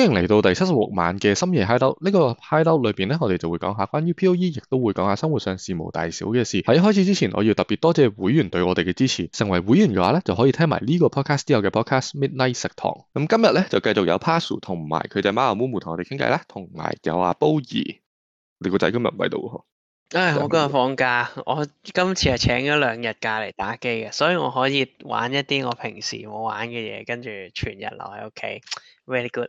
歡迎嚟到第七十六晚嘅深夜 Hideout。呢個 Hideout 裏邊咧，我哋就會講下關於 PoE，亦都會講下生活上事無大小嘅事。喺開始之前，我要特別多謝會員對我哋嘅支持。成為會員嘅話咧，就可以聽埋呢個 podcast 之後嘅 podcast Midnight 食堂。咁、嗯、今日咧就繼續有 Pazu 同埋佢隻貓阿 m o m o 同我哋傾偈啦，同埋有阿 Bowie。你個仔今日唔喺度？哎，媽媽媽我今日放假。我今次係請咗兩日假嚟打機嘅，所以我可以玩一啲我平時冇玩嘅嘢，跟住全日留喺屋企，very good。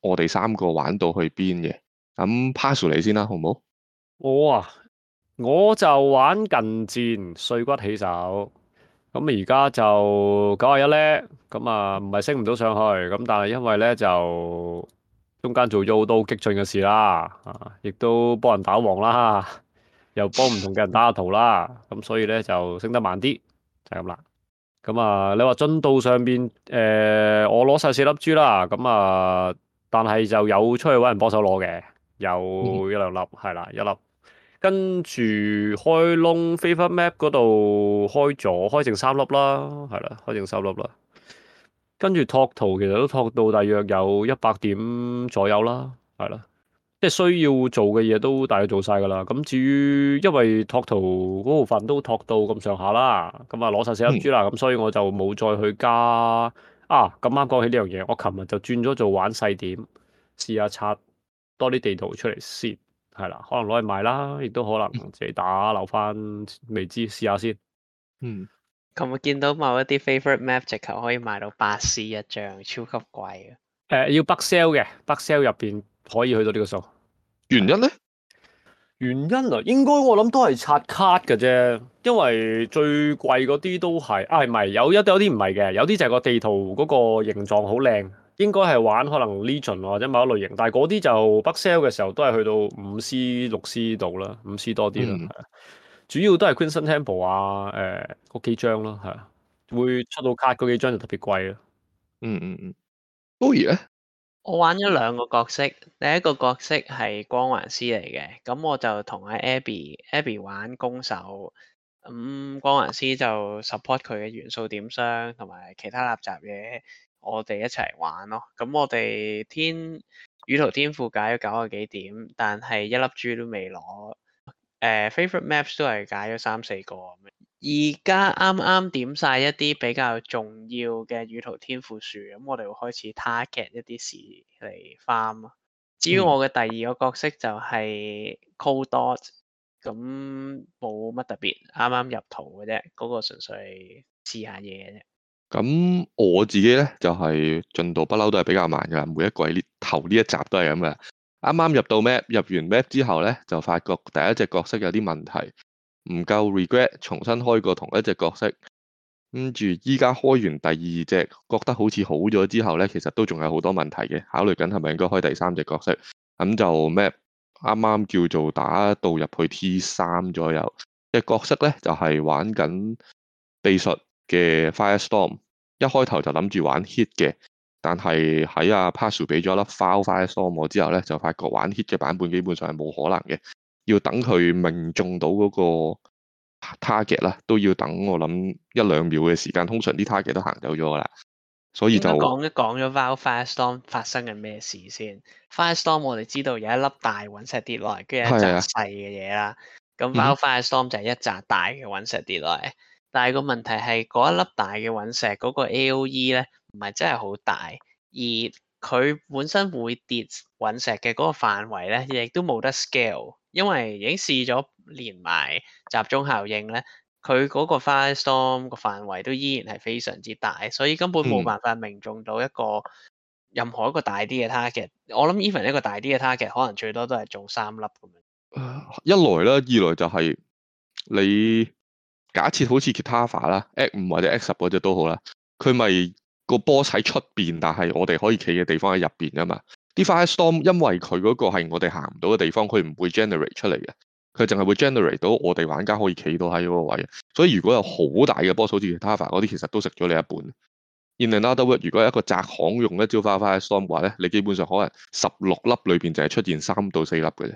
我哋三個玩到去邊嘅？咁 pass 你先啦，好唔好？我啊，我就玩近戰碎骨起手，咁而家就九廿一咧，咁啊唔係升唔到上去，咁但係因為咧就中間做咗好多激進嘅事啦，啊，亦都幫人打王啦，又幫唔同嘅人打下圖啦，咁 所以咧就升得慢啲，就係咁啦。咁啊，你話進度上邊？誒、呃，我攞晒四粒珠啦，咁啊～但係就有出去揾人幫手攞嘅，有一兩粒，係啦、嗯，一粒。跟住開窿，favorite map 嗰度開咗，開成三粒啦，係啦，開成三粒啦。跟住拓圖其實都拓到大約有一百點左右啦，係啦，即係需要做嘅嘢都大概做晒噶啦。咁至於因為拓圖嗰部分都拓到咁上下啦，咁啊攞晒四粒珠啦，咁、嗯、所以我就冇再去加。啊，咁啱講起呢樣嘢，我琴日就轉咗做玩細點，試下刷多啲地圖出嚟先，係啦，可能攞去賣啦，亦都可能自己打留翻，未知試下先，嗯。嗯，琴日見到某一啲 Favorite Map 即刻可以賣到八 C 一張，超級貴嘅。誒，要北 Sell 嘅，北 Sell 入邊可以去到呢個數。原因咧？ 原因啊，應該我諗都係刷卡嘅啫，因為最貴嗰啲都係，啊唔係，有一有啲唔係嘅，有啲就係個地圖嗰個形狀好靚，應該係玩可能 Legion 或者某一類型，但係嗰啲就北 sell 嘅時候都係去到五 C 六 C 度啦，五 C 多啲啦，嗯，主要都係 Queenston Temple 啊，誒、呃、嗰幾張咯，係啊，會出到卡嗰幾張就特別貴咯，嗯嗯嗯，都嘢、啊。我玩咗兩個角色，第一個角色係光環師嚟嘅，咁我就同阿 Abby，Abby Ab 玩弓手，咁、嗯、光環師就 support 佢嘅元素點傷同埋其他垃圾嘢，我哋一齊玩咯。咁我哋天羽途天賦解咗九個幾點，但係一粒珠都未攞。誒，Favorite Maps 都係解咗三四個。而家啱啱點晒一啲比較重要嘅語圖天賦樹，咁我哋會開始 target 一啲事嚟 farm 咯。至於我嘅第二個角色就係 Cold Dot，咁冇乜特別，啱啱入圖嘅啫，嗰、那個純粹試下嘢嘅啫。咁我自己咧就係、是、進度不嬲，都係比較慢㗎喇。每一季呢頭呢一集都係咁嘅，啱啱入到 Map，入完 Map 之後咧就發覺第一隻角色有啲問題。唔夠 regret，重新開過同一隻角色，跟住依家開完第二隻，覺得好似好咗之後咧，其實都仲有好多問題嘅，考慮緊係咪應該開第三隻角色，咁就咩？啱啱叫做打到入去 T 三左右，隻、那個、角色咧就係、是、玩緊秘術嘅 Firestorm，一開頭就諗住玩 hit 嘅，但係喺阿 Pazu 俾咗粒 Firestorm 我之後咧，就發覺玩 hit 嘅版本基本上係冇可能嘅。要等佢命中到嗰個 target 啦，都要等我諗一兩秒嘅時間。通常啲 target 都行走咗噶啦，所以就講一講咗 Val Firestorm 發生緊咩事先。Firestorm 我哋知道有一粒大隕石跌落嚟，跟住一紮細嘅嘢啦。咁 Val Firestorm 就係一紮大嘅隕石跌落嚟，但係個問題係嗰一粒大嘅隕石嗰個 AOE 咧，唔係真係好大，而佢本身會跌隕石嘅嗰個範圍咧，亦都冇得 scale。因為已經試咗連埋集中效應咧，佢嗰個 firestorm 嘅範圍都依然係非常之大，所以根本冇辦法命中到一個、嗯、任何一個大啲嘅 target。我諗 even 一個大啲嘅 target，可能最多都係做三粒咁樣。一來咧，二來就係、是、你假設好似 Kitava 啦，x 五或者 x 十嗰隻都好啦，佢咪個波喺出邊，但係我哋可以企嘅地方喺入邊噶嘛。啲 firestorm 因為佢嗰個係我哋行唔到嘅地方，佢唔會 generate 出嚟嘅，佢淨係會 generate 到我哋玩家可以企到喺嗰個位。所以如果有大 Boss，好大嘅波數，好似其他凡嗰啲，其實都食咗你一半。In another word，如果一個窄巷用一招花 firestorm 嘅話咧，你基本上可能十六粒裏邊就係出現三到四粒嘅啫。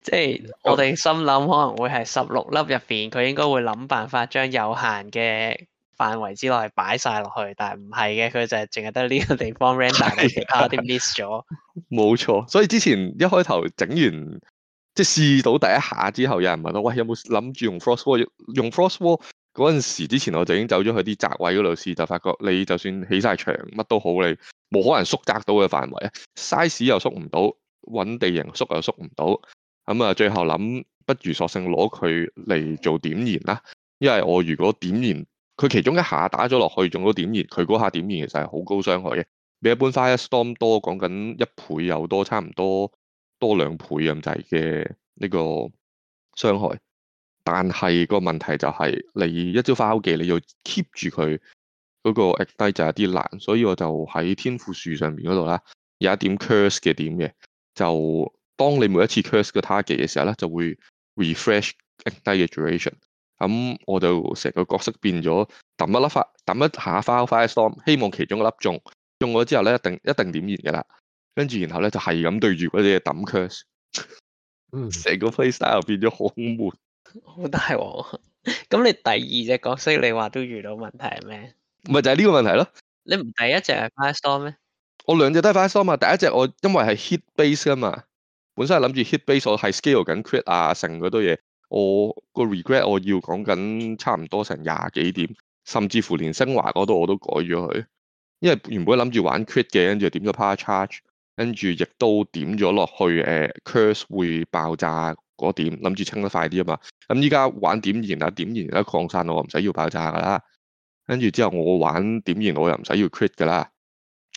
即係 我哋心諗可能會係十六粒入邊，佢應該會諗辦法將有限嘅。範圍之內擺晒落去，但係唔係嘅，佢就係淨係得呢個地方 random，其他啲 miss 咗。冇錯，所以之前一開頭整完，即係試到第一下之後，有人問我：喂，有冇諗住用 frost wall？用 frost wall 嗰陣時之前，我就已經走咗去啲窄位嗰度試，就發覺你就算起晒牆，乜都好，你冇可能縮窄到嘅範圍啊！size 又縮唔到，搵地形縮又縮唔到，咁啊，最後諗不如索性攞佢嚟做點燃啦，因為我如果點燃。佢其中一下打咗落去，仲都點燃。佢嗰下點燃其實係好高傷害嘅，比一般 fire storm 多，講緊一倍又多，差唔多多兩倍咁滯嘅呢個傷害。但係個問題就係、是，你一招 fire 技你要 keep 住佢嗰、那個 act 低就有啲難，所以我就喺天賦樹上面嗰度啦，有一點 curse 嘅點嘅，就當你每一次 curse 個 target 嘅時候咧，就會 refresh act 低嘅 duration。咁、嗯、我就成個角色變咗抌一粒花，抌一下 fire firestorm 希望其中一個粒中，中咗之後咧一定一定點燃嘅啦。跟住然後咧就係咁對住嗰啲嘢抌 curse，嗯，成個 playstyle 變咗好悶，mm, 好大鑊。咁你第二隻角色你話都遇到問題係咩？唔係 就係呢個問題咯。你唔第一隻係 firestorm 咩？我兩隻都係 firestorm 啊，第一隻我因為係 hit base 啊嘛，本身係諗住 hit base 我係 scale 緊 crit 啊成嗰堆嘢。我個 regret 我要講緊差唔多成廿幾點，甚至乎連升華嗰度我都改咗佢，因為原本諗住玩 crit 嘅，跟住點咗 power charge，跟住亦都點咗落去，誒 curse 會爆炸嗰點，諗住清得快啲啊嘛。咁依家玩點燃啊，點燃而家擴散我唔使要爆炸噶啦，跟住之後我玩點燃我又唔使要 crit 噶啦，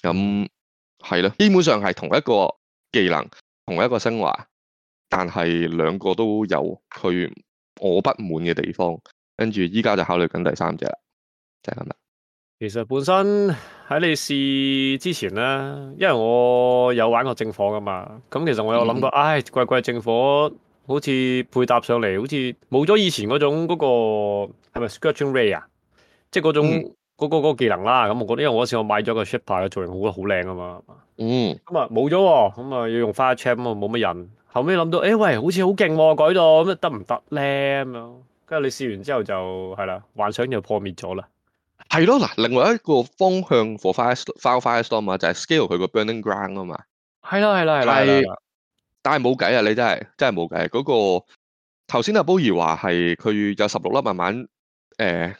咁係囉，基本上係同一個技能，同一個升華。但係兩個都有佢我不滿嘅地方，跟住依家就考慮緊第三隻啦，就係咁啦。其實本身喺你試之前咧，因為我有玩過正火噶嘛，咁其實我有諗到，唉、嗯，怪怪、哎、正火好似配搭上嚟，好似冇咗以前嗰種嗰、那個係咪 Scorching Ray 啊，即係嗰種嗰、嗯那個那個技能啦。咁我覺得，因為我嗰時我買咗個 Shipper 嘅造型，我覺得好靚啊嘛。嗯，咁啊冇咗喎，咁啊、喔、要用花槍，咁啊冇乜人。後尾諗到，誒、欸、喂，好似好勁喎，改到咁得唔得咧咁啊？跟住你試完之後就係啦，幻想就破滅咗啦。係咯，嗱，另外一個方向 for fire storm, for fire fire s t o r m 啊，就係 scale 佢個 burning ground 啊嘛。係咯係咯係咯。但係冇計啊！你真係真係冇計。嗰個頭先阿 Bowie 話係佢有十六粒慢慢誒、呃、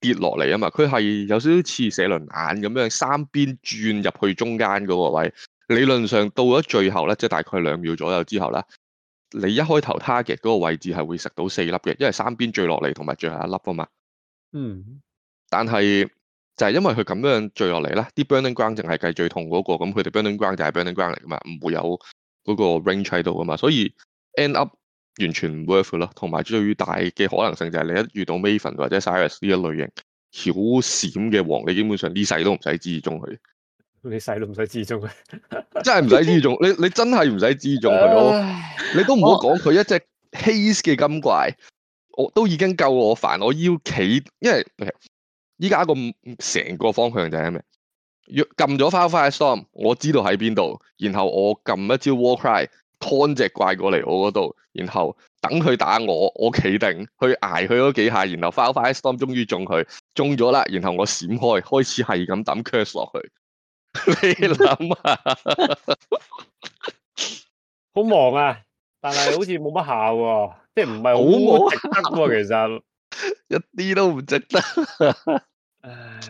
跌落嚟啊嘛。佢係有少少似寫輪眼咁樣三邊轉入去中間嗰個位。理論上到咗最後咧，即係大概兩秒左右之後啦，你一開頭 target 嗰個位置係會食到四粒嘅，因為三邊墜落嚟同埋最後一粒噶嘛。嗯。但係就係因為佢咁樣墜落嚟咧，啲 burning ground 淨係計最痛嗰個，咁佢哋 burning ground 就係 burning ground 嚟噶嘛，唔會有嗰個 range 喺度噶嘛，所以 end up 完全唔 worth 咯。同埋最大嘅可能性就係你一遇到 Maven 或者 Sirus 呢一類型好閃嘅王，你基本上呢世都唔使支中佢。你細路唔使自重啊！真係唔使自重，你你真係唔使自重佢。你都唔好講佢一隻稀 a 嘅金怪，我都已經夠我煩。我要企，因為依家咁成個方向就係咩？若撳咗 fire fire storm，我知道喺邊度，然後我撳一招 war cry，攤隻怪過嚟我嗰度，然後等佢打我，我企定，去挨佢嗰幾下，然後 fire fire storm 終於中佢，中咗啦，然後我閃開，開始係咁抌 curse 落去。你諗啊，好忙啊，但係好似冇乜效喎，即係唔係好冇實質嘅，其實一啲都唔值得。唉，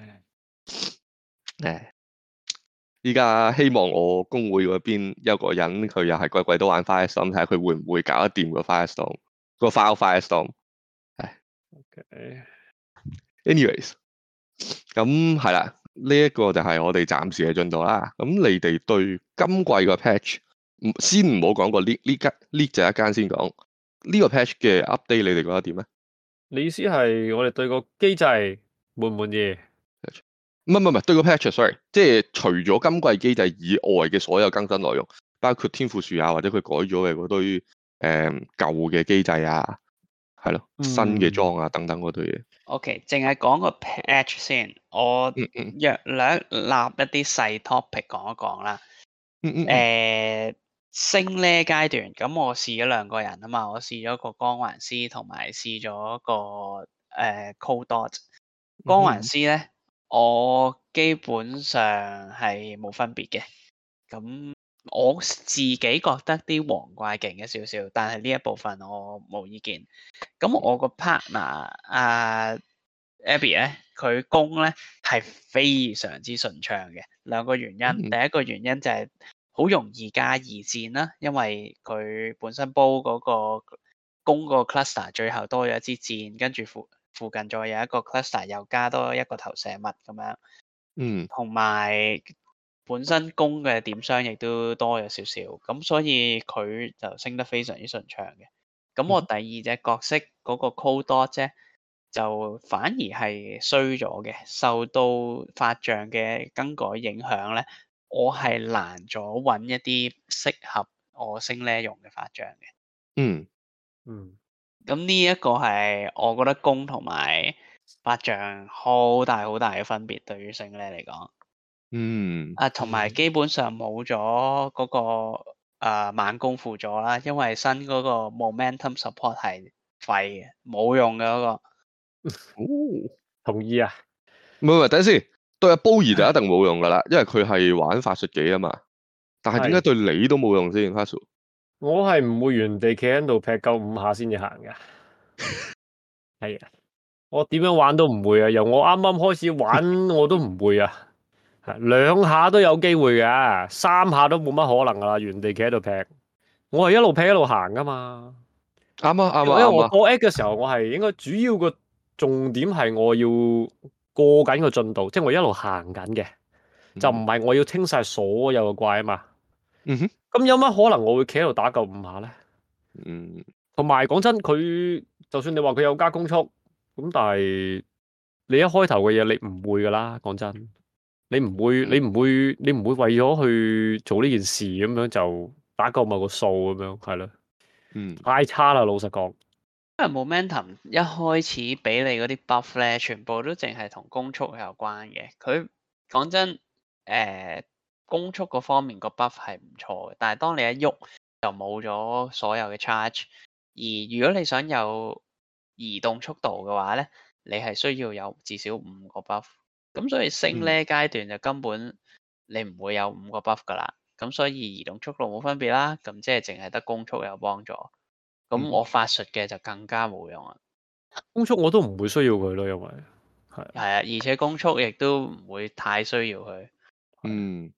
誒，而家希望我公會嗰邊有個人，佢又係鬼鬼都玩 Firestorm，睇下佢會唔會搞得掂個 Firestorm，個 fire Firestorm。唉，ok，anyways，咁係啦。呢一個就係我哋暫時嘅進度啦。咁、嗯、你哋對今季個 patch，這個 patch 唔先唔好講過呢呢間呢就一間先講呢個 patch 嘅 update，你哋覺得點咧？你意思係我哋對個機制滿唔滿意？唔係唔係唔係，對個 patch sorry，即係除咗今季機制以外嘅所有更新內容，包括天賦樹啊，或者佢改咗嘅嗰堆誒、嗯、舊嘅機制啊，係咯，新嘅裝啊等等嗰堆嘢。嗯 O.K.，淨係講個 patch 先，我約略立，立一啲細 topic 講一講啦。嗯嗯。升呢階段，咁我試咗兩個人啊嘛，我試咗個光環師同埋試咗個誒、uh, cold dot。光環師咧， 我基本上係冇分別嘅。咁。我自己覺得啲黃怪勁一少少，但係呢一部分我冇意見。咁我個 partner 啊 Abby 咧，佢弓咧係非常之順暢嘅。兩個原因，第一個原因就係好容易加二箭啦，因為佢本身煲嗰個弓個 cluster，最後多咗一支箭，跟住附附近再有一個 cluster，又加多一個投射物咁樣。嗯，同埋。本身弓嘅點傷亦都多咗少少，咁所以佢就升得非常之順暢嘅。咁我第二隻角色嗰個 call 多啫，就反而係衰咗嘅。受到法杖嘅更改影響咧，我係難咗揾一啲適合我升呢用嘅法杖嘅。嗯，嗯。咁呢一個係我覺得弓同埋法杖好大好大嘅分別，對於升呢嚟講。嗯，啊，同埋基本上冇咗嗰個誒，晚、呃、功輔助啦，因為新嗰個 momentum support 係廢嘅，冇用嘅嗰、那個。哦、同意啊？唔係唔係，等下先，對阿 Bowie 就一定冇用噶啦，是的 因為佢係玩法術嘅嘛。但係點解對你都冇用先？f 的薯我係唔會原地企喺度劈夠五下先至行噶。係 啊，我點樣玩都唔會啊。由我啱啱開始玩，我都唔會啊。 兩下都有機會嘅，三下都冇乜可能噶啦，原地企喺度劈，我係一路劈一路行噶嘛，啱啊啱，啊、因為我過 X 嘅時候，啊啊、我係應該主要個重點係我要過緊個進度，即係我一路行緊嘅，嗯、就唔係我要清晒所有嘅怪啊嘛，嗯、哼，咁有乜可能我會企喺度打夠五下咧？嗯，同埋講真，佢就算你話佢有加攻速，咁但係你一開頭嘅嘢，你唔會噶啦，講真。你唔會，你唔會，你唔會為咗去做呢件事咁樣就打夠埋個數咁樣，係咯？嗯，太差啦！老實講，因為 momentum 一開始俾你嗰啲 buff 咧，全部都淨係同攻速有關嘅。佢講真，誒、呃、攻速嗰方面個 buff 係唔錯嘅，但係當你一喐就冇咗所有嘅 charge。而如果你想有移動速度嘅話咧，你係需要有至少五個 buff。咁、嗯、所以升呢階段就根本你唔會有五個 buff 噶啦，咁所以移動速度冇分別啦，咁即係淨係得攻速有幫助。咁我法術嘅就更加冇用啦、嗯。攻速我都唔會需要佢咯，因為係係啊，而且攻速亦都唔會太需要佢。嗯，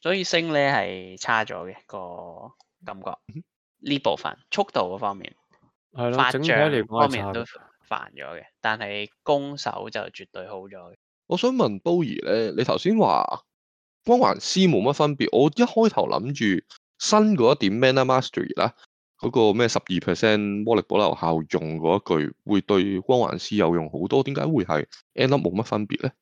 所以升呢係差咗嘅個感覺呢部分速度嗰方面係咯，法杖的方面都煩咗嘅，但係攻守就絕對好咗。我想問 Bowie 咧，你頭先話光環師冇乜分別，我一開頭諗住新嗰一點 mana mastery 啦，嗰個咩十二 percent 魔力保留效用嗰一句會對光環師有用好多，點解會係 end up 冇乜分別咧？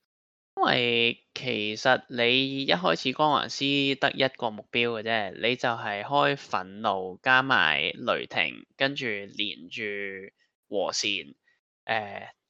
因為其實你一開始光環師得一個目標嘅啫，你就係開憤怒加埋雷霆，跟住連住和弦，誒、呃。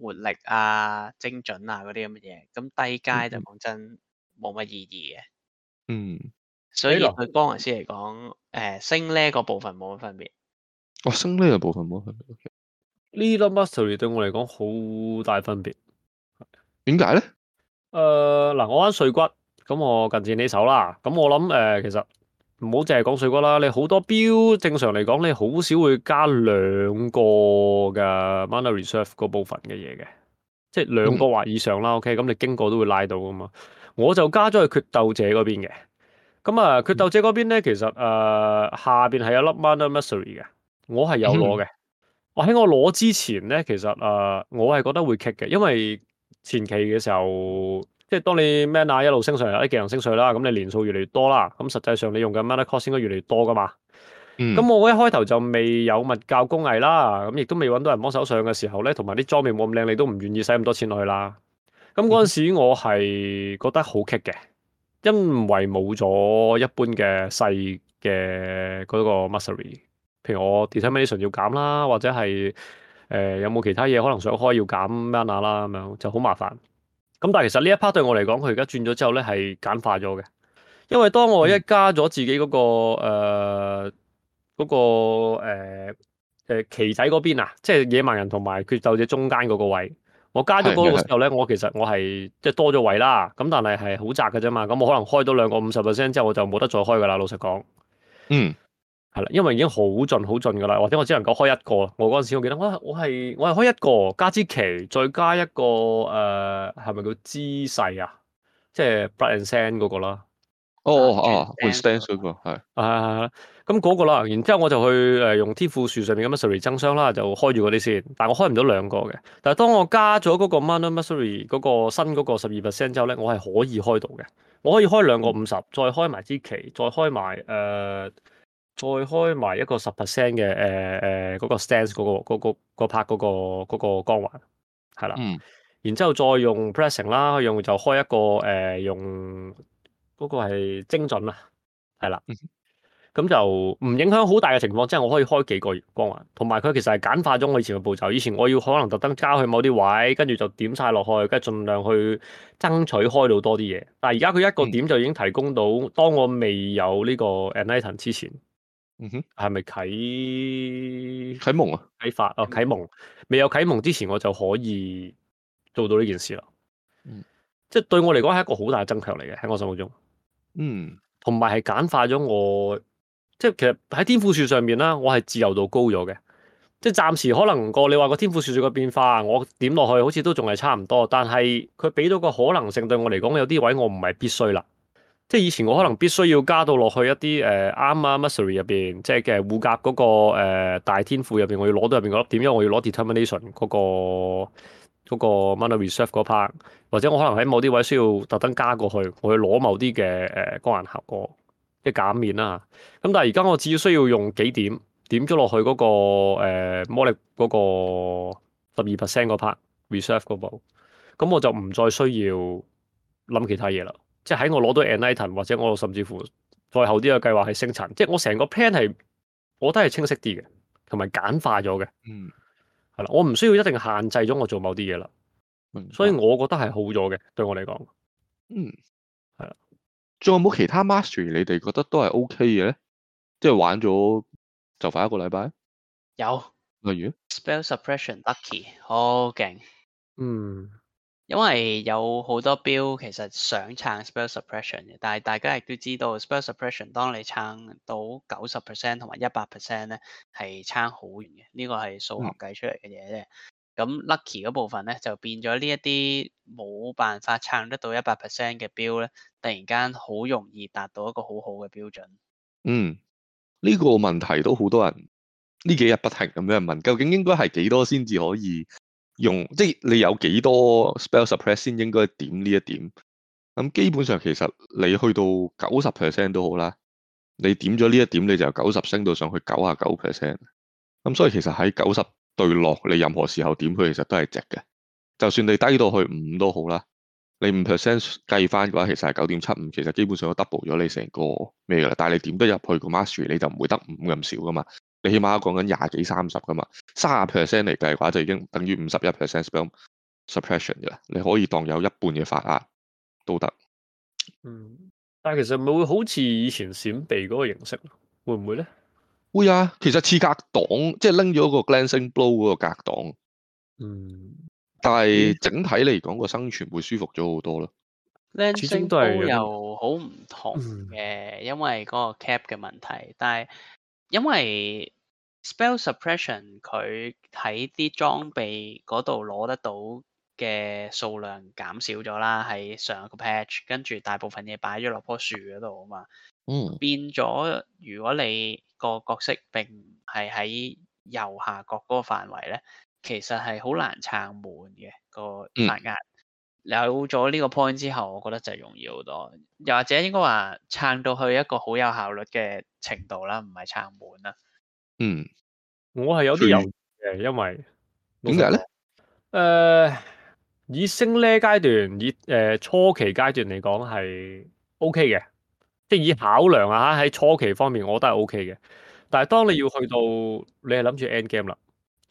活力啊、精準啊嗰啲咁嘅嘢，咁低階就講真冇乜、嗯、意義嘅。嗯，所以落去光環師嚟講，誒、呃、升呢個部分冇乜分別。哦，升呢個部分冇乜分別。呢粒 muscle 對我嚟講好大分別。點解咧？誒嗱、呃，我玩碎骨，咁我近戰呢手啦。咁我諗誒、呃，其實。唔好淨係講水果啦，你好多標正常嚟講，你好少會加兩個嘅 Mana Reserve 嗰部分嘅嘢嘅，即係兩個或以上啦。嗯、OK，咁你經過都會拉到㗎嘛。我就加咗去決鬥者嗰邊嘅。咁、嗯、啊，決鬥者嗰邊咧，其實誒、呃、下邊係一粒 Mana Mastery 嘅，我係有攞嘅。嗯啊、我喺我攞之前咧，其實誒、呃、我係覺得會 kick 嘅，因為前期嘅時候。即係當你 mana 一路升上，有啲技能升上啦，咁你年數越嚟越多啦，咁實際上你用嘅 mana cost 應該越嚟越多噶嘛。咁、嗯、我一開頭就未有物教工藝啦，咁亦都未揾到人幫手上嘅時候咧，同埋啲裝備冇咁靚，你都唔願意使咁多錢落去啦。咁嗰陣時我係覺得好棘嘅，因為冇咗一般嘅細嘅嗰個 mastery，譬如我 determination 要減啦，或者係誒、呃、有冇其他嘢可能想開要減 mana 啦，咁樣就好麻煩。咁但係其實呢一 part 對我嚟講，佢而家轉咗之後咧，係簡化咗嘅。因為當我一加咗自己嗰、嗰個誒嗰、嗯呃嗰個誒、呃呃、旗仔嗰邊啊，即係野蠻人同埋決鬥者中間嗰個位，我加咗嗰個時候咧，我其實我係即係多咗位啦。咁但係係好窄嘅啫嘛。咁我可能開到兩個五十 percent 之後，我就冇得再開噶啦。老實講，嗯。係啦，因為已經好盡好盡噶啦，或者我只能夠開一個。我嗰陣時我記得，我我係我係開一個加支旗，再加一個誒，係、呃、咪叫姿勢啊？即係 Blood and Sand 嗰、那個啦。哦哦 Blood and Sand 嗰個係。係係咁嗰個啦，然之後我就去誒、呃、用天賦樹上面嘅 necessary 增傷啦，就開住嗰啲先。但係我開唔到兩個嘅。但係當我加咗嗰個 mana necessary 嗰個新嗰個十二 percent 之後咧，我係可以開到嘅。我可以開兩個五十，再開埋支旗，再開埋誒。呃再開埋一個十 percent 嘅，誒誒嗰個 stands 嗰、嗰個嗰嗰 part 嗰個光環係啦，嗯、然之後再用 pressing 啦，用就開一個誒、呃、用嗰、嗰個係精準啦，係啦，咁、嗯、就唔影響好大嘅情況，即係我可以開幾個光環，同埋佢其實係簡化咗我以前嘅步驟。以前我要可能特登加去某啲位，跟住就點晒落去，跟住盡量去爭取開到多啲嘢。但係而家佢一個點就已經提供到，嗯、當我未有呢個 annaton 之前。嗯哼，係咪啟啟蒙啊？啟發哦，啟蒙未有啟蒙之前，我就可以做到呢件事啦。嗯，即係對我嚟講係一個好大嘅增強嚟嘅，喺我心目中。嗯，同埋係簡化咗我，即係其實喺天賦樹上面啦，我係自由度高咗嘅。即係暫時可能嗰個你話個天賦樹樹嘅變化，我點落去好似都仲係差唔多。但係佢俾到個可能性，對我嚟講有啲位我唔係必須啦。即係以前我可能必須要加到落去一啲誒啱啊 Mastery 入邊，即係嘅護甲嗰、那個、呃、大天賦入邊，我要攞到入邊嗰粒點，因為我要攞 determination 嗰、那個嗰、那個、那個、mana reserve 嗰 part，或者我可能喺某啲位需要特登加過去，我要攞某啲嘅誒光顏效果，即係減免啦。咁但係而家我只需要用幾點點咗落去嗰、那個誒、呃、魔力嗰十二 percent 嗰 part reserve 嗰部，咁我就唔再需要諗其他嘢啦。即係喺我攞到 Antithon，或者我甚至乎再後啲嘅計劃係星塵，即係我成個 plan 係，我都係清晰啲嘅，同埋簡化咗嘅，嗯，係啦，我唔需要一定限制咗我做某啲嘢啦，嗯、所以我覺得係好咗嘅，對我嚟講，嗯，係啦的，仲有冇其他 Master 你哋覺得都係 OK 嘅咧？即係玩咗就快一個禮拜，有，例如的 Spell Suppression，Lucky 好勁，嗯。因為有好多 build 其實想撐 spell suppression 嘅，但係大家亦都知道 spell suppression，當你撐到九十 percent 同埋一百 percent 咧，係撐好遠嘅，呢個係數學計出嚟嘅嘢啫。咁 lucky 嗰部分咧，就變咗呢一啲冇辦法撐得到一百 percent 嘅 build 咧，突然間好容易達到一個好好嘅標準。嗯，呢個問題都好多人呢幾日不停咁樣問，究竟應該係幾多先至可以？用，即係你有幾多 spell suppress 先應該點呢一點？咁基本上其實你去到九十 percent 都好啦，你點咗呢一點你就九十升到上去九十九 percent。咁所以其實喺九十對落你任何時候點佢，其實都係值嘅。就算你低到去五都好啦，你五 percent 計翻嘅話，其實係九點七五，其實基本上都 double 咗你成個咩㗎啦。但係你點得入去個 mastery 你就唔會得五咁少噶嘛。你起碼講緊廿幾三十噶嘛，三十 percent 嚟計嘅話就已經等於五十一 percent spell suppression 啦，你可以當有一半嘅發壓都得。嗯，但係其實咪會好似以前閃避嗰個形式，會唔會咧？會啊，其實似格擋，即係拎咗個 glancing blow 嗰個格擋。嗯，但係整體嚟講個生存會舒服咗好多咯。glancing 其中 都又好唔同嘅，因為嗰個 cap 嘅問題，嗯、但係因為 Spell suppression 佢喺啲裝備嗰度攞得到嘅數量減少咗啦，喺上一個 patch，跟住大部分嘢擺咗落棵樹嗰度啊嘛，嗯，變咗如果你個角色並唔係喺右下角嗰個範圍咧，其實係好難撐滿嘅，嗰個壓，有咗呢個 point 之後，我覺得就容易好多，又或者應該話撐到去一個好有效率嘅程度啦，唔係撐滿啊。嗯，我係有啲猶豫嘅，因為點解咧？誒、呃，以升呢階段，以誒、呃、初期階段嚟講係 O K 嘅，即係以考量啊吓，喺初期方面，我覺得係 O K 嘅。但係當你要去到你係諗住 end game 啦，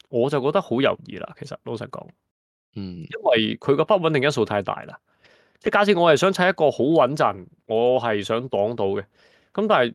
我就覺得好猶豫啦。其實老實講，嗯，因為佢個不穩定因素太大啦。即係假設我係想砌一個好穩陣，我係想擋到嘅，咁但係。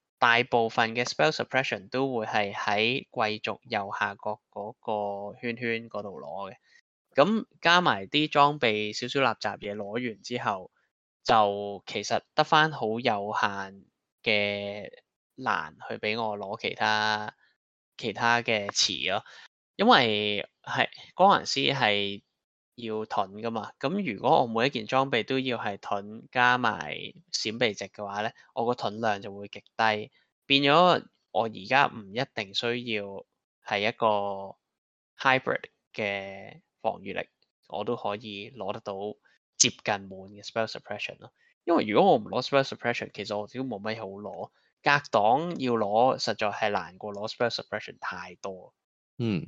大部分嘅 spell suppression 都會係喺貴族右下角嗰個圈圈嗰度攞嘅，咁加埋啲裝備少少垃圾嘢攞完之後，就其實得翻好有限嘅欄去俾我攞其他其他嘅詞咯，因為係光環師係，要盾㗎嘛？咁如果我每一件裝備都要係盾加埋閃避值嘅話咧，我個盾量就會極低，變咗我而家唔一定需要係一個 hybrid 嘅防禦力，我都可以攞得到接近滿嘅 spell suppression 咯。因為如果我唔攞 spell suppression，其實我自己冇咩好攞。格擋要攞，實在係難過攞 spell suppression 太多。嗯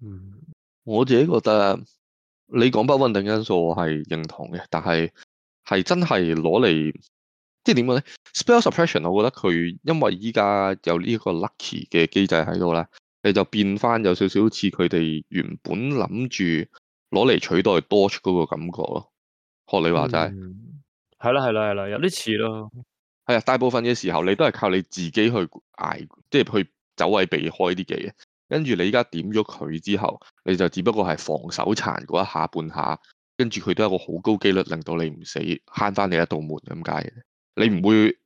嗯，我自己覺得。你講不穩定因素，我係認同嘅，但係係真係攞嚟，即係點講咧？Spell suppression，我覺得佢因為依家有呢個 lucky 嘅機制喺度啦，你就變翻有少少似佢哋原本諗住攞嚟取代 Dodge 嗰個感覺咯。學你話齋，係啦係啦係啦，有啲似咯。係啊，大部分嘅時候你都係靠你自己去捱，即係去走位避開啲嘅嘢。跟住你而家點咗佢之後，你就只不過係防守殘嗰一下半下，跟住佢都有一個好高機率令到你唔死，慳翻你一道門咁解嘅。你唔會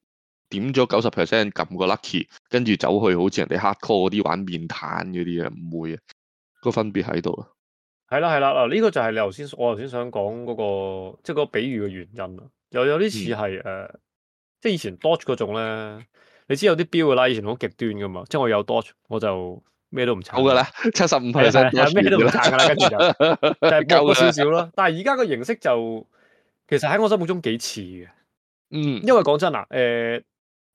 點咗九十 percent 撳個 lucky，跟住走去好似人哋黑 call 嗰啲玩面癱嗰啲啊，唔會啊。個分別喺度啦，係啦係啦，嗱呢個就係你頭先我頭先想講嗰個，即係個比喻嘅原因啦。又有啲似係誒，即係以前 dodge 嗰種咧，你知有啲標噶啦，以前好極端噶嘛。即係我有 dodge 我就。咩都唔差嘅啦，七十五 percent 咩都唔差嘅啦， 跟住就 就夠少少咯。 但係而家個形式就其實喺我心目中幾似嘅，嗯，因為講真啊，誒、呃、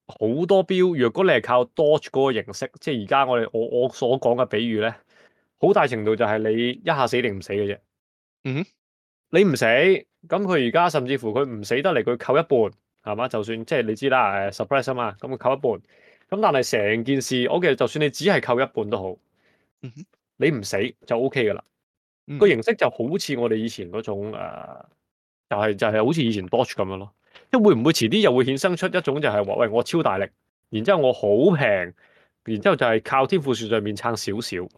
好多標，若果你係靠 dodge 嗰個形式，即係而家我哋我我所講嘅比喻咧，好大程度就係你一下死定唔死嘅啫。嗯哼，你唔死，咁佢而家甚至乎佢唔死得嚟，佢扣一半，係嘛？就算即係你知啦，誒 surprise 啊嘛，咁佢扣一半。嗯嗯嗯嗯嗯。咁但係成件事我其實，就算你只係扣一半都好，你唔死就 O K 噶啦。嗯、個形式就好似我哋以前嗰種誒、呃，就係、是、就係、是、好似以前 botch 咁樣咯。即會唔會遲啲又會衍生出一種就係話，喂，我超大力，然之後我好平，然之後就係靠天賦樹上面撐少少，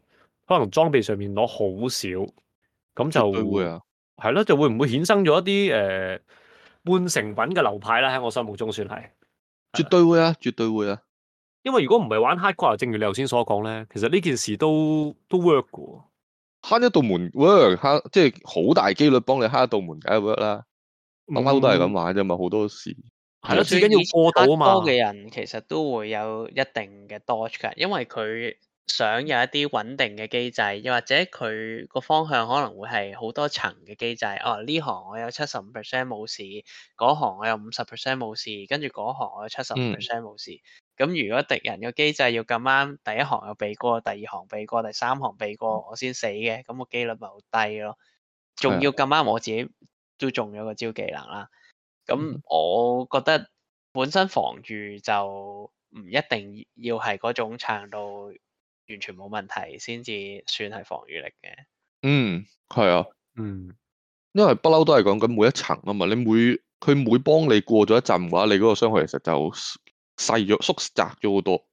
可能裝備上面攞好少，咁就，會啊，係咯，就會唔會衍生咗一啲誒、呃、半成品嘅流派咧？喺我心目中算係，絕對會啊，絕對會啊。因為如果唔係玩 hardcore，正如你頭先所講咧，其實呢件事都都 work 嘅，慳一道門 work 即係好大機率幫你慳一道門，梗係 work 啦。乜嬲、嗯、都係咁玩啫嘛，好多事。係咯、嗯，是最緊要過到啊嘛。嘅人其實都會有一定嘅 dodge 嘅，因為佢想有一啲穩定嘅機制，又或者佢個方向可能會係好多層嘅機制。哦，呢行我有七十五 percent 冇事，嗰行我有五十 percent 冇事，跟住嗰行我有七十五 percent 冇事。嗯咁如果敵人嘅機制要咁啱第一行又避過，第二行避過，第三行避過我，我先死嘅，咁個機率咪好低咯？仲要咁啱我自己都中咗個招技能啦。咁我覺得本身防禦就唔一定要係嗰種撐到完全冇問題先至算係防禦力嘅。嗯，係啊，嗯，因為不嬲都係講緊每一層啊嘛，你每佢每幫你過咗一陣嘅話，你嗰個傷害其實就。細咗縮窄咗好多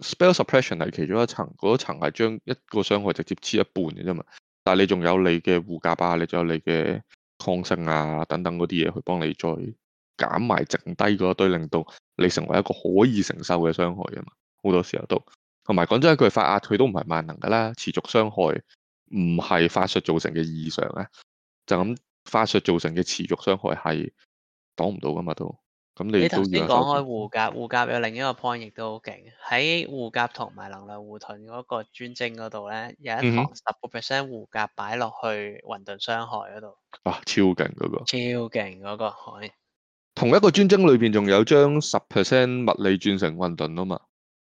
，spell suppression 係其中一層，嗰一層係將一個傷害直接黐一半嘅啫嘛。但係你仲有你嘅護甲啊，你仲有你嘅抗性啊，等等嗰啲嘢去幫你再減埋，剩低嗰一堆令到你成為一個可以承受嘅傷害啊嘛。好多時候都同埋講真一句，法壓佢都唔係萬能噶啦，持續傷害唔係法術造成嘅異常啊，就咁法術造成嘅持續傷害係擋唔到噶嘛都。你頭先講開護甲，護甲有另一個 point，亦都好勁。喺護甲同埋能量護盾嗰個專精嗰度咧，有一堂十 percent 護甲擺落去混沌傷害嗰度。啊，超勁嗰個！超勁嗰個係。同一個專精裏邊仲有將十 percent 物理轉成混沌啊嘛。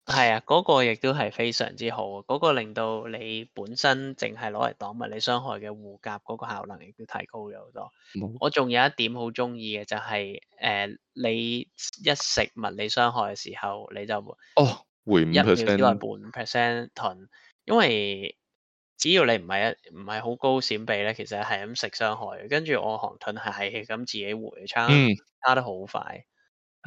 係啊，嗰、那個亦都係非常之好啊！嗰、那個令到你本身淨係攞嚟擋物理傷害嘅護甲嗰個效能亦都提高咗好多。Mm hmm. 我仲有一點好中意嘅就係、是、誒、呃，你一食物理傷害嘅時候，你就哦、oh, 回五 percent，一秒之內 percent 盾。因為只要你唔係一唔係好高閃避咧，其實係咁食傷害，跟住我寒盾係係咁自己回差，差得好快。Mm hmm.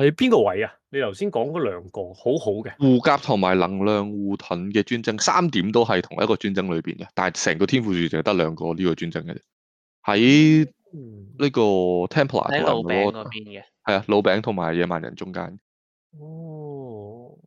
係邊個位啊？你頭先講嗰兩個好好嘅，護甲同埋能量護盾嘅專精，三點都係同一個專精裏邊嘅。但係成個天賦樹淨係得兩個呢個專精嘅。喺呢個 Templar 同埋老、嗯、和 餅嗰邊嘅，係啊、嗯，老餅同埋野蠻人中間。哦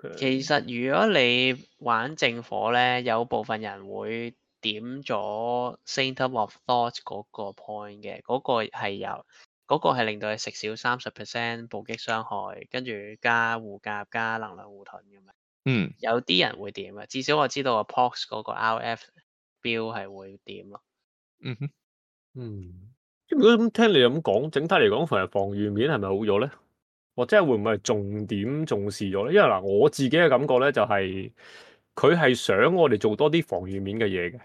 ，okay、其實如果你玩正火咧，有部分人會點咗 Center of Thoughts 嗰個 point 嘅，嗰、那個係有。嗰個係令到你食少三十 percent 暴擊傷害，跟住加護甲加能量護盾咁樣。嗯，有啲人會點啊？至少我知道阿 Pox 嗰個 R F 標係會點咯。嗯哼，嗯，如果咁聽你咁講，整體嚟講，防防禦面係咪好咗咧？或者係會唔會重點重視咗咧？因為嗱，我自己嘅感覺咧就係佢係想我哋做多啲防禦面嘅嘢嘅。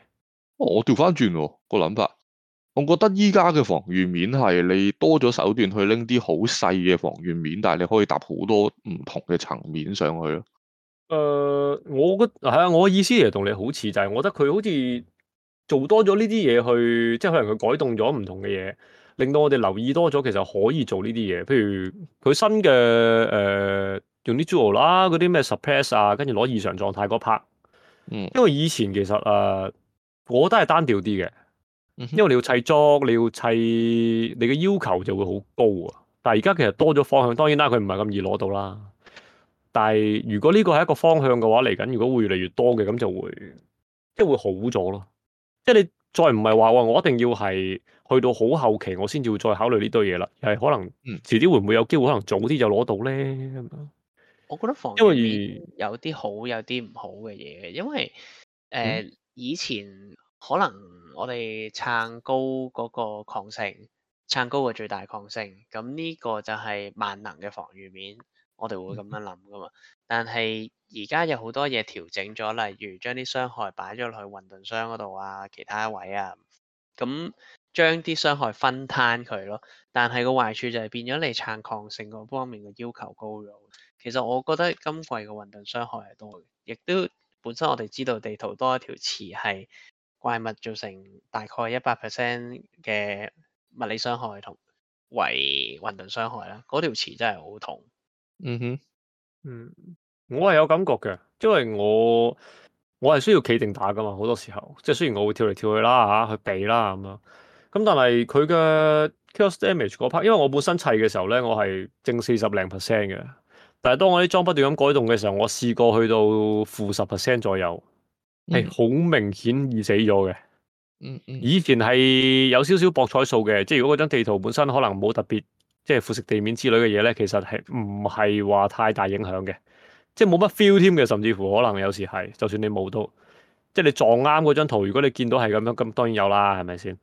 哦，我調翻轉個諗法。我覺得依家嘅防禦面係你多咗手段去拎啲好細嘅防禦面，但係你可以搭好多唔同嘅層面上去咯。誒、呃，我個係啊，我嘅意思係同你好似就係、是，我覺得佢好似做多咗呢啲嘢去，即係可能佢改動咗唔同嘅嘢，令到我哋留意多咗，其實可以做呢啲嘢。譬如佢新嘅誒、呃，用啲 z o 啦，嗰啲咩 Suppress 啊，跟住攞異常狀態個 part。嗯，因為以前其實誒、呃，我都係單調啲嘅。因為你要砌作，你要砌，你嘅要求就會好高啊！但係而家其實多咗方向，當然啦，佢唔係咁易攞到啦。但係如果呢個係一個方向嘅話，嚟緊如果會越嚟越多嘅，咁就會即係會好咗咯。即係你再唔係話我一定要係去到好後期，我先至會再考慮呢堆嘢啦。係可能遲啲會唔會有機會，可能早啲就攞到咧？我覺得房因為有啲好，有啲唔好嘅嘢。因為誒、呃嗯、以前可能。我哋撐高嗰個抗性，撐高個最大抗性，咁呢個就係萬能嘅防禦面，我哋會咁樣諗噶嘛。但係而家有好多嘢調整咗，例如將啲傷害擺咗落去混沌傷嗰度啊，其他位啊，咁將啲傷害分攤佢咯。但係個壞處就係變咗你撐抗性嗰方面嘅要求高咗。其實我覺得今季嘅混沌傷害係多嘅，亦都本身我哋知道地圖多一條池係。怪物造成大概一百 percent 嘅物理傷害同為混沌傷害啦，嗰條詞真係好痛。嗯哼、mm，hmm。嗯，我係有感覺嘅，因為我我係需要企定打㗎嘛，好多時候即係雖然我會跳嚟跳去啦，吓、啊、去避啦咁樣，咁、嗯、但係佢嘅 chaos damage 嗰 part，因為我本身砌嘅時候咧，我係正四十零 percent 嘅，但係當我啲裝不斷咁改動嘅時候，我試過去到負十 percent 左右。係好明顯易死咗嘅，以前係有少少博彩數嘅，即係如果嗰張地圖本身可能冇特別，即係腐蝕地面之類嘅嘢咧，其實係唔係話太大影響嘅，即係冇乜 feel 添嘅，甚至乎可能有時係，就算你冇到，即係你撞啱嗰張圖，如果你見到係咁樣，咁當然有啦，係咪先？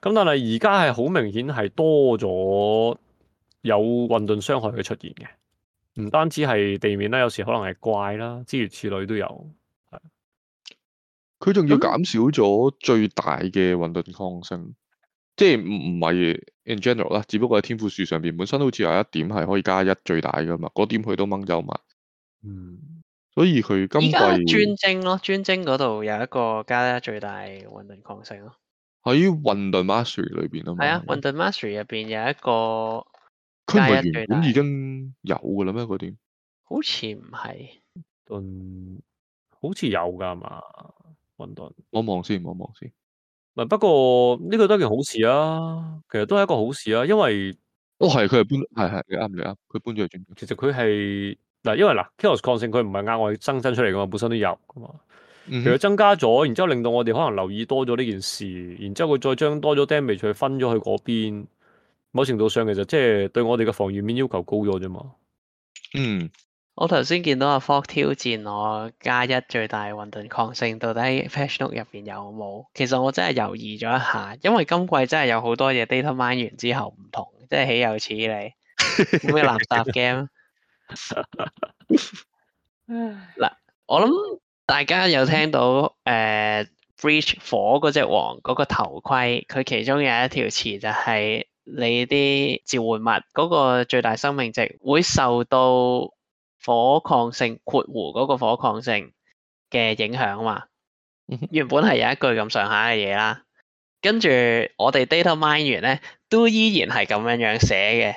咁但係而家係好明顯係多咗有混沌傷害嘅出現嘅，唔單止係地面啦，有時可能係怪啦，諸如此類都有。佢仲要減少咗最大嘅混沌抗性，嗯、即係唔唔係 in general 啦，只不過喺天賦樹上邊本身好似有一點係可以加一最大噶嘛，嗰點佢都掹咗嘛。嗯，所以佢今季專精咯，專精嗰度有一個加一最大混沌抗性咯、啊。喺混沌 master 裏邊啊嘛。係啊，混沌 master 入邊有一個一。佢唔係原本已經有噶啦咩？嗰點？好似唔係，嗯，好似有噶嘛。穩到，我望先，我望先。係， 不過呢、這個都係件好事啊。其實都係一個好事啊，因為都係，佢係、哦、搬，係係，啱你啊。佢搬咗去轉。其實佢係嗱，因為嗱 Chaos 抗性佢唔係啱我哋新增出嚟噶嘛，本身都有噶嘛。嗯。其實增加咗，然之後令到我哋可能留意多咗呢件事，然之後佢再將多咗 damage 再分咗去嗰邊，某程度上其實即係對我哋嘅防禦面要求高咗啫嘛。嗯。我頭先見到阿 f o 挑戰我加一最大混沌抗性，到底 f a s h n o t e 入邊有冇？其實我真係猶豫咗一下，因為今季真係有好多嘢 data mine 完之後唔同，即係豈有此理？咩 垃圾 game？嗱， 我諗大家有聽到誒、呃、Breach 火嗰隻王嗰、嗰個頭盔，佢其中有一條詞就係你啲召喚物嗰、嗰個最大生命值會受到。火抗性括弧嗰個火抗性嘅影響啊嘛，原本係有一句咁上下嘅嘢啦，跟住我哋 data mine 完咧，都依然係咁樣樣寫嘅，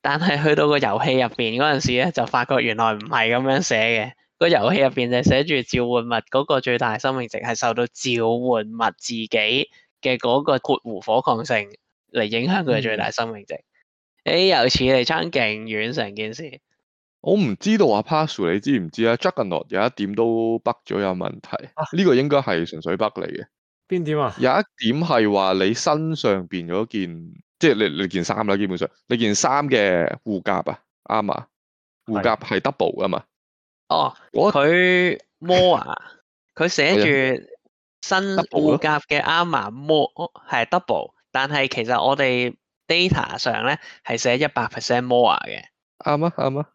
但係去到個遊戲入邊嗰陣時咧，就發覺原來唔係咁樣寫嘅，個遊戲入邊就寫住召喚物嗰個最大生命值係受到召喚物自己嘅嗰個括弧火抗性嚟影響佢嘅最大生命值，誒、嗯哎，由此嚟撐勁遠成件事。我唔知道阿 Pazu 你知唔知啊？Juggernaut 有一點都 bug 咗有問題，呢個應該係純粹 bug 嚟嘅。邊點啊？有一點係話你身上邊嗰件，即係你你件衫啦，基本上你件衫嘅護甲啊 Armor 護甲係 Double 啊嘛。哦，佢 More 佢寫住新護甲嘅 Armor More 係 Double，但係其實我哋 Data 上咧係寫一百 percent More 嘅。啱啊，啱啊。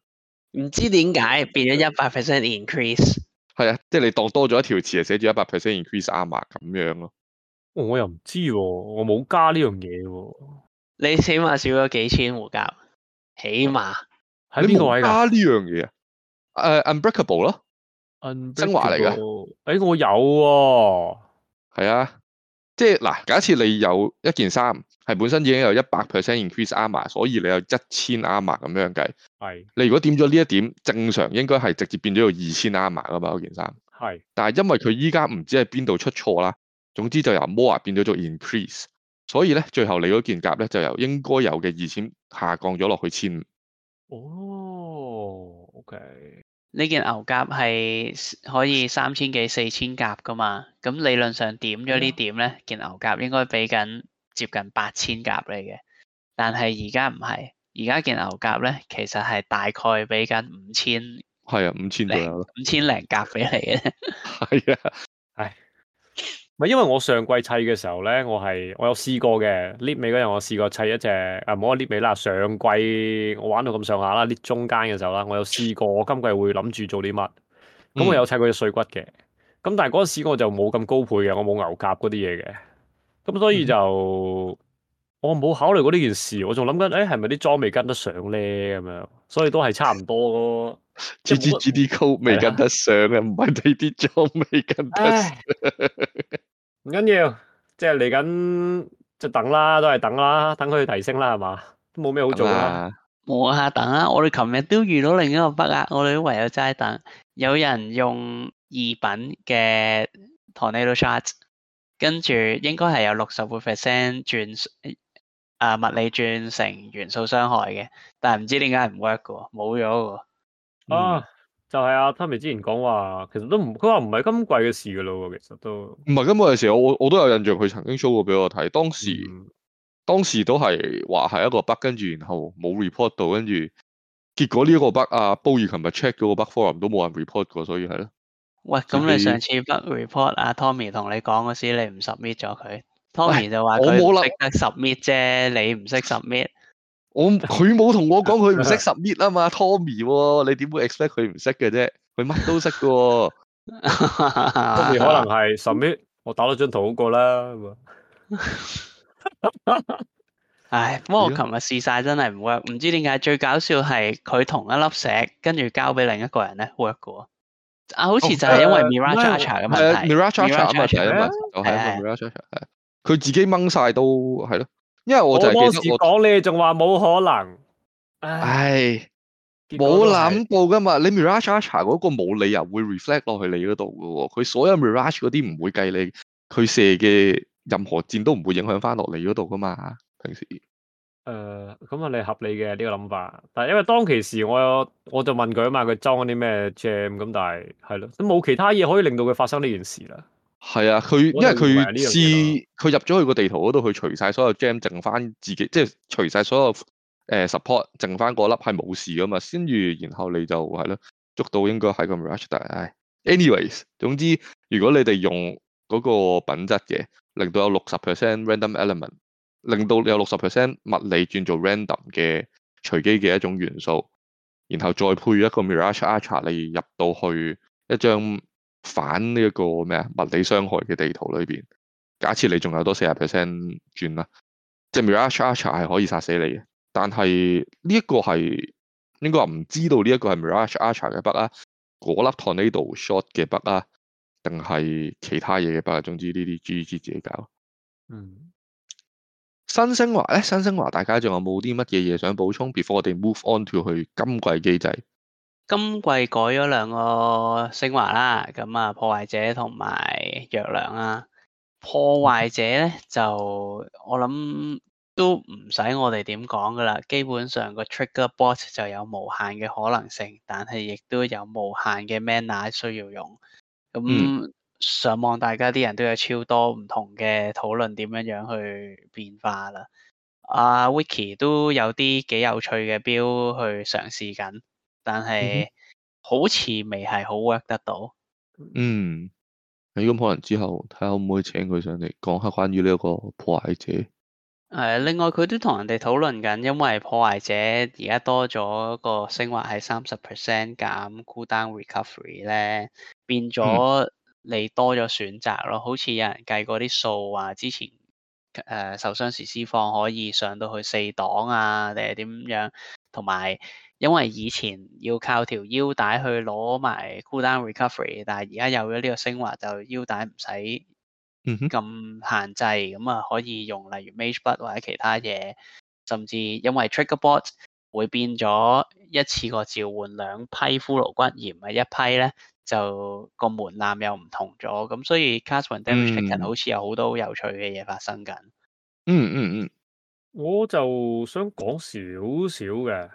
唔知點解變咗一百 percent increase？係啊，即係、啊、你當多咗一條詞，寫住一百 percent increase 阿嘛咁樣咯。我又唔知，我冇加呢樣嘢。你起碼少咗幾千護甲，起碼喺邊個位加呢樣嘢啊？誒，unbreakable 咯，精華嚟㗎。誒，我有，係啊。即係嗱，假設你有一件衫係本身已經有一百 percent increase armor 所以你有一千 armor 咁樣計。係是你如果點咗呢一點，正常應該係直接變咗有二千 armor 噶嘛嗰件衫。係是，但係因為佢依家唔知喺邊度出錯啦，總之就由 more 變咗做 increase，所以咧最後你嗰件夾咧就由應該有嘅二千下降咗落去千五。哦，oh，OK。呢件牛甲係可以三千幾四千甲㗎嘛？咁理論上點咗呢點咧，件牛甲應該俾緊接近八千甲你嘅。但係而家唔係，而家件牛甲咧，其實係大概俾緊五千。係啊，五千左右，五千零甲俾你嘅。係 啊，係、哎。唔係因為我上季砌嘅時候咧，我係我有試過嘅，lift 尾嗰日，我試過砌一隻，誒冇 lift 尾啦，上季我玩到咁上下啦，lift 中間嘅時候啦，我有試過，我今季會諗住做啲乜，咁我有砌過隻碎骨嘅，咁但係嗰陣時我就冇咁高配嘅，我冇牛夾嗰啲嘢嘅，咁所以就。嗯我冇考慮過呢件事，我仲諗緊，誒係咪啲裝未跟得上咧咁樣，所以都係差唔多咯。G G G D Co 未跟得上啊，唔係啲啲裝未跟得上。唔緊要，即係嚟緊就等啦，都係等啦，等佢提升啦，係嘛？都冇咩好做啦。冇啊，等啊！我哋琴日都遇到另一個筆啊，我哋都唯有齋等。有人用二品嘅 Tornado Chart，跟住應該係有六十個 percent 轉。啊，物理轉成元素傷害嘅，但係唔知點解唔 work 嘅，冇咗。嗯、啊，就係阿 Tommy 之前講話，其實都唔，佢話唔係今季嘅事噶咯，其實都唔係今季嘅事。我我我都有印象，佢曾經 show 過俾我睇，當時、嗯、當時都係話係一個 bug，跟住然後冇 report 到，跟住結果呢個 bug 啊 Bowie 琴日 check 嗰個 bug forum 都冇人 report 過，所以係咯。喂，咁、嗯、你上次 bug report 阿、啊、Tommy 同你講嗰時，你唔 submit 咗佢？Tommy 就話佢識十米啫，你唔識十米，我佢冇同我講佢唔識十米啊嘛，Tommy，你點會 expect 佢唔識嘅啫？佢乜都識嘅，Tommy 可能係十米，我打多張圖好過啦。唉，不過我琴日試晒真係唔 work，唔知點解。最搞笑係佢同一粒石跟住交俾另一個人咧 work 過，啊，好似就係因為 mirage 嘅問題，mirage 嘅問題，就係 mirage 係。佢自己掹晒都係咯，因為我就記得我當時講你仲話冇可能，唉，冇諗到㗎嘛。你 Mirage Archer 嗰個冇理由會 reflect 落去你嗰度㗎喎。佢所有 Mirage 嗰啲唔會計你，佢射嘅任何箭都唔會影響翻落嚟嗰度㗎嘛。平時，誒咁啊，你合理嘅呢、呢個諗法。但係因為當其時我有我就問佢啊嘛，佢裝啲咩 jam 咁，但係係咯，咁冇其他嘢可以令到佢發生呢件事啦。係啊，佢因為佢是佢入咗去個地，去地圖嗰度，佢除晒所有 gem，剩翻自己，即係除晒所有誒 support，剩翻嗰粒係冇事噶嘛。先預，然後你就係咯，捉到應該係個 mirage 但係唉，anyways，總之如果你哋用嗰個品質嘅，令到有六十 percent random element，令到你有六十 percent 物理轉做 random 嘅隨機嘅一種元素，然後再配一個 mirage archer 你入到去一張。反呢一個咩啊物理傷害嘅地圖裏邊，假設你仲有多四十 percent 轉啦，即係 mirage archer 係可以殺死你嘅，但係呢一個係應該話唔知道呢一個係 mirage archer 嘅筆啊，嗰粒 tornado shot 嘅筆啊，定係其他嘢嘅筆啊，總之呢啲 G G 自己搞。嗯，新昇華咧，新昇華，大家仲有冇啲乜嘢嘢想補充？before 我哋 move on to 去今季機制。今季改咗兩個升華啦，咁啊，破壞者同埋藥量啦。破壞者咧就我諗都唔使我哋點講噶啦，基本上個 trigger bot 就有無限嘅可能性，但係亦都有無限嘅 mana 需要用。咁、嗯、上網大家啲人都有超多唔同嘅討論，點樣樣去變化啦。阿、啊、wiki 都有啲幾有趣嘅 build 去嘗試緊。但係、嗯、哼好似未係好 work 得到。嗯，如果可能之後睇下可唔可以請佢上嚟講下關於呢個破壞者。誒，另外佢都同人哋討論緊，因為破壞者而家多咗個升幅係三十 percent cooldown recovery 咧，嗯、變咗你多咗選擇咯。好似有人計過啲數話，之前誒、呃、受傷時施放可以上到去四檔啊，定係點樣，同埋。因為以前要靠條腰帶去攞埋 Cooldown Recovery，但係而家有咗呢個升華，就腰帶唔使咁限制，咁啊、嗯、哼可以用例如 Mageblood 或者其他嘢，甚至因為 Trigger Bot 會變咗一次過召喚兩批骷髏骨，而唔係一批咧，就個門檻又唔同咗，咁所以 Cast when Damage Taken、嗯、好似有好多有趣嘅嘢發生緊、嗯。嗯嗯嗯，我就想講少少嘅。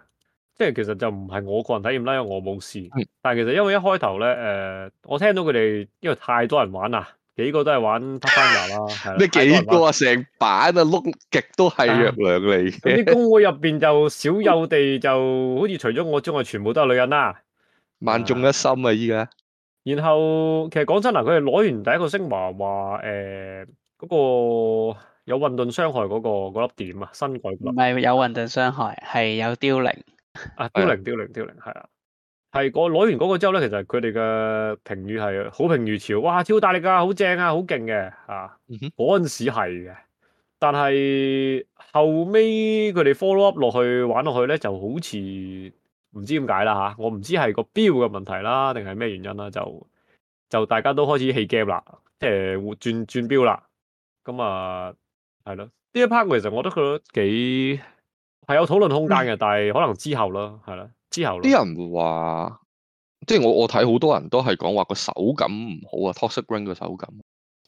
即係其實就唔係我個人體驗啦，因為我冇事。但係其實因為一開頭咧，誒，我聽到佢哋因為太多人玩啦，幾個都係玩黑番人啦。你幾個啊？成板啊碌極都係弱娘嚟嘅。啲公會入邊就少有地，就好似除咗我之外，全部都係女人啦。萬眾一心啊！依家。然後其實講真啊，佢哋攞完第一個升華，話誒，嗰個有混沌傷害嗰個粒點啊，新改唔係有混沌傷害，係有凋零。啊！凋零， 凋零，凋零，係啊，係我攞完嗰個之後咧，其實佢哋嘅評語係好評如潮，哇，超大力噶，好正啊，好勁嘅啊！嗰陣時係嘅，但係後尾佢哋 follow up 落去玩落去咧，就好似唔知點解啦吓，我唔知係個標嘅問題啦，定係咩原因啦？就就大家都開始棄 game 啦，即係轉轉標啦。咁啊，係咯，呢一 part 其實我都覺得幾。係有討論空間嘅，嗯、但係可能之後咯，係啦，之後。啲人會話，即係我我睇好多人都係講話個手感唔好啊，Toxic Ring 嘅手感。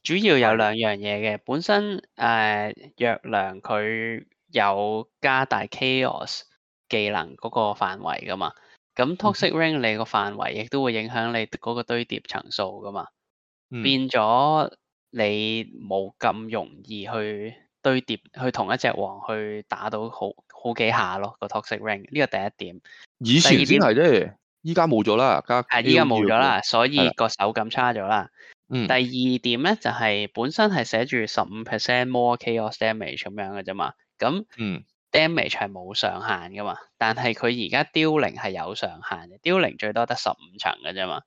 主要有兩樣嘢嘅，本身誒、呃、弱良佢有加大 Chaos 技能嗰個範圍噶嘛，咁 Toxic Ring 你個範圍亦都會影響你嗰個堆疊層數噶嘛，嗯、變咗你冇咁容易去堆疊去同一隻王去打到好。好幾下咯，個 toxic rain 呢個第一點，以前先係啫，依家冇咗啦，家依家冇咗啦，所以個手感差咗啦。嗯、第二點咧就係本身係寫住十五 percent more chaos damage 咁樣嘅啫嘛，咁、嗯、damage 係冇上限噶嘛，但係佢而家凋零係有上限嘅，凋零最多得十五層嘅啫嘛。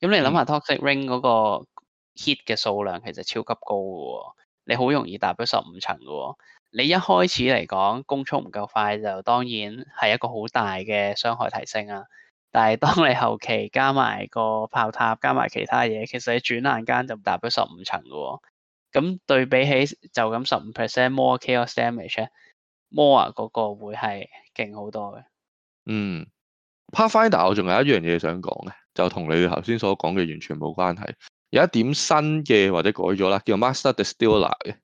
咁你諗下 toxic rain 嗰個 hit 嘅數量其實超級高喎。你好容易達到十五層嘅，你一開始嚟講攻速唔夠快，就當然係一個好大嘅傷害提升啊。但係當你後期加埋個炮塔，加埋其他嘢，其實你轉眼間就達到十五層嘅。咁對比起就咁十五 percent more chaos damage 咧，more 嗰個會係勁好多嘅。嗯，Pathfinder 我仲有一樣嘢想講嘅，就同你頭先所講嘅完全冇關係。有一點新嘅或者改咗啦，叫 Master Distiller 嘅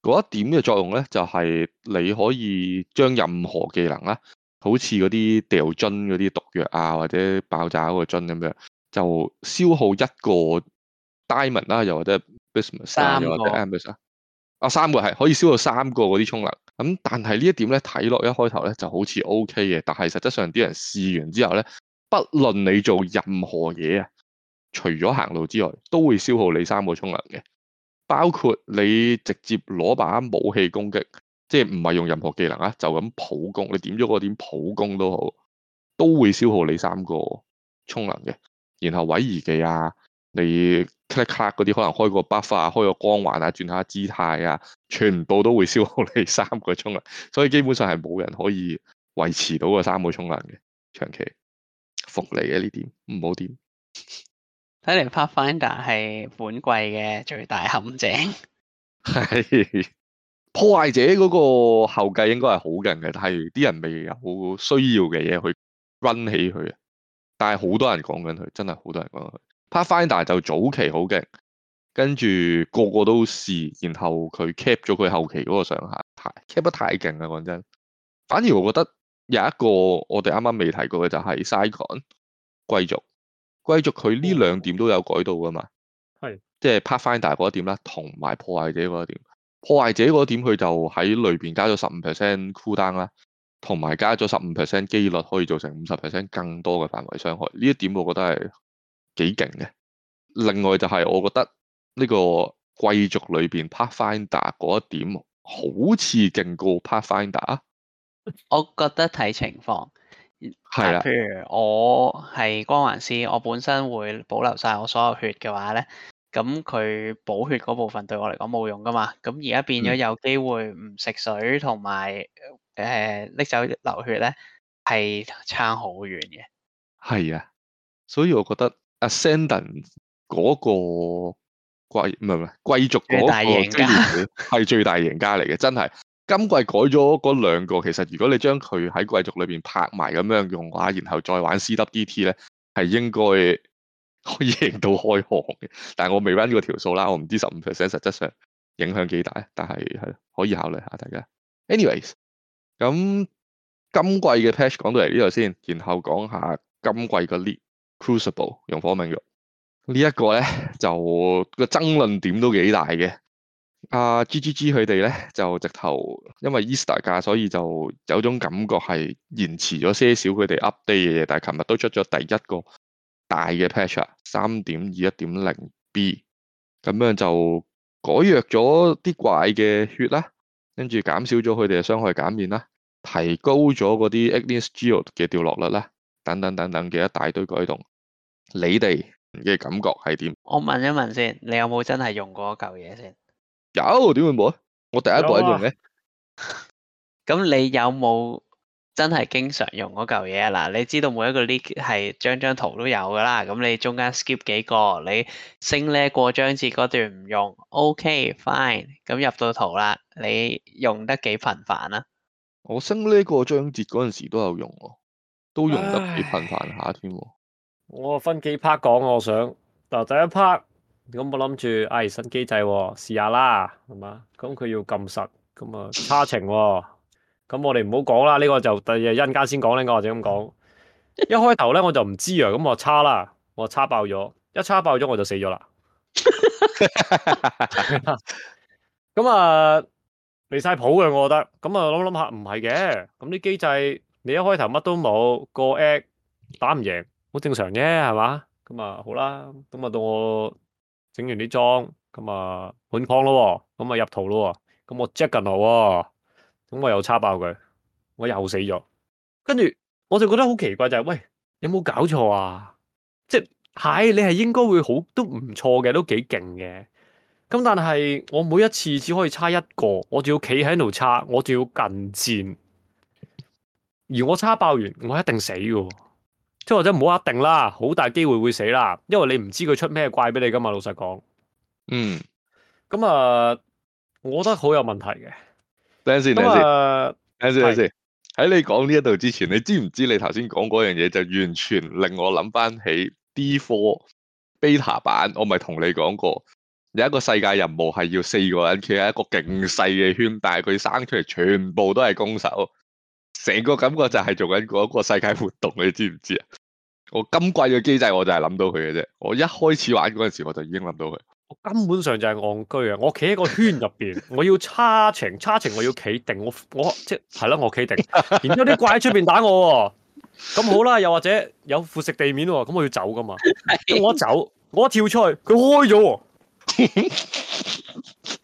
嗰一點嘅作用咧，就係、是、你可以將任何技能啦，好似嗰啲掉樽嗰啲毒藥啊，或者爆炸嗰個樽咁樣，就消耗一個 Diamond 啦、啊，又或者 Bismuth、啊、個又或者 Amber 啊，三個係可以消耗三個嗰啲充能。咁、嗯、但係呢一點咧睇落一開頭咧就好似 OK 嘅，但係實質上啲人試完之後咧，不論你做任何嘢啊。除咗行路之外，都會消耗你三個充能嘅，包括你直接攞把武器攻擊，即係唔係用任何技能啊，就咁普攻，你點咗個點普攻都好，都會消耗你三個充能嘅。然後位移技啊，你 click click 嗰啲可能開個 buff 啊，開個光環啊，轉下姿態啊，全部都會消耗你三個充能，所以基本上係冇人可以維持到個三個充能嘅長期福利嘅呢點唔好點。睇嚟，Pathfinder 係本季嘅最大陷阱。係 破壞者嗰個後繼應該係好勁嘅，但係啲人未有需要嘅嘢去 run 起佢。但係好多人講緊佢，真係好多人講緊佢。Pathfinder 就早期好勁，跟住個，個個都試，然後佢 cap 咗佢後期嗰個上限 cap 得太勁啦！講真，反而我覺得有一個我哋啱啱未提過嘅就係 Scion 貴族。貴族佢呢兩點都有改到噶嘛，係是，即係 part finder 嗰一點啦，同埋破壞者嗰一點，破壞者嗰點佢就喺裏邊加咗十五 percent cooldown 啦，同埋加咗十五 percent 機率可以造成五十 percent 更多嘅範圍傷害，呢一點我覺得係幾勁嘅。另外就係我覺得呢個貴族裏邊 part finder 嗰一點好似勁過 part finder。我覺得睇情況。係啦，譬如我係光環師，我本身會保留晒我所有血嘅話咧，咁佢補血嗰部分對我嚟講冇用噶嘛，咁而家變咗有機會唔食水同埋誒拎走流血咧，係差好遠嘅。係啊，所以我覺得阿、那個那個、Ascendant 嗰個貴唔係唔係貴族嗰個係最大贏家嚟嘅， 真係。今季改咗嗰兩個，其實如果你將佢喺貴族裏邊拍埋咁樣用嘅話，然後再玩 CWDT 咧，係應該可以贏到開行嘅。但係我未玩呢個條數啦，我唔知十五 percent 實質上影響幾大，但係係可以考慮下大家。Anyways，咁今季嘅 patch 講到嚟呢度先，然後講下今季個 Lead Crucible 熔火冥獄、這個、呢一個咧，就個爭論點都幾大嘅。阿、uh, G、G、G 佢哋咧就直頭，因為 Easter 假，所以就有種感覺係延遲咗些少。佢哋 update 嘅嘢，但係琴日都出咗第一個大嘅 patch 啊，三點二一點零 B，咁樣就改弱咗啲怪嘅血啦，跟住減少咗佢哋嘅傷害減免啦，提高咗嗰啲 adness gear 嘅掉落率啦，等等等等嘅一大堆改動。你哋嘅感覺係點？我問一問先，你有冇真係用過一舊嘢先？有點會冇啊？我第一個喺用嘅。咁、啊、你有冇真係經常用嗰嚿嘢嗱，你知道每一個呢係張張圖都有噶啦。咁你中間 skip 幾個，你升呢過章節嗰段唔用，ok fine。咁入到圖啦，你用得幾頻繁啊？我升呢過章節嗰陣時都有用、啊，都用得幾頻繁下、啊、添。我分幾 part 講，我想嗱第一 part。咁我諗住，唉，新機制、啊，試下啦，係嘛？咁佢要撳實，咁啊差情，咁我哋唔好講啦，呢個就第日一陣間先講呢個，或者咁講。一開頭咧我就唔知啊，咁我叉啦，我叉爆咗，一叉爆咗我就死咗啦。咁 啊，未晒譜離晒譜嘅我覺得，咁啊諗諗下，唔係嘅，咁啲機制你一開頭乜都冇，個 at 打唔贏，好正常啫，係嘛？咁啊好啦，咁啊到我。整完啲裝，咁啊換框咯，咁、嗯、啊入圖咯，咁、嗯、我 check 緊咯，咁、嗯、我又叉爆佢，我又死咗。跟住我就覺得好奇怪、就是，就係喂有冇搞錯啊？即係、哎、你係應該會好都唔錯嘅，都幾勁嘅。咁但係我每一次只可以叉一個，我仲要企喺度叉，我仲要近戰，而我叉爆完，我一定死嘅。即或者唔好一定啦，好大機會會死啦，因為你唔知佢出咩怪俾你噶嘛，老實講。嗯。咁啊，uh, 我覺得好有問題嘅等、uh。等陣先，等陣先是，等陣先，等陣先。喺你講呢一度之前，你知唔知你頭先講嗰樣嘢就完全令我諗翻起 D4 Beta 版，我咪同你講過，有一個世界任務係要四個人企喺一個勁細嘅圈，但係佢生出嚟全部都係弓手。成個感覺就係做緊嗰一個世界活動，你知唔知啊？我今季嘅機制，我就係諗到佢嘅啫。我一開始玩嗰陣時，我就已經諗到佢。我根本上就係戇居啊！我企喺個圈入邊，我要叉情叉情，程我要企定，我我即係啦，我企定。然之後啲怪喺出邊打我，咁好啦，又或者有腐蝕地面喎、哦，咁我要走噶嘛。我一走，我一跳出去，佢開咗，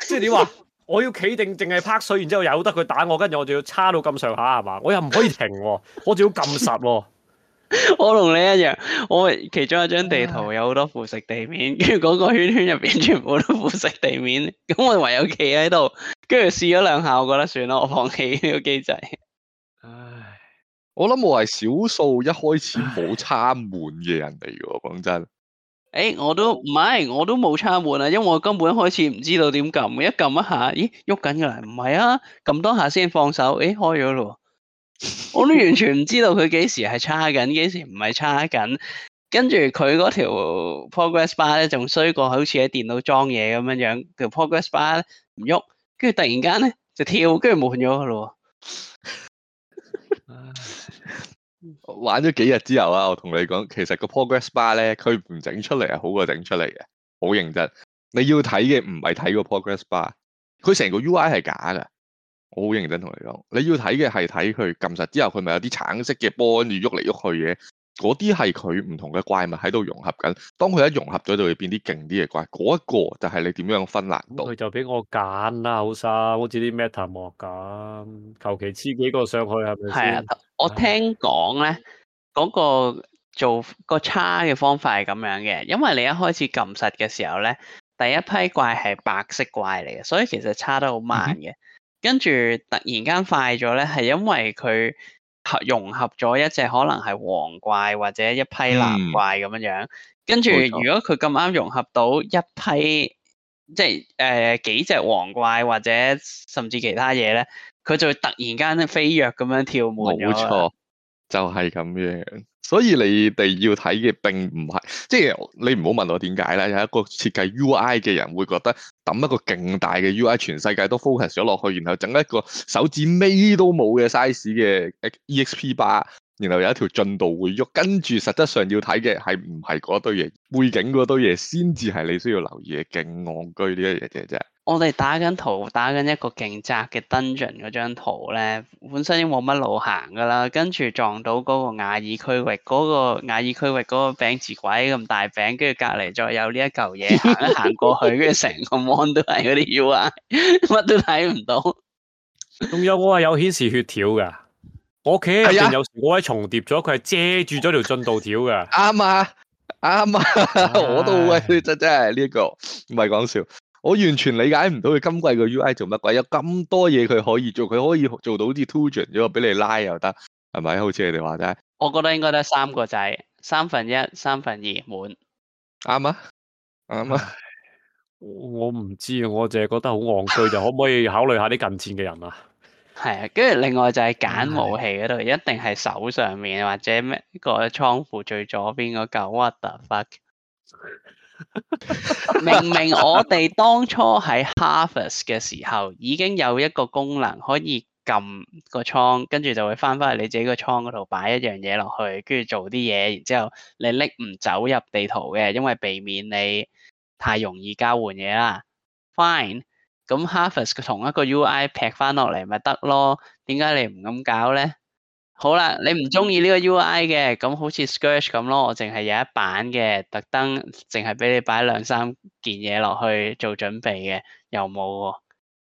即係點話？我要企定，淨係拍水，然之後由得佢打我，跟住我就要叉到咁上下，係嘛？我又唔可以停喎、啊， 我仲要撳實喎。我同你一樣，我其中一張地圖有好多腐蝕地面，跟住嗰個圈圈入邊全部都腐蝕地面，咁我唯有企喺度，跟住試咗兩下，我覺得算啦，我放棄呢個機制。唉 ，我諗我係少數一開始冇叉滿嘅人嚟嘅，講真。誒、欸，我都唔係，我都冇差滿啊，因為我根本一開始唔知道點撳，一撳一下，咦，喐緊㗎喇，唔係啊，撳多下先放手，誒，開咗咯，我都完全唔知道佢幾時係差緊，幾時唔係差緊，跟住佢嗰條 progress bar 咧仲衰過，好似喺電腦裝嘢咁樣樣，條 progress bar 唔喐，跟住突然間咧就跳，跟住滿咗佢咯。 玩咗幾日之後啊，我同你講，其實個 progress bar 咧，佢唔整出嚟係好過整出嚟嘅，好認真。你要睇嘅唔係睇個 progress bar，佢成個 UI 係假噶，我好認真同你講。你要睇嘅係睇佢撳實之後，佢咪有啲橙色嘅波跟住喐嚟喐去嘅。嗰啲係佢唔同嘅怪物喺度融合緊，當佢一融合咗就會變啲勁啲嘅怪，嗰一個就係你點樣分難度。佢就俾我揀啦，好晒，好似啲 meta 幕咁，求其黐幾個上去係咪？係啊，我聽講咧，嗰、嗰個做個差嘅方法係咁樣嘅，因為你一開始撳實嘅時候咧，第一批怪係白色怪嚟嘅，所以其實差得好慢嘅，嗯、哼跟住突然間快咗咧，係因為佢。融合咗一隻可能係黃怪或者一批藍怪咁樣樣，嗯、跟住如果佢咁啱融合到一批，嗯、即係誒、呃、幾隻黃怪或者甚至其他嘢咧，佢就會突然間飛躍咁樣跳滿咗。冇錯。就係咁樣，所以你哋要睇嘅並唔係，即係你唔好問我點解啦。有一個設計 U I 嘅人會覺得抌一個勁大嘅 U I，全世界都 focus 咗落去，然後整一個手指尾都冇嘅 size 嘅 E X P bar，然後有一條進度會喐，跟住實質上要睇嘅係唔係嗰堆嘢，背景嗰堆嘢先至係你需要留意嘅，勁戇居呢一嘢嘅啫。我哋打緊圖，打緊一個勁窄嘅 Dungeon 嗰張圖咧，本身已經冇乜路行噶啦，跟住撞到嗰個瓦爾區域，嗰、嗰個瓦爾區域嗰個餅字鬼咁大餅，跟住隔離再有呢一嚿嘢行行過去，跟住成個 mon 都係嗰啲 UI，乜 都睇唔到。仲有我係有顯示血條噶，我企喺入邊有，我喺、哎、呀重疊咗，佢係遮住咗條進度條噶。啱 啊，啱啊， 我都真真係呢一個，唔係講笑。我完全理解唔到佢今季個 UI 做乜鬼，有咁多嘢佢可以做，佢可以做到啲似 to j o 咗俾你拉又得，係咪好似你哋話齋，我覺得應該得三個掣，就是，三分一、三分二滿，啱啊，啱啊，嗯、我唔知，我淨係覺得好戇居就， 可唔可以考慮下啲近戰嘅人啊？係 啊，跟住另外就係揀武器嗰度，的一定係手上面或者咩個倉庫最左邊嗰嚿 what the fuck？ 明明我哋當初喺 Harvest 嘅時候，已經有一個功能可以撳個倉，跟住就會翻翻去你自己個倉嗰度擺一樣嘢落去，跟住做啲嘢，然之後你拎唔走入地圖嘅，因為避免你太容易交換嘢啦。Fine，咁 Harvest 同一個 UI 劈翻落嚟咪得咯？點解你唔咁搞咧？好啦，你唔中意呢個 UI 嘅，咁好似 Scorch 咁咯，我淨係有一版嘅，特登淨係俾你擺兩三件嘢落去做準備嘅，又冇喎、啊。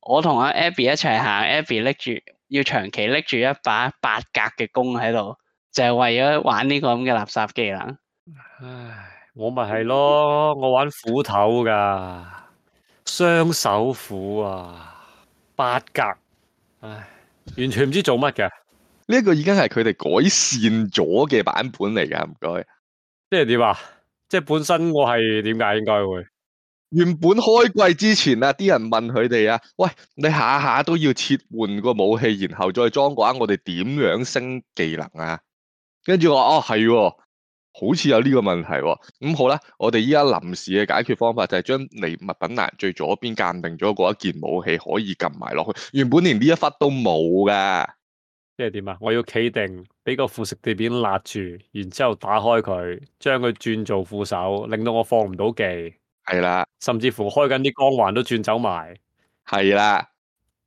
我同阿 Abby 一齊行，Abby 拎住要長期拎住一把八格嘅弓喺度，就係、是、為咗玩呢個咁嘅垃圾技能。唉，我咪係咯，我玩斧頭噶，雙手斧啊，八格，唉，完全唔知做乜嘅。呢一個已經係佢哋改善咗嘅版本嚟噶，唔該。即係點啊？即係本身我係點解應該會？原本開季之前啊，啲人問佢哋啊，喂，你下下都要切換個武器，然後再裝嘅話，我哋點樣升技能啊？跟住我話哦係，好似有呢個問題，啊。咁、嗯、好啦，我哋依家臨時嘅解決方法就係將你物品欄最左邊鑑定咗嗰一件武器可以撳埋落去。原本連呢一忽都冇㗎。即係點啊？我要企定，俾個副食地片壓住，然之後打開佢，將佢轉做副手，令到我放唔到技。係啦的，甚至乎開緊啲光環都轉走埋。係啦的，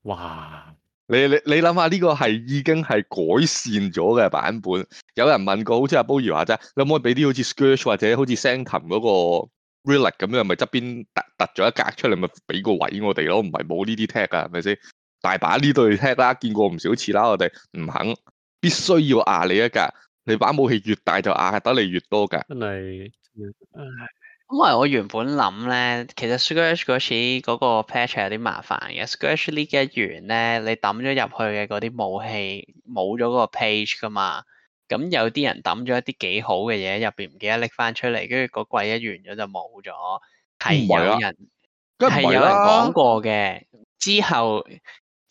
哇！你你你諗下呢個係已經係改善咗嘅版本。有人問過，好似阿煲如話齋，你可唔可以俾啲好似 Scratch 或者好似聲琴嗰個 Relic 咁樣，咪側邊突突咗一格出嚟，咪俾個位我哋咯？唔係冇呢啲 tag 噶，係咪先？大把呢對聽大家見過唔少次啦，我哋唔肯，必須要壓你一格。你把武器越大就壓得你越多㗎。真係，咁為我原本諗咧，其實 Scratch 嗰次嗰個 patch 有啲麻煩嘅，Scratch 呢一,一完咧，你抌咗入去嘅嗰啲武器冇咗嗰個 page 㗎嘛。咁有啲人抌咗一啲幾好嘅嘢入邊，唔記得拎翻出嚟，跟住嗰季一完咗就冇咗。係有人係有人講過嘅，啊、之後。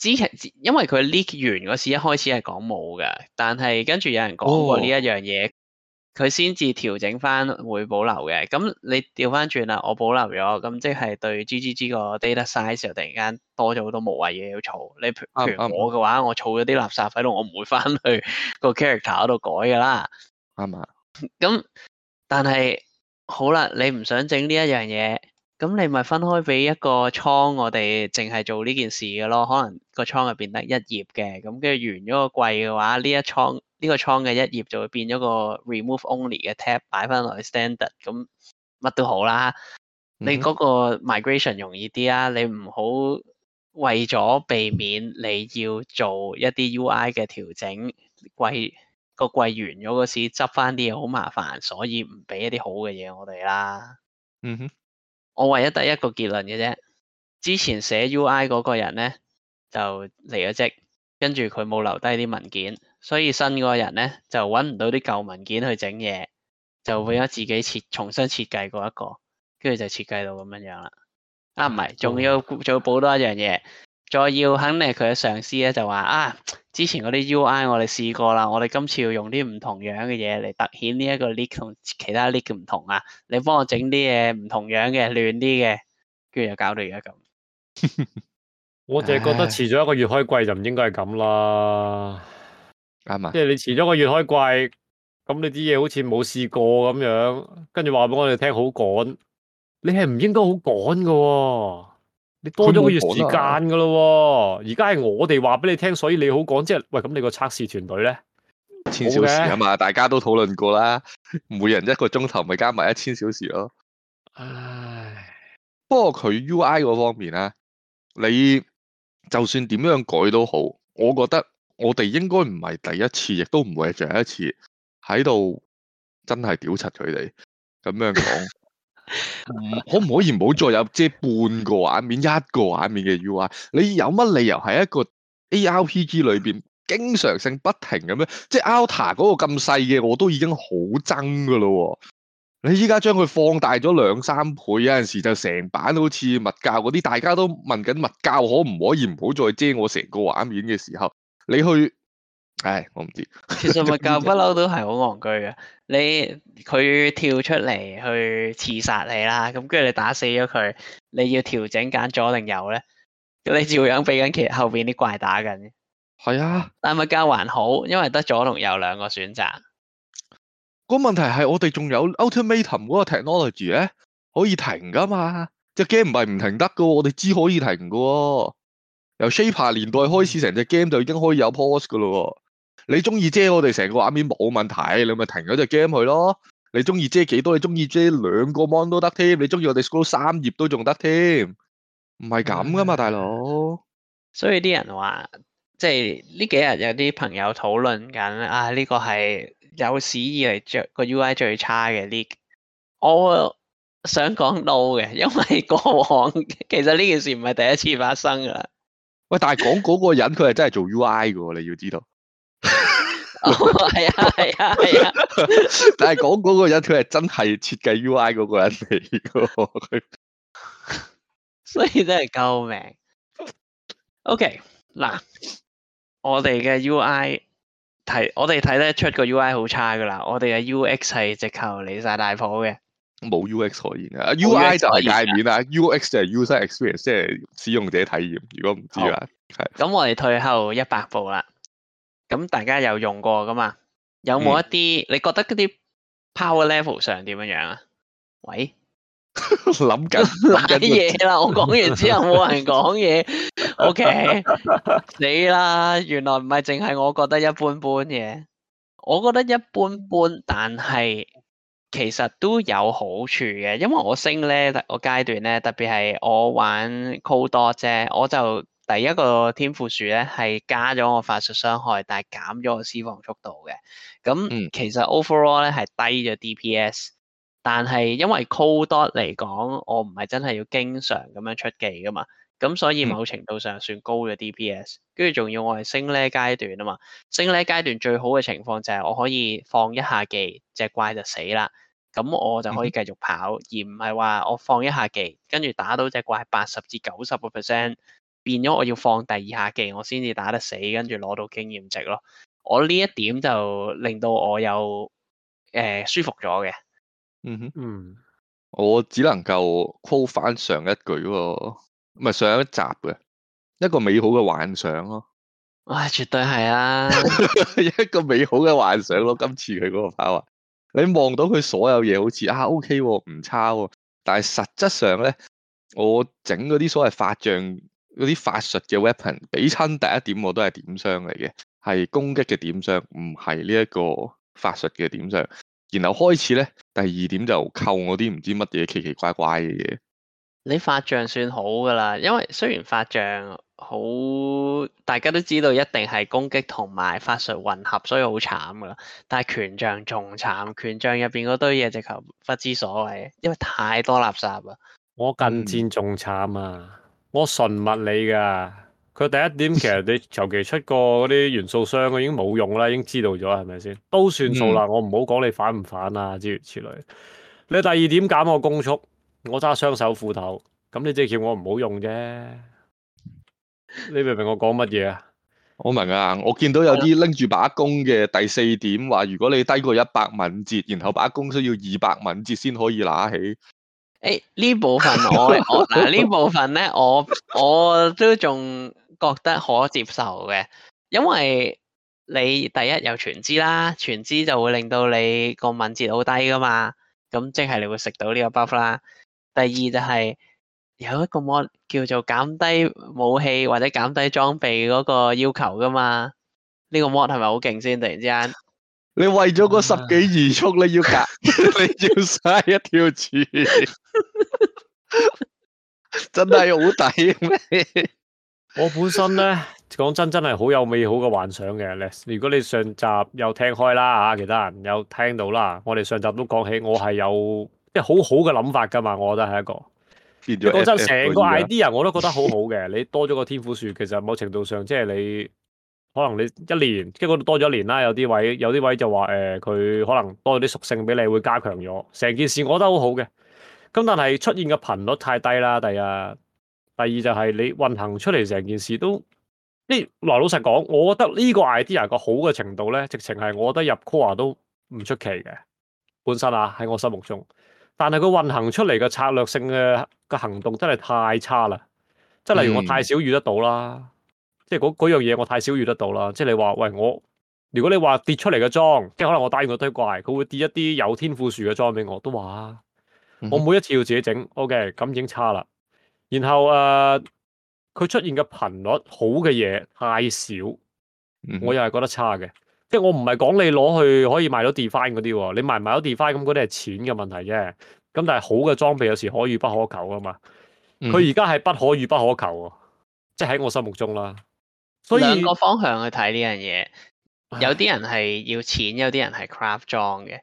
之前因為佢 leak 完嗰時，一開始係講冇嘅，但係跟住有人講過呢一樣嘢，佢先至調整翻會保留嘅。咁你調翻轉啦，我保留咗，咁即係對、GG、g g g 個 data size 又突然間多咗好多無謂嘢要儲。你譬，譬如我嘅話，oh. 我儲咗啲垃圾喺度，我唔會翻去個 character 嗰度改噶啦，啱啊、oh.。咁但係好啦，你唔想整呢一樣嘢。咁你咪分開俾一個倉，我哋淨係做呢件事嘅咯。可能個倉入邊得一頁嘅咁，跟住完咗個季嘅話，呢一倉呢、呢個倉嘅一頁就會變咗個 remove only 嘅 tab 擺翻落去 standard，咁乜都好啦。你嗰個 migration 容易啲啊。Mm hmm. 你唔好為咗避免你要做一啲 UI 嘅調整，季個季完咗嗰事執翻啲嘢好麻煩，所以唔俾一啲好嘅嘢我哋啦。嗯哼、mm。Hmm. 我唯一得一個結論嘅啫，之前寫 UI 嗰個人咧就離咗職，跟住佢冇留低啲文件，所以新嗰個人咧就搵唔到啲舊文件去整嘢，就唯有自己設重新設計過一個，跟住就設計到咁樣樣啦。啊，唔係，仲要仲要補多一樣嘢。再要肯定係佢嘅上司咧，就話啊，之前嗰啲 UI 我哋試過啦，我哋今次要用啲唔同樣嘅嘢嚟突顯呢一個 link 同其他 link 唔同啊，你幫我整啲嘢唔同樣嘅，亂啲嘅，跟住又搞到而家咁。我就係覺得遲咗一個月開季就唔應該係咁啦，啱嘛？即係你遲咗一個月開季，咁你啲嘢好似冇試過咁樣，跟住話俾我哋聽好趕，你係唔應該好趕噶。你多咗個月時間嘅咯喎，而家係我哋話俾你聽，所以你好講，即係喂，咁你個測試團隊咧，千小時的啊嘛，大家都討論過啦，每人一個鐘頭咪加埋一千小時咯。唉，不過佢 UI 嗰方面咧，你就算點樣改都好，我覺得我哋應該唔係第一次，亦都唔會係最後一次喺度真係屌柒佢哋咁樣講。 唔、嗯、可唔可以唔好再有遮半個畫面一個畫面嘅 U I？你有乜理由喺一個 A R P G 裏邊經常性不停咁樣？即係 Altar 嗰個咁細嘅我都已經好憎噶啦！你依家將佢放大咗兩三倍，有陣時就成版好似物教嗰啲，大家都問緊物教可唔可以唔好再遮我成個畫面嘅時候，你去？係，我唔知。 其實物教不嬲都係好戇居嘅。你佢跳出嚟去刺殺你啦，咁跟住你打死咗佢，你要調整揀左定右咧，咁你照樣俾緊其實後邊啲怪打緊。係啊，但物教還好，因為得左同右兩個選擇。個問題係我哋仲有 ultimatum 嗰個 technology 咧，可以停噶嘛？隻 game 唔係唔停得嘅，我哋知可以停嘅。由 shape 年代開始，成隻 game 就已經可以有 pause 嘅咯。你中意遮我哋成個畫面冇問題，你咪停咗隻 game 佢咯。你中意遮幾多？你中意遮兩個 mon 都得添。你中意我哋 scroll 三頁都仲得添，唔係咁噶嘛，嗯、大佬哥。所以啲人話，即係呢幾日有啲朋友討論緊，啊呢、這個係有史以嚟嗰個 UI 最差嘅呢。我想講到嘅，因為過往其實呢件事唔係第一次發生噶。喂，但係講嗰個人佢係真係做 UI 噶，你要知道。係啊，係啊，係啊！但係講嗰個人，佢係真係設計 UI 嗰個人嚟噶， 所以真係救命。OK，嗱，我哋嘅 UI 睇，我哋睇得出個 UI 好差噶啦。我哋嘅 UX 係直頭離晒大譜嘅，冇 UX 可言啊！UI 就係界面啦，UX 就係 user experience，即係使用者體驗。如果唔知啦，係咁好，是我哋退後一百步啦。咁大家有用過噶嘛？有冇一啲你覺得嗰啲 power level 上點樣樣啊？喂，諗緊，諗啲嘢啦！我講完之後冇人講嘢，OK，死啦！原來唔係淨係我覺得一般般嘅，我覺得一般般，但係其實都有好處嘅，因為我升咧特個階段咧，特別係我玩 cold 多啫，我就。第一個天賦樹咧係加咗我法術傷害，但係減咗我施放速度嘅。咁、嗯、其實 overall 咧係低咗 DPS，但係因為 cold dot 嚟講，我唔係真係要經常咁樣出技噶嘛。咁所以某程度上算高咗 DPS，嗯。跟住仲要我係升呢階段啊嘛，升呢階段最好嘅情況就係我可以放一下技，隻怪就死啦。咁我就可以繼續跑，嗯、而唔係話我放一下技，跟住打到隻怪八十至九十個 percent。變咗我要放第二下技，我先至打得死，跟住攞到經驗值咯。我呢一點就令到我又誒、呃、舒服咗嘅。嗯哼，嗯，我只能夠 call 翻上一句、那個，唔係上一集嘅一個美好嘅幻想咯。啊，絕對係啊，一個美好嘅幻、啊、 幻想咯。今次佢嗰個炮啊，你望到佢所有嘢好似啊 OK，唔差喎。但係實質上咧，我整嗰啲所謂法杖。嗰啲法術嘅 weapon 比親第一點我都係點傷嚟嘅，係攻擊嘅點傷，唔係呢一個法術嘅點傷。然後開始咧，第二點就扣我啲唔知乜嘢奇奇怪怪嘅嘢。你法杖算好噶啦，因為雖然法杖好，大家都知道一定係攻擊同埋法術混合，所以好慘噶啦。但係權杖仲慘，權杖入邊嗰堆嘢直頭不知所謂，因為太多垃圾啦。我近戰仲慘啊！嗯我純物理㗎，佢第一點其實你求其出過嗰啲元素傷， 已經冇用啦，已經知道咗係咪先？都算數啦，嗯、我唔好講你反唔反啊諸如此類。你第二點減我攻速，我揸雙手斧頭，咁你即係叫我唔好用啫。你明唔明我講乜嘢啊？我明啊，我見到有啲拎住把弓嘅第四點話，如果你低過一百敏捷，然後把弓需要二百敏捷先可以攞起。誒，呢、哎、部分我我嗱呢部分咧，我我都仲覺得可接受嘅，因為你第一有全知啦，全知就會令到你個敏捷好低噶嘛，咁即係你會食到呢個 buff 啦。第二就係、是、有一個 mod 叫做減低武器或者減低裝備嗰個要求噶嘛，呢、呢個 mod 係咪好勁先突然之間？你為咗個十幾二速，你要夾， 你要晒一條柱， 真係好抵咩？我本身咧講真，真係好有美好嘅幻想嘅。你如果你上集又聽開啦，吓其他人有聽到啦，我哋上集都講起我，我係有即係好好嘅諗法噶嘛。我覺得係一個，即係講真，成，成 個 idea 我都覺得好好嘅。你多咗個天賦樹，其實某程度上即係你。可能你一年，結果多咗一年啦。有啲位，有啲位就話，誒、呃，佢可能多咗啲屬性俾你，會加強咗。成件事我覺得好好嘅，咁但係出現嘅頻率太低啦。第二，第二就係你運行出嚟成件事都，呢，來老實講，我覺得呢個 idea 個好嘅程度咧，直情係我覺得入 core 都唔出奇嘅，本身啊，喺我心目中。但係佢運行出嚟嘅策略性嘅個行動真係太差啦，即係例如我太少遇得到啦。即係嗰嗰樣嘢，我太少遇得到啦。即係你話喂，我如果你話跌出嚟嘅裝，即係可能我打完嗰堆怪，佢會跌一啲有天賦樹嘅裝俾我，都話我每一次要自己整，OK，咁已經差啦。然後誒，佢、呃、出現嘅頻率好嘅嘢太少，我又係覺得差嘅。嗯、哼即係我唔係講你攞去可以賣到 divine 嗰啲，你賣唔賣到 divine 咁，嗰啲係錢嘅問題啫。咁但係好嘅裝備有時可遇不可求啊嘛。佢而家係不可遇不可求，即係喺我心目中啦。兩個方向去睇呢樣嘢，有啲人係要錢，有啲人係 craft 裝嘅。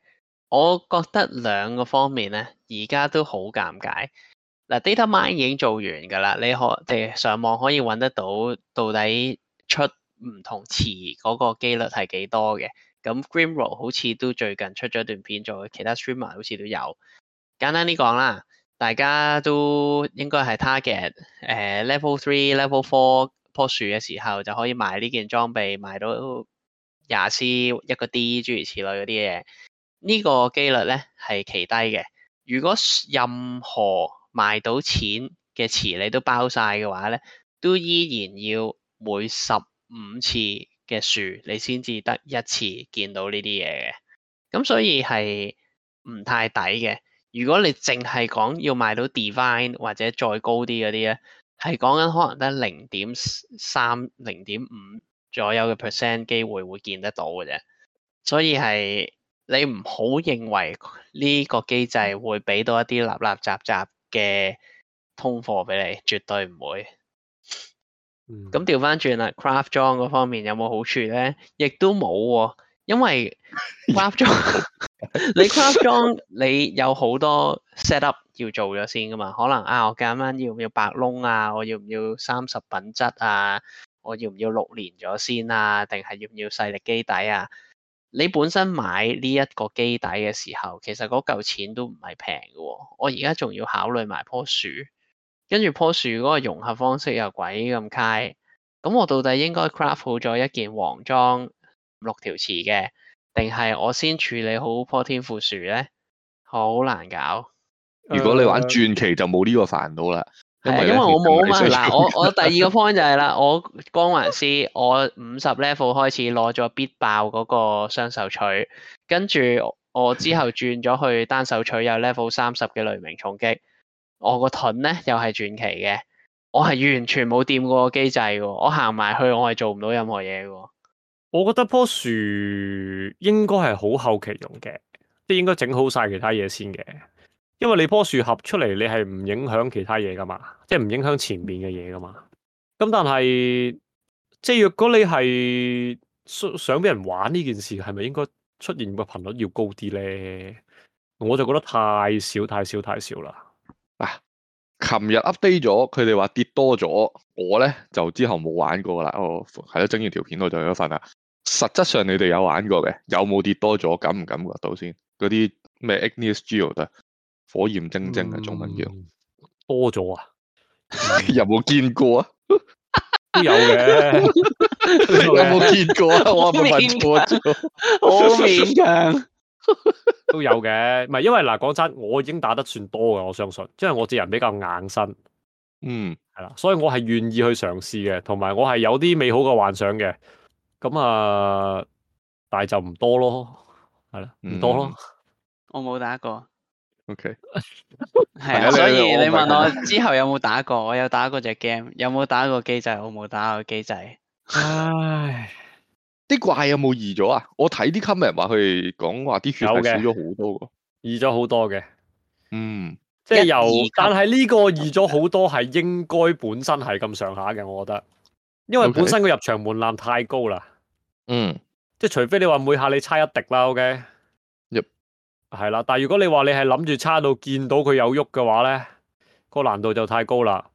我覺得兩個方面咧，而家都好尷尬。嗱、啊、，data mine 已經做完噶啦，你可誒上網可以揾得到到底出唔同詞嗰個機率係幾多嘅？咁、啊、Grim Road 好似都最近出咗段片，做，其他 streamer 好似都有。簡單啲講啦，大家都應該係 target 誒、呃、level three、level four。棵樹嘅時候就可以賣呢件裝備，賣到廿 C 一個 D 諸如此類嗰啲嘢，這個、呢個機率咧係奇低嘅。如果任何賣到錢嘅池你都包晒嘅話咧，都依然要每十五次嘅樹你先至得一次見到呢啲嘢嘅。咁所以係唔太抵嘅。如果你淨係講要賣到 Divine 或者再高啲嗰啲咧。係講緊可能得零點三、零點五左右嘅 percent 機會會見得到嘅啫，所以係你唔好認為呢個機制會俾到一啲立立雜雜嘅通貨俾你，絕對唔會。咁調翻轉啦，craft 裝嗰方面有冇好處咧？亦都冇喎。因為 craft 裝， 你 craft 裝，你有好多 set up 要做咗先噶嘛？可能啊，我咁啱要唔要白窿啊？我要唔要三十品質啊？我要唔要六年咗先啊？定係要唔要勢力基底啊？你本身買呢一個基底嘅時候，其實嗰嚿錢都唔係平嘅喎。我而家仲要考慮埋棵樹，跟住樖樹嗰個融合方式又鬼咁怪，咁我到底應該 craft 好咗一件黃裝？六條詞嘅，定係我先處理好棵天賦樹咧？好難搞。如果你玩傳奇就冇呢個煩惱啦。係，因為我冇啊嘛。嗱， 我我第二個 point 就係、是、啦，我光環師，我五十 level 開始攞咗必爆嗰個雙手鎚，跟住我之後轉咗去單手鎚有 level 三十嘅雷鳴重擊，我個盾咧又係傳奇嘅，我係完全冇掂過個機制嘅，我行埋去我係做唔到任何嘢嘅。我覺得樖樹應該係好後期用嘅，即係應該整好晒其他嘢先嘅，因為你樖樹合出嚟，你係唔影響其他嘢噶嘛，即係唔影響前面嘅嘢噶嘛。咁但係即係若果你係想俾人玩呢件事，係咪應該出現個頻率要高啲咧？我就覺得太少太少太少啦。嗱、啊，琴日 update 咗，佢哋話跌多咗，我咧就之後冇玩過啦。我係咯，整完條片我就有一份啦。實質上你哋有玩過嘅，有冇跌多咗？感唔感覺到先？嗰啲咩 igneous jewel 得火焰晶晶嘅中文叫、嗯、多咗啊！ 有冇見過啊？ 都有嘅的， 有冇見過啊？ 我唔係錯，我勉強都有嘅。唔係因為嗱，講真，我已經打得算多嘅。我相信，因為我隻人比較硬身，嗯，係啦，所以我係願意去嘗試嘅，同埋我係有啲美好嘅幻想嘅。咁啊，嗯、但係就唔多咯，係啦，唔多咯。嗯、我冇打過。OK，係啊，所以你問我 之後有冇打過？我有打過隻 game，有冇打過機制？我冇打過機制。唉，啲 怪有冇易咗啊？我睇啲 comment 話佢哋講話啲血少咗好多喎。易咗好多嘅。嗯，即係由，2 1, 2, 但係呢個易咗好多係應該本身係咁上下嘅，我覺得，Okay. 因為本身個入場門檻太高啦。嗯，即係除非你話每下你差一滴啦，OK，係啦 Yep.。但係如果你話你係諗住差到見到佢有喐嘅話咧，個難度就太高啦，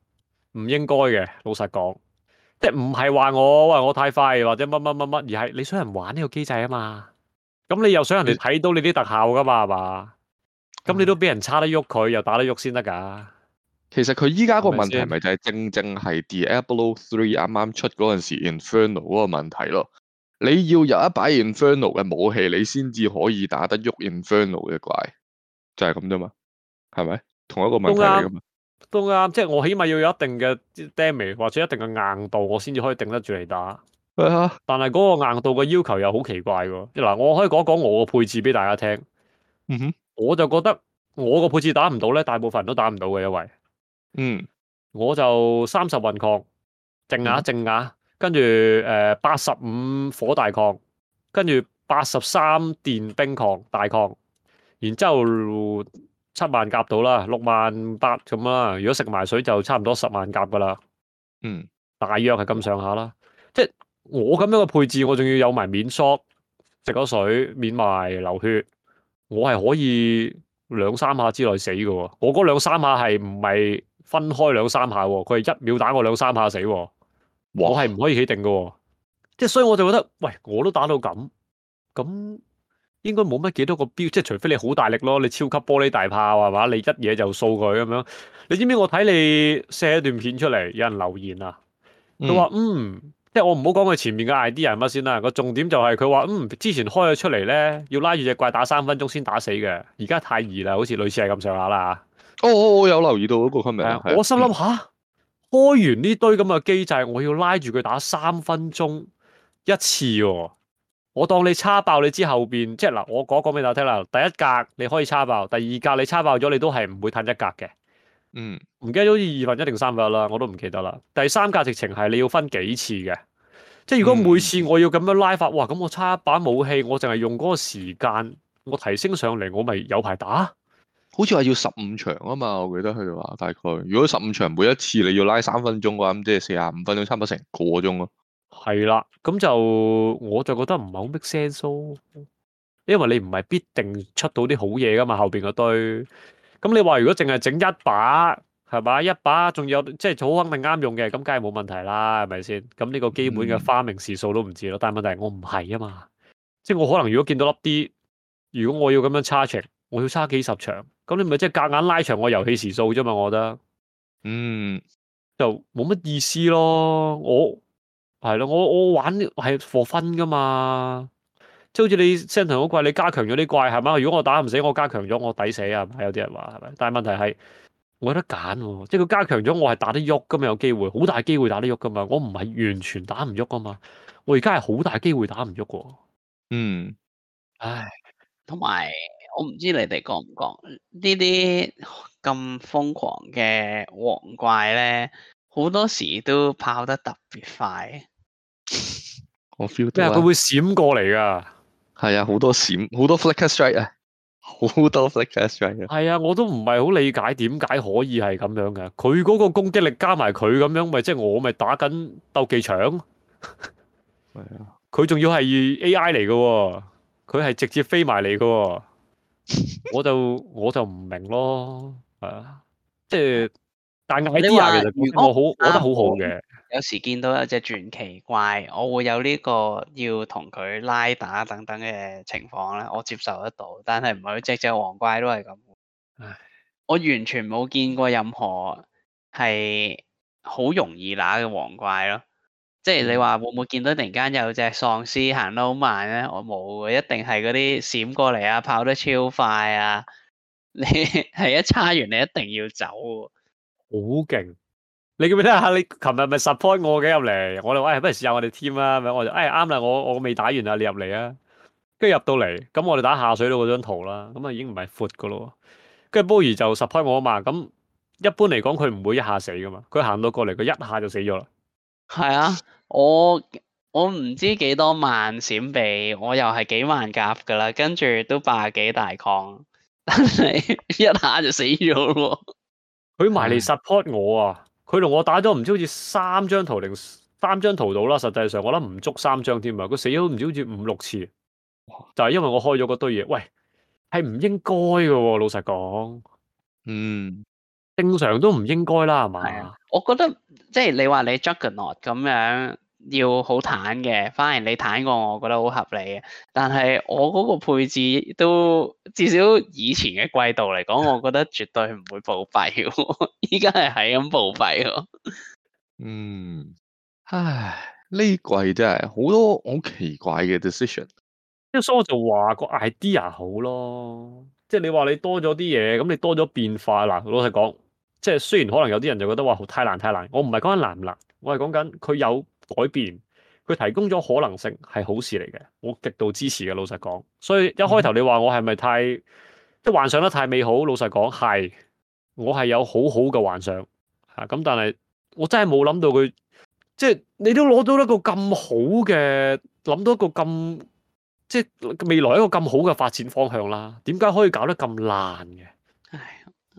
唔應該嘅。老實講，即係唔係話我話我太快或者乜乜乜乜，而係你想人玩呢個機制啊嘛。咁你又想人哋睇到你啲特效噶嘛，係嘛、嗯？咁你都俾人差得喐佢，又打得喐先得噶。其實佢依家個問題係咪就係正正係 Diablo Three 啱啱出嗰陣時 Inferno 嗰個問題咯。你要有一把 inferno 嘅武器，你先至可以打得喐 inferno 嘅怪，就係咁啫嘛，係咪？同一個問題嚟噶嘛，都啱。即係我起碼要有一定嘅 damage 或者一定嘅硬度，我先至可以頂得住嚟打。 但係嗰個硬度嘅要求又好奇怪噶。嗱，我可以講一講我個配置俾大家聽。嗯哼，我就覺得我個配置打唔到咧，大部分人都打唔到嘅，因為，嗯，我就三十運抗，正呀正呀。嗯跟住誒，八十五火大抗，跟住八十三電冰抗大抗，然之後七萬甲到啦，六萬八咁啦。如果食埋水就差唔多十萬甲噶啦。嗯，大約係咁上下啦。即係我咁樣嘅配置，我仲要有埋免 shot，食咗水免埋流血，我係可以兩三下之內死噶喎。我嗰兩三下係唔係分開兩三下喎？佢係一秒打我兩三下死喎。哇我係唔可以起定嘅，哦，即係所以我就覺得，喂，我都打到咁，咁應該冇乜幾多個標，即係除非你好大力咯，你超級玻璃大炮係嘛？你一嘢就掃佢咁樣。你知唔知我睇你寫一段片出嚟，有人留言啊，佢話嗯，嗯，即係我唔好講佢前面嘅 idea 係乜先啦。個重點就係佢話嗯，之前開咗出嚟咧，要拉住隻怪打三分鐘先打死嘅，而家太易啦，好似類似係咁上下啦嚇。哦哦我有留意到嗰個 comment，嗯、是我心諗嚇。開完呢堆咁嘅機制，我要拉住佢打三分鐘一次喎。我當你叉爆你之後邊，即係嗱，我講講俾大家聽啦。第一格你可以叉爆，第二格你叉爆咗，你都係唔會褪一格嘅。嗯，唔記得好似二分一定三分一啦，我都唔記得啦。第三格直情係你要分幾次嘅，即係如果每次我要咁樣拉法，哇，咁我叉一把武器，我淨係用嗰個時間，我提升上嚟，我咪有排打。好似話要十五場啊嘛，我記得佢哋話大概，如果十五場每一次你要拉三分鐘嘅話，咁即係四十五分鐘，差唔多成個鐘咯。係啦，咁就我就覺得唔係好 make sense，因為你唔係必定出到啲好嘢噶嘛，後邊嗰堆。咁你話如果淨係整一把，係咪？一把，仲有即係好肯定啱用嘅，咁梗係冇問題啦，係咪先？咁呢個基本嘅 farming 時數都唔知咯。嗯、但係問題我唔係啊嘛，即係我可能如果見到粒 D，如果我要咁樣 charge，我要差幾十場。咁你咪即係夾硬拉長我遊戲時數啫嘛？我覺得，嗯，就冇乜意思咯。我係咯，我我玩係 for fun 噶嘛，即係好似你升頭好怪，你加強咗啲怪係嘛？如果我打唔死，我加強咗，我抵死啊？係咪有啲人話係咪？但係問題係我有得揀，即係佢加強咗，我係打得喐噶嘛？有機會，好大機會打得喐噶嘛？我唔係完全打唔喐噶嘛？我而家係好大機會打唔喐噶。嗯，唉，同埋。我唔知你哋講唔講呢啲咁瘋狂嘅黃怪咧，好多時都跑得特別快。 我 feel 到啊！咩佢會閃過嚟噶？係啊，好多閃，好多 flicker strike 啊！好多 flicker strike 啊！係啊，我都唔係好理解點解可以係咁樣嘅。佢嗰個攻擊力加埋佢咁樣，咪即係我咪打緊鬥技場？係 啊！佢仲要係 AI 嚟嘅，哦，佢係直接飛埋嚟嘅。 我就我就唔明咯，係 是啊，即係但 idea 我好我覺得好好嘅。有時見到一隻傳奇怪，我會有呢個要同佢拉打等等嘅情況咧，我接受得到，但係唔係一隻隻王怪都係咁。唉我完全冇見過任何係好容易打嘅王怪咯。即係你話會唔會見到突然間有隻喪屍行得好慢咧？我冇喎，一定係嗰啲閃過嚟啊，跑得超快啊！你 係一叉完，你一定要走喎。好勁！你記唔記得下、啊？你琴日咪 support 我嘅入嚟，我哋話、哎、不如試下我哋 team 啊？咪我就誒啱啦，我我未打完啊，你入嚟啊！跟住入到嚟，咁我哋打下水道嗰張圖啦，咁啊已經唔係闊㗎咯。跟住 Bowie 就 support 我啊嘛，咁一般嚟講佢唔會一下死噶嘛，佢行到過嚟佢一下就死咗啦。係啊，我我唔知幾多萬閃避，我又係幾萬甲噶啦，跟住都八十幾大礦，但係一下就死咗咯。佢埋嚟 support 我啊，佢同我打咗唔知好似三張圖，定三張圖到啦。實際上我諗唔足三張添啊，佢死咗唔知好似五六次，哇就係因為我開咗嗰堆嘢，喂，係唔應該嘅啊，老實講，嗯。正常都唔應該啦，係咪、啊？吧我覺得即係你話你 Juggernaut 咁樣要好坦嘅，反而你坦過我，我覺得好合理嘅。但係我嗰個配置都至少以前嘅季度嚟講，我覺得絕對唔會暴斃。依家係係咁暴斃。嗯，唉，呢季真係好多好奇怪嘅 decision。即係所以我就話個 idea 好咯，即係你話你多咗啲嘢，咁你多咗變化啦。老實講。即係雖然可能有啲人就覺得話太難太難，我唔係講緊難唔難，我係講緊佢有改變，佢提供咗可能性係好事嚟嘅，我極度支持嘅。老實講，所以一開頭你話我係咪太即幻想得太美好？老實講係，我係有好好嘅幻想吓咁，但係我真係冇諗到佢即係你都攞到一個咁好嘅諗到一個咁即係未來一個咁好嘅發展方向啦，點解可以搞得咁爛嘅？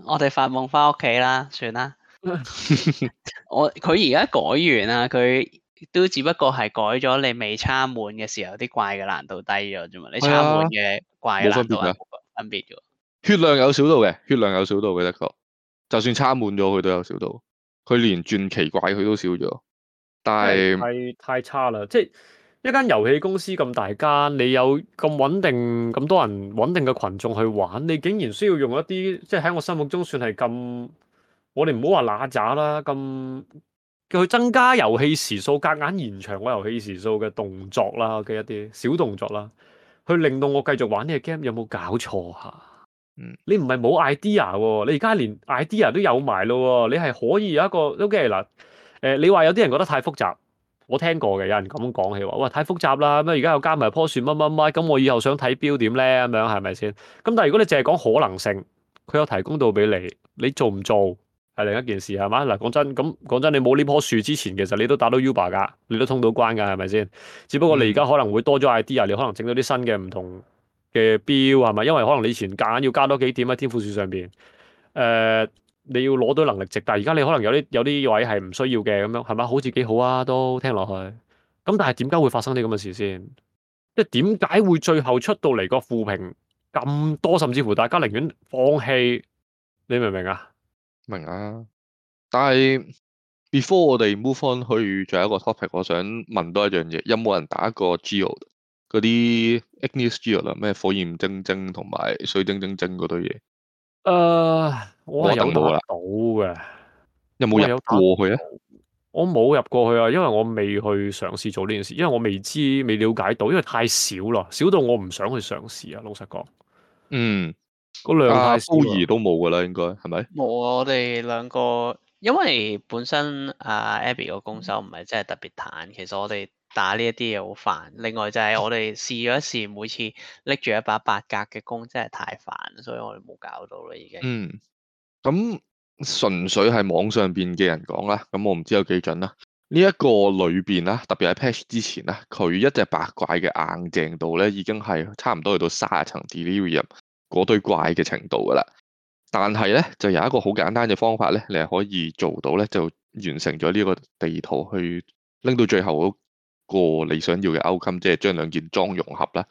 我哋發夢返屋企啦，算啦。 我佢而家改完啦，佢都只不過係改咗你未參滿嘅時候啲怪嘅難度低咗啫嘛。哎、呀你參滿嘅怪嘅難度冇分別嘅，分別嘅。血量有少到嘅，血量有少到嘅的確。就算參滿咗，佢都有少到。佢連轉奇怪佢都少咗，但係係太，太差啦，即係。一間遊戲公司咁大間，你有咁穩定咁多人穩定嘅群眾去玩，你竟然需要用一啲即係喺我心目中算係咁，我哋唔好話嗱喳啦，咁叫佢增加遊戲時數，夾硬延長個遊戲時數嘅動作啦嘅一啲小動作啦，去令到我繼續玩呢個 game，有冇搞錯下、啊？嗯，你唔係冇 idea，你而家連 idea 都有埋咯，你係可以有一個 OK 啦，誒、okay 呃、你話有啲人覺得太複雜。我聽過嘅，有人咁講起話，哇太複雜啦，咁而家又加埋棵樹乜乜乜，咁我以後想睇標點咧，咁樣係咪先？咁但係如果你淨係講可能性，佢有提供到俾你，你做唔做係另一件事係嘛？嗱，講真，咁講真，你冇呢棵樹之前，其實你都打到 Uber 㗎，你都通到關㗎，係咪先？只不過你而家可能會多咗 idea，你可能整到啲新嘅唔同嘅標係咪？因為可能你以前夾硬要加多幾點喺天賦樹上邊，誒、呃。你要攞到能力值，但係而家你可能有啲有啲位係唔需要嘅，咁樣係咪？好似幾好啊，都聽落去。咁但係點解會發生啲咁嘅事先？即係點解會最後出到嚟個負評咁多，甚至乎大家寧願放棄，你明唔明啊？明啊！但係 before 我哋 move on 去最後一個 topic，我想問多一樣嘢，有冇人打過 Geode 嗰啲 Igneous Geode 啦？咩火焰晶晶同埋水晶晶晶嗰堆嘢？誒，uh，我係有到嘅，有冇入過去咧？我冇入過去啊，因為我未去嘗試做呢件事，因為我未知未了解到，因為太少啦，少到我唔想去嘗試啊。老實講，嗯，兩個量太粗而、啊、都冇噶啦，應該係咪？冇啊！我哋兩個，因為本身阿、啊、Abby 個攻守唔係真係特別坦，其實我哋。打呢一啲嘢好煩，另外就係我哋試咗一次，每次拎住一把八格嘅弓，真係太煩，所以我哋冇搞到啦已經。嗯，咁純粹係網上邊嘅人講啦，咁我唔知有幾準啦。呢、這、一個裏邊啦，特別喺 patch 之前啦，佢一隻八怪嘅硬淨度咧，已經係差唔多去到三十層 Delirium 嗰堆怪嘅程度噶啦。但係咧就有一個好簡單嘅方法咧，你係可以做到咧，就完成咗呢個地圖去拎到最後個你想要嘅歐襟，即係將兩件裝融合啦。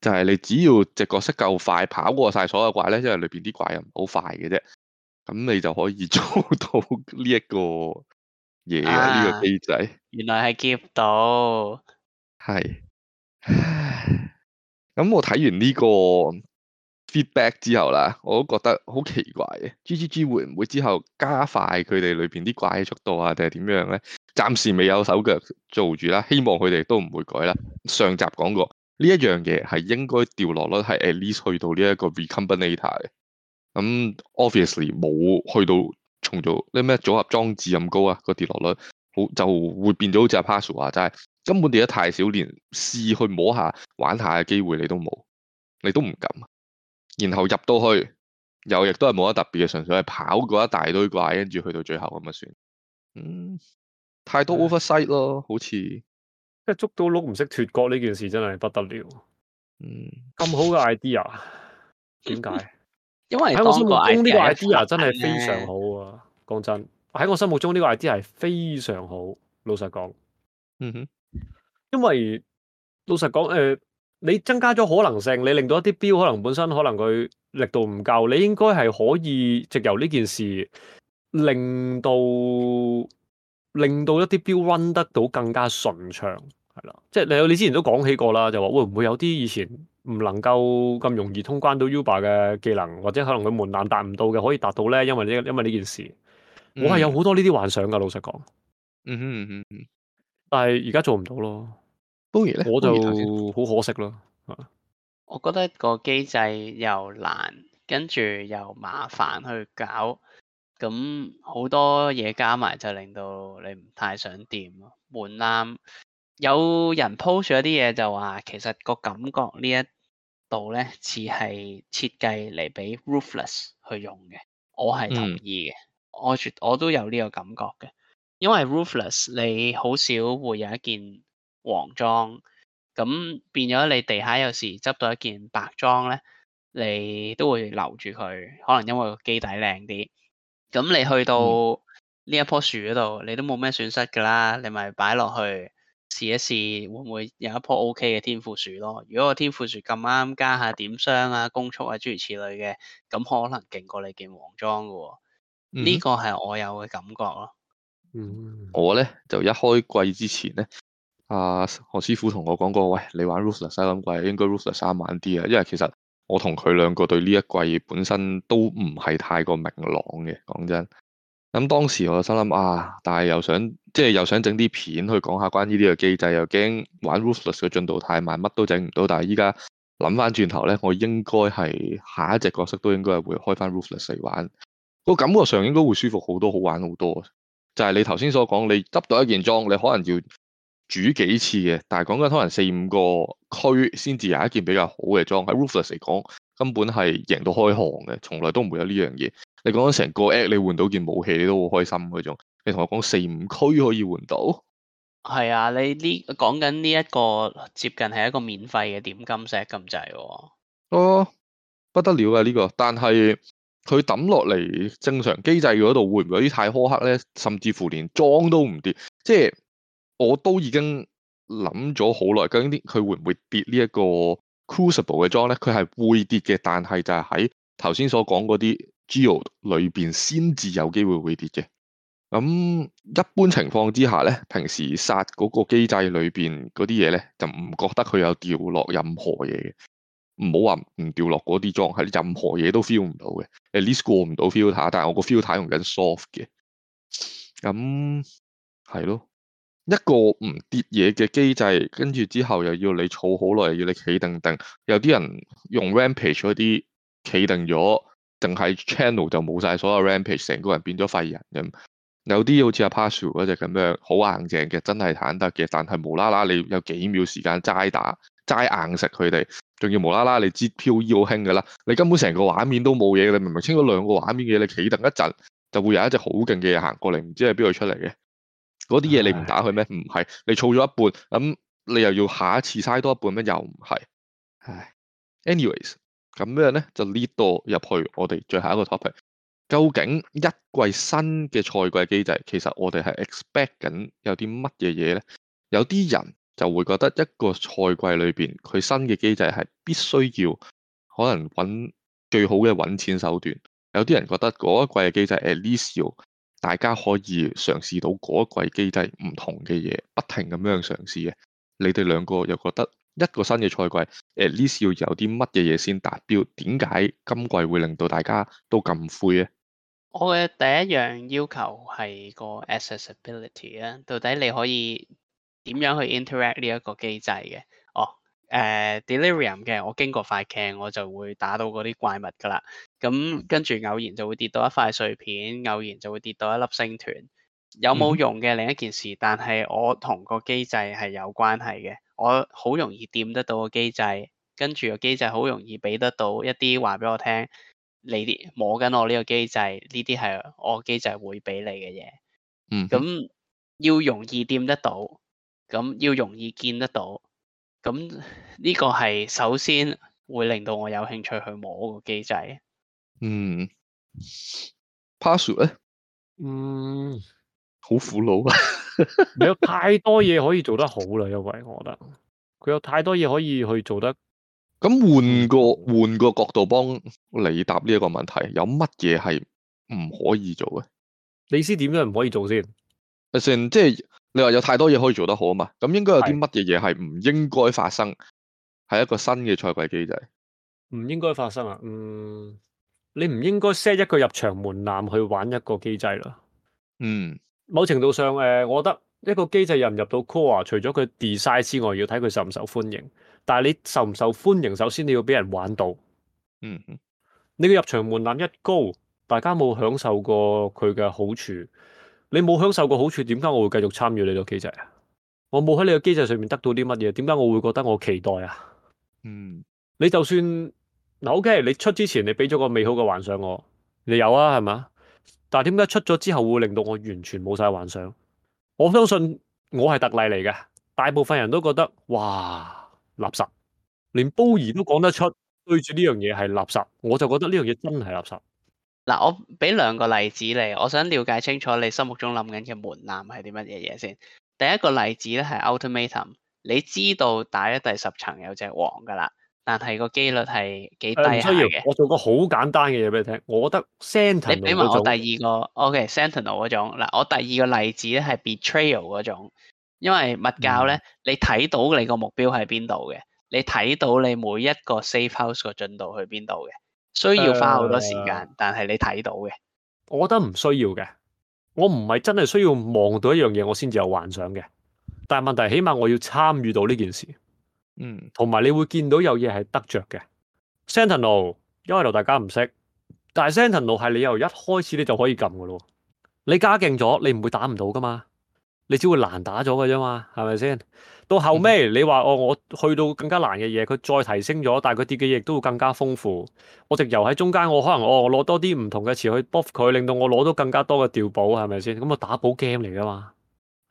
就係、是、你只要隻角色夠快，跑過晒所有怪咧，因為裏邊啲怪又唔好快嘅啫。咁你就可以做到呢一個嘢呢、啊、個機仔。原來係夾到。係 是。咁 我睇完呢、這個。feedback 之後啦，我都覺得好奇怪嘅。G G G 會唔會之後加快佢哋裏邊啲怪嘅速度啊？定係點樣咧？暫時未有手腳做住啦，希望佢哋都唔會改啦。上集講過呢一樣嘢係應該掉落率係 at least 去到呢一個 recombinator 嘅，咁、嗯、obviously 冇去到重做啲咩組合裝置咁高啊，個跌落率好就會變咗好似阿 Pazu 話齋，根本跌得太少，連試去摸下玩下嘅機會你都冇，你都唔敢。然後入到去，又亦都係冇乜特別嘅，純粹係跑過一大堆怪，跟住去到最後咁啊算。嗯，太多 oversight 咯，的好似即係捉到鹿唔識脫角呢件事真係不得了。嗯，咁好嘅 idea，點解？因為喺我心目中呢個 idea 真係非常好啊，講、嗯、真。喺我心目中呢個 idea 係非常好，老實講。嗯哼，因為老實講，誒、呃。你增加咗可能性，你令到一啲標可能本身可能佢力度唔夠，你應該係可以藉由呢件事令到令到一啲標 run 得到更加順暢，係啦。即係你你之前都講起過啦，就話會唔會有啲以前唔能夠咁容易通關到 Uber 嘅技能，或者可能佢門檻達唔到嘅，可以達到咧？因為呢因為呢件事，我係有好多呢啲幻想噶，老實講。嗯哼嗯哼， 但係而家做唔到咯。我就好可惜咯，我覺得個機制又難，跟住又麻煩去搞，咁好多嘢加埋就令到你唔太想掂咯，門檻。有人 post 咗啲嘢就話其實個感覺一呢一度咧似係設計嚟俾 Ruthless 去用嘅，我係同意嘅，嗯、我絕我都有呢個感覺嘅，因為 Ruthless 你好少會有一件。黃裝咁變咗，你地下有時執到一件白裝咧，你都會留住佢，可能因為個基底靚啲。咁你去到呢一棵樹嗰度，你都冇咩損失噶啦，你咪擺落去試一試，會唔會有一棵 OK 嘅天賦樹咯？如果個天賦樹咁啱，加下點傷啊，攻速啊，諸如此類嘅，咁可能勁過你件黃裝噶喎。呢個係我有嘅感覺咯。嗯、mm，hmm。我咧就一開季之前咧。阿、啊、何師傅同我講過，喂，你玩 Ruthless，啊使咁貴，應該 Ruthless 三萬啲啊，因為其實我同佢兩個對呢一季本身都唔係太過明朗嘅，講真。咁、嗯、當時我就心諗啊，但係又想即係、就是、又想整啲片去講下關於呢個機制，又驚玩 Ruthless 嘅進度太慢，乜都整唔到。但係依家諗翻轉頭咧，我應該係下一隻角色都應該係會開翻 Ruthless 嚟玩，個感覺上應該會舒服好多，好玩好多。就係、是、你頭先所講，你執到一件裝，你可能要，煮幾次嘅，但係講緊可能四五個區先至有一件比較好嘅裝。喺 Roofless 嚟講，根本係贏到開行嘅，從來都唔會有呢樣嘢。你講緊成個 Act 你換到件武器，你都好開心嗰種。你同我講四五區可以換到，係啊，你呢講緊呢一個接近係一個免費嘅點金石咁滯喎。哦，不得了啊呢個！但係佢抌落嚟正常機制嗰度會唔會有啲太苛刻咧？甚至乎連裝都唔跌，即係。我都已經諗咗好耐，究竟啲佢會唔會跌呢一個 Crucible 嘅裝咧？佢係會跌嘅，但係就係喺頭先所講嗰啲 Geo 裏邊先至有機會會跌嘅。咁一般情況之下咧，平時殺嗰個機制裏邊嗰啲嘢咧，就唔覺得佢有掉落任何嘢嘅。唔好話唔掉落嗰啲裝，係任何嘢都 feel 唔到嘅。誒，least 過唔到 filter 但係我個 filter 用緊 soft 嘅，咁係咯。一個唔跌嘢嘅機制，跟住之後又要你儲好耐，又要你企定定。有啲人用 rampage 嗰啲企定咗，定係 channel 就冇晒所有 rampage，成個人變咗廢人咁。有啲好似阿 p a s t i a l 嗰隻咁樣，好硬淨嘅，真係坦得嘅。但係無啦啦，你有幾秒時間齋打、齋硬食佢哋，仲要無啦啦你截漂要好興㗎啦。你根本成個畫面都冇嘢，你明明清咗兩個畫面嘅嘢，你企定一陣就會有一隻好勁嘅嘢行過嚟，唔知係邊度出嚟嘅。嗰啲嘢你唔打佢咩？唔係，你儲咗一半，咁你又要下一次嘥多一半咩？又唔係。Anyways，咁咩咧？就 lead 到入去我哋最後一個 topic。究竟一季新嘅賽季機制，其實我哋係 expect 緊有啲乜嘢嘢咧？有啲人就會覺得一個賽季裏邊佢新嘅機制係必須要可能揾最好嘅揾錢手段。有啲人覺得嗰一季嘅機制 at least 要。大家可以嘗試到嗰一季機制唔同嘅嘢，不停咁樣嘗試嘅。你哋兩個又覺得一個新嘅賽季，誒呢要有啲乜嘢嘢先達標？點解今季會令到大家都咁灰咧？我嘅第一樣要求係個 accessibility 啊，到底你可以點樣去 interact 呢一個機制嘅？誒、uh, Delirium 嘅，我經過塊鏡我就會打到嗰啲怪物㗎喇。咁跟住偶然就會跌到一塊碎片，偶然就會跌到一粒星團。有冇用嘅、嗯、哼另一件事，但係我同個機制係有關係嘅。我好容易掂得到個機制，跟住個機制好容易俾得到一啲話俾我聽。你啲摸緊我呢個機制，呢啲係我機制會俾你嘅嘢。嗯哼。咁要容易掂得到，咁要容易見得到。咁呢個係首先會令到我有興趣去摸個機制。嗯，passive 咧，嗯，好、嗯、苦惱啊！有太多嘢可以做得好啦，因為我覺得佢有太多嘢可以去做得。咁換個換個角度幫你答呢一個問題，有乜嘢係唔可以做嘅？你意思點樣唔可以做先？as in 即係。你話有太多嘢可以做得好啊嘛，咁應該有啲乜嘢嘢係唔應該發生，係是一個新嘅賽季機制，唔應該發生啊。嗯，你唔應該 set 一個入場門檻去玩一個機制啦。嗯，某程度上，誒、呃，我覺得一個機制入唔入到 core，除咗佢 design 之外，要睇佢受唔受歡迎。但係你受唔受歡迎，首先你要俾人玩到。嗯，呢個入場門檻一高，大家冇享受過佢嘅好處。你冇享受過好處，點解我會繼續參與你個機制啊？我冇喺你個機制上面得到啲乜嘢，點解我會覺得我期待啊？嗯，你就算嗱，OK，你出之前你俾咗個美好嘅幻想我，你有啊，係嘛？但係點解出咗之後會令到我完全冇晒幻想？我相信我係特例嚟嘅，大部分人都覺得哇，垃圾，連 Bowie 都講得出對住呢樣嘢係垃圾，我就覺得呢樣嘢真係垃圾。嗱，我俾兩個例子嚟，我想了解清楚你心目中諗緊嘅門檻係啲乜嘢嘢先。第一個例子咧係 Ultimatum 你知道打喺第十層有隻黃噶啦，但係個機率係幾低嘅、呃。我做個好簡單嘅嘢俾你聽，我覺得 Sentinel。你俾我，我第二個，OK，Sentinel、okay，嗰種。嗱，我第二個例子咧係 Betrayal 嗰種，因為物教咧、嗯，你睇到你個目標喺邊度嘅，你睇到你每一個 Safe House 個進度去邊度嘅。需要花好多時間，哎、呀但係你睇到嘅，我覺得唔需要嘅。我唔係真係需要望到一樣嘢，我先至有幻想嘅。但係問題，起碼我要參與到呢件事，嗯，同埋你會見到有嘢係得着嘅。Sentinel，因為大家唔識，但係 Sentinel 係你由一開始你就可以撳嘅咯。你加勁咗，你唔會打唔到噶嘛。你只會難打咗嘅啫嘛，係咪先？到後尾你話哦，我去到更加難嘅嘢，佢再提升咗，但係佢跌嘅嘢亦都會更加豐富。我直由喺中間，我可能哦，我攞多啲唔同嘅詞去 buff 佢，令到我攞到更加多嘅掉補，係咪先？咁啊打寶 game 嚟㗎嘛，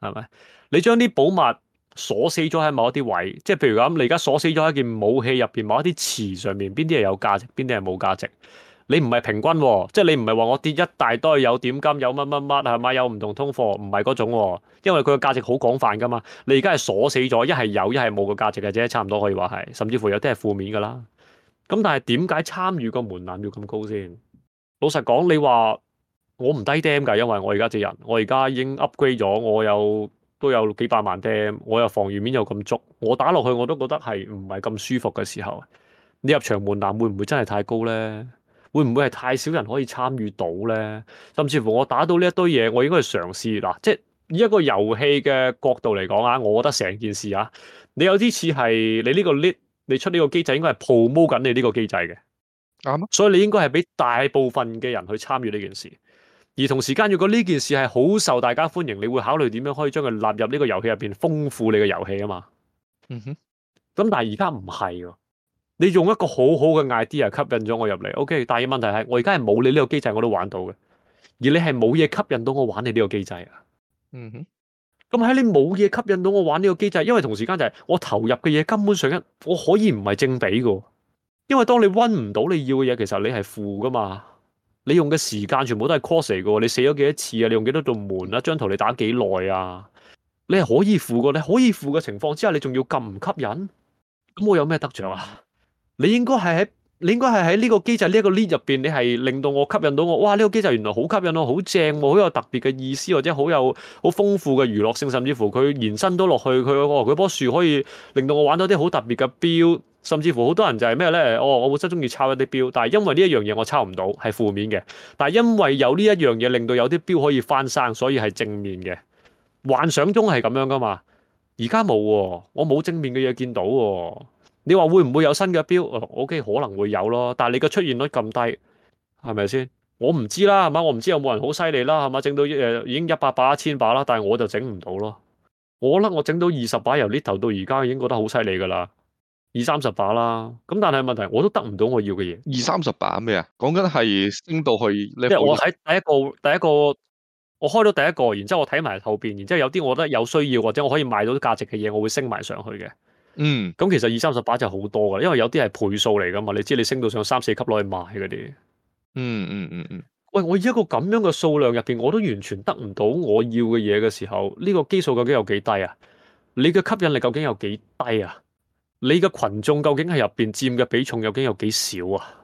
係咪？你將啲寶物鎖死咗喺某一啲位，即係譬如咁，你而家鎖死咗喺件武器入邊某一啲詞上面，邊啲係有價值，邊啲係冇價值？你唔係平均喎、哦，即係你唔係話我跌一大堆有點金有乜乜乜，係咪有唔同通貨，唔係嗰種喎、哦，因為佢嘅價值好廣泛噶嘛。你而家係鎖死咗，一係有，一係冇個價值嘅啫，差唔多可以話係。甚至乎有啲係負面噶啦。咁但係點解參與個門檻要咁高先？老實講，你話我唔低 dem 㗎，因為我而家隻人，我而家已經 upgrade 咗，我有都有幾百萬 dem，我又防禦面又咁足，我打落去我都覺得係唔係咁舒服嘅時候。你入場門檻會唔會真係太高咧？會唔會係太少人可以參與到咧？甚至乎我打到呢一堆嘢，我應該去嘗試嗱，即係以一個遊戲嘅角度嚟講啊，我覺得成件事啊，你有啲似係你呢個 l i f 你出呢個機制應該係 promote 緊你呢個機制嘅啱嗎，所以你應該係俾大部分嘅人去參與呢件事，而同時間如果呢件事係好受大家歡迎，你會考慮點樣可以將佢納入呢個遊戲入邊，豐富你嘅遊戲啊嘛。嗯哼，咁但係而家唔係喎。你用一個好好嘅 idea 吸引咗我入嚟，OK？但係問題係，我而家係冇你呢個機制我都玩到嘅，而你係冇嘢吸引到我玩你呢個機制啊。嗯哼，咁喺你冇嘢吸引到我玩呢個機制，因為同時間就係我投入嘅嘢根本上一我可以唔係正比嘅，因為當你搵唔到你要嘅嘢，其實你係負噶嘛。你用嘅時間全部都係 cos 嘅，你死咗幾多次啊？你用幾多度門啊？張圖你打幾耐啊？你係可以負嘅，你可以負嘅情況之下，你仲要咁唔吸引，咁我有咩得着啊？你應該係喺你應該係喺呢個機制呢一個 lead 入邊，你係令到我吸引到我，哇！呢個機制原來好吸引我，好正、啊，好有特別嘅意思，或者好有好豐富嘅娛樂性，甚至乎佢延伸到落去，佢佢樖樹可以令到我玩到啲好特別嘅標，甚至乎好多人就係咩咧？哦，我本身中意抄一啲標，但係因為呢一樣嘢我抄唔到，係負面嘅。但係因為有呢一樣嘢令到有啲標可以翻生，所以係正面嘅。幻想中係咁樣噶嘛？而家冇喎，我冇正面嘅嘢見到喎、哦。你話會唔會有新嘅標？O、okay, K 可能會有咯，但係你嘅出現率咁低，係咪先？我唔知啦，係嘛？我唔知有冇人好犀利啦，係嘛？整到誒、呃、已經一百把一千把啦，但係我就整唔到咯。我覺得我整到二十把，由呢頭到而家已經覺得好犀利㗎啦，二三十把啦。咁但係問題我都得唔到我要嘅嘢。二三十把咩啊？講緊係升到去。因為我喺第一個第一個，我開到第一個，然之後我睇埋後邊，然之後有啲我覺得有需要或者我可以買到價值嘅嘢，我會升埋上去嘅。嗯，咁其實二三十把就好多噶，因為有啲係倍數嚟，噶嘛，你知你升到上三四級攞去賣嗰啲，嗯嗯嗯嗯，喂，我以一個咁樣嘅數量入邊，我都完全得唔到我要嘅嘢嘅時候，呢、這個基數究竟有幾低啊？你嘅吸引力究竟有幾低啊？你嘅群眾究竟喺入邊佔嘅比重究竟有幾少啊？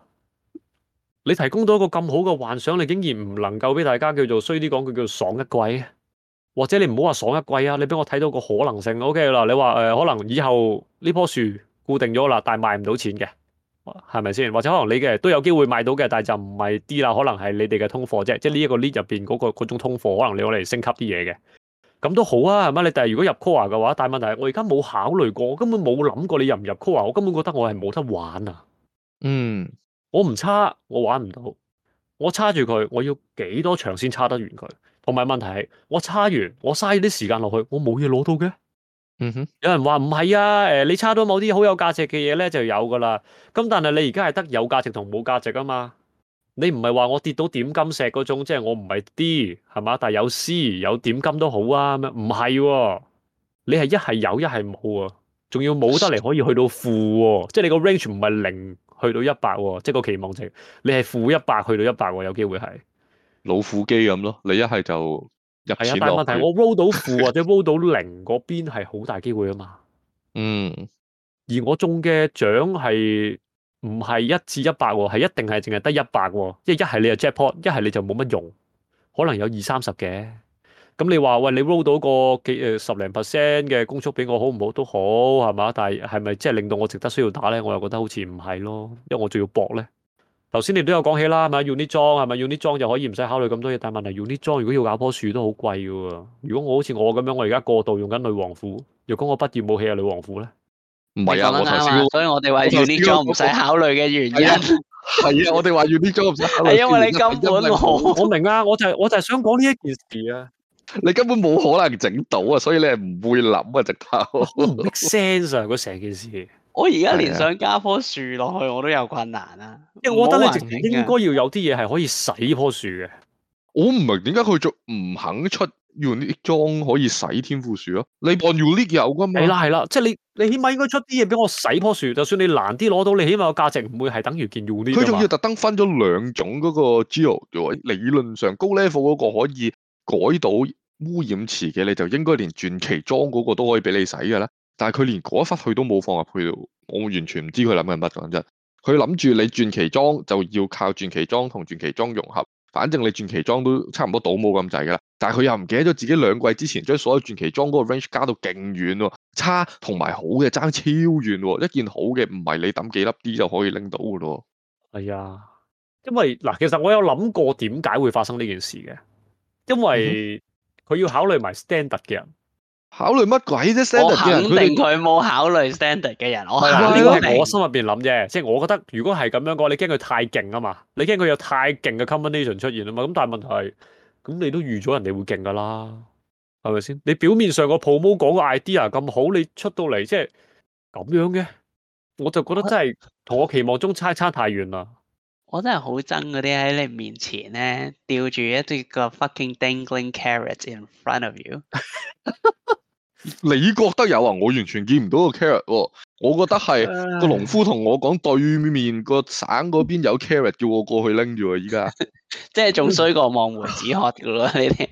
你提供到一個咁好嘅幻想，你竟然唔能夠俾大家叫做衰啲講句叫做爽一鬼或者你唔好話爽一季啊，你俾我睇到個可能性，O K 啦。你話誒、呃，可能以後呢樖樹固定咗啦，但係賣唔到錢嘅，係咪先？或者可能你嘅都有機會賣到嘅，但係就唔係啲啦，可能係你哋嘅通貨啫。即係呢一個 league 入邊嗰個種通貨，可能你攞嚟升級啲嘢嘅，咁都好啊，係嘛？你但係如果入 core 嘅話，但係問題係我而家冇考慮過，我根本冇諗過你入唔入 core。我根本覺得我係冇得玩啊。嗯，我唔差，我玩唔到，我差住佢，我要幾多場先差得完佢。同埋問題係，我差完我嘥啲時間落去，我冇嘢攞到嘅。嗯哼，有人話唔係啊，誒，你差到某啲好有價值嘅嘢咧就有㗎喇。咁但係你而家係得有價值同冇價值啊嘛。你唔係話我跌到點金石嗰種，即係我唔係 D 係嘛，但係有 C 有點金都好啊。唔係啊，你係一係有，一係冇啊。仲要冇得嚟可以去到負喎，啊，即係你個 range 唔係零去到一百喎，即係個期望值，你係負一百去到一百喎，有機會係。老虎機咁咯，你一係就入錢落去。係啊，但係問題我 roll 到負或者 roll 到零嗰邊係好大機會啊嘛。 嗯，而我中嘅獎係唔係一至一百喎，係一定係淨係得一百喎。即係一係你又 jackpot，一係你就冇乜用，可能有二三十嘅。咁你話喂，你 roll 到個幾誒、呃、十零 percent 嘅攻速俾我好唔好都好係嘛？但係係咪即係令到我值得需要打咧？我又覺得好似唔係咯，因為我仲要搏咧。頭先你都有講起啦，係咪用啲裝係咪用啲裝就可以唔使考慮咁多嘢？但問題用啲裝，如果要搞棵樹都好貴喎。如果我好似我咁樣，我而家過度用緊女王斧，若果我畢業武器啊女王斧咧，唔係啊，我所以我哋話用啲裝唔使考慮嘅原因係啊，我哋話用啲裝唔使考慮係因為你根本我我明啊，我就係我就係想講呢一件事啊。你根本冇可能整到啊，所以你係唔會諗啊，直頭唔 make sense 啊，嗰成件事。我而家連想加棵樹落去，我都有困難啊。因為我覺得你直情應該要有啲嘢係可以洗棵樹嘅。我唔明點解佢仲唔肯出 Unique 裝可以洗天賦樹咯？你按 n Unique 有噶嘛？係啦，係啦，即係你你起碼應該出啲嘢俾我洗棵樹。就算你難啲攞到，你起碼個價值唔會係等於件 Unique。佢仲要特登分咗兩種嗰個 Zero，理論上高 level 嗰個可以改到污染池嘅，你就應該連傳奇裝嗰個都可以俾你洗噶啦。但係佢連嗰一忽佢都冇放入去，我完全唔知佢諗緊乜。講真，佢諗住你傳奇裝就要靠傳奇裝同傳奇裝融合，反正你傳奇裝都差唔多到冇咁滯噶啦。但係佢又唔記得咗自己兩季之前將所有傳奇裝嗰個 range 加到勁遠喎，差同埋好嘅差超遠喎、哦，一件好嘅唔係你抌幾粒啲就可以拎到噶咯。係啊，因為嗱，其實我有諗過點解會發生呢件事嘅，因為佢要考慮埋 standard 嘅人。考慮乜鬼啫？人我肯定佢冇考慮 standard 嘅人， 我係呢個我心入邊諗啫。即係 我覺得如果係咁樣嘅話，你驚佢太勁啊嘛？你驚佢有太勁嘅 combination 出現啊嘛？咁但係問題係，咁你都預咗人哋會勁噶啦，係咪先？你表面上個 promo 講個 idea 咁好，你出到嚟即係咁樣嘅，我就覺得真係同我期望中差差太遠啦。我， 我真係好憎嗰啲喺你面前咧，吊住一啲個 fucking dangling carrots in front of you。 你覺得有啊？我完全見唔到個 carrot 喎、哦。我覺得係個農夫同我講對面個省嗰邊有 carrot，叫我過去拎住喎。依家 即係仲衰過望梅止渴噶咯、啊，你哋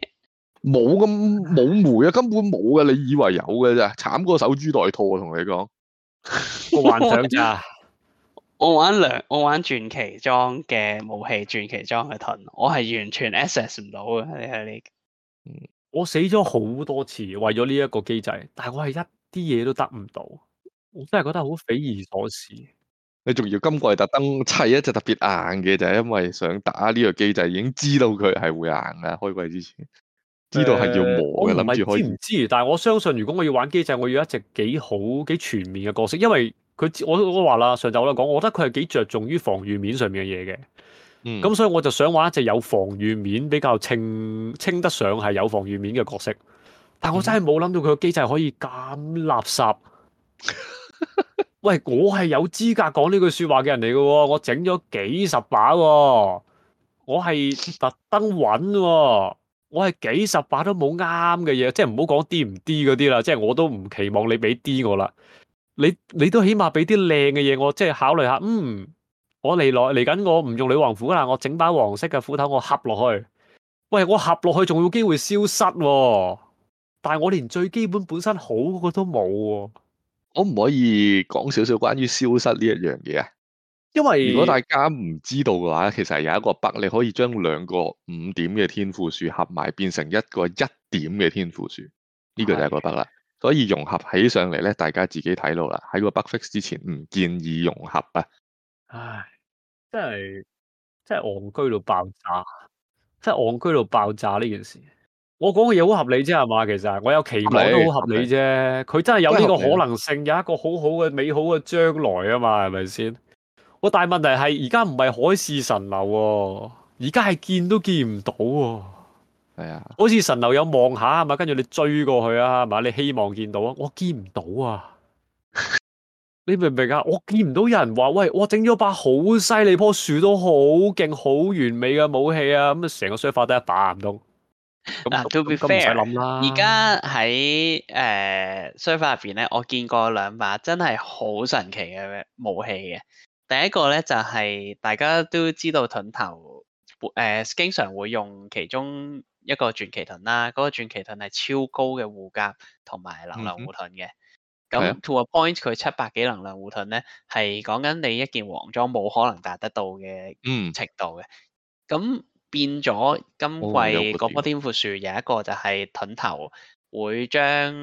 冇咁冇梅啊，根本冇噶、啊。你以為有嘅咋？慘過守株待兔啊！同你講， 我幻想咋？ 我玩兩，我玩傳奇裝嘅武器，傳奇裝嘅盾，我係完全 access 唔到嘅。你係你嗯。我死咗好多次，為咗呢一個機制，但係我係一啲嘢都得唔到，我真係覺得好匪夷所思。你仲要今季特登砌一隻特別硬嘅，就係因為想打呢個機制，已經知道佢係會硬嘅，開季之前知道係要磨嘅，諗住、呃、可以唔知，知。但係我相信，如果我要玩機制，我要一隻幾好、幾全面嘅角色，因為佢我我都話啦，上集我都講，我覺得佢係幾着重於防禦面上面嘅嘢嘅。咁所以我就想玩一隻有防禦面比較稱稱得上係有防禦面嘅角色，但我真係冇諗到佢個機制可以咁垃圾。 喂，我係有資格講呢句説話嘅人嚟嘅喎，我整咗幾十把喎、哦，我係特登揾喎，我係幾十把都冇啱嘅嘢，即係唔好講「D 唔 D」嗰啲啦，即係我都唔期望你俾「D」我啦，你你都起碼俾啲靚嘅嘢我，即係考慮下，嗯。我嚟來嚟緊，我唔用女王斧啦，我整把黃色嘅斧頭，我合落去。喂，我合落去仲有機會消失、哦，但係我連最基本本身好嘅都冇、哦。我唔可以講少少關於消失呢一樣嘢啊？因為如果大家唔知道嘅話，其實有一個筆，你可以將兩個五點嘅天賦樹合埋，變成一個一點嘅天賦樹。呢、這個就係個筆啦。的所以融合起上嚟咧，大家自己睇到啦。喺個北 f 之前，唔建議融合啊。唉，真係真係戇居到爆炸，真係戇居到爆炸呢件事。我講嘅嘢好合理啫，係嘛？其實我有期望都好合理啫。佢真係有呢個可能性，是是有一個好好嘅美好嘅將來啊嘛，係咪先？我但係問題係而家唔係海市蜃樓、哦，而家係見都見唔到、哦。係啊，好似蜃樓有望下係嘛？跟住你追過去啊，係嘛？你希望見到啊，我見唔到啊。你明唔明啊？我見唔到有人話喂，我整咗把好犀利、樖樹都好勁、好完美嘅武器啊！咁啊都，成個沙發都一把唔通。咁啊，to be fair，而家喺誒沙發入邊咧，我見過兩把真係好神奇嘅武器嘅。第一個咧就係、是、大家都知道盾頭誒、呃，經常會用其中一個傳奇盾啦。嗰、那個傳奇盾係超高嘅護甲同埋能量護盾嘅。嗯咁 to a point 佢七百幾能量護盾咧，係講緊你一件黃裝冇可能達得到嘅程度嘅。咁、嗯、變咗今季嗰樖天賦樹有一個就係盾頭會將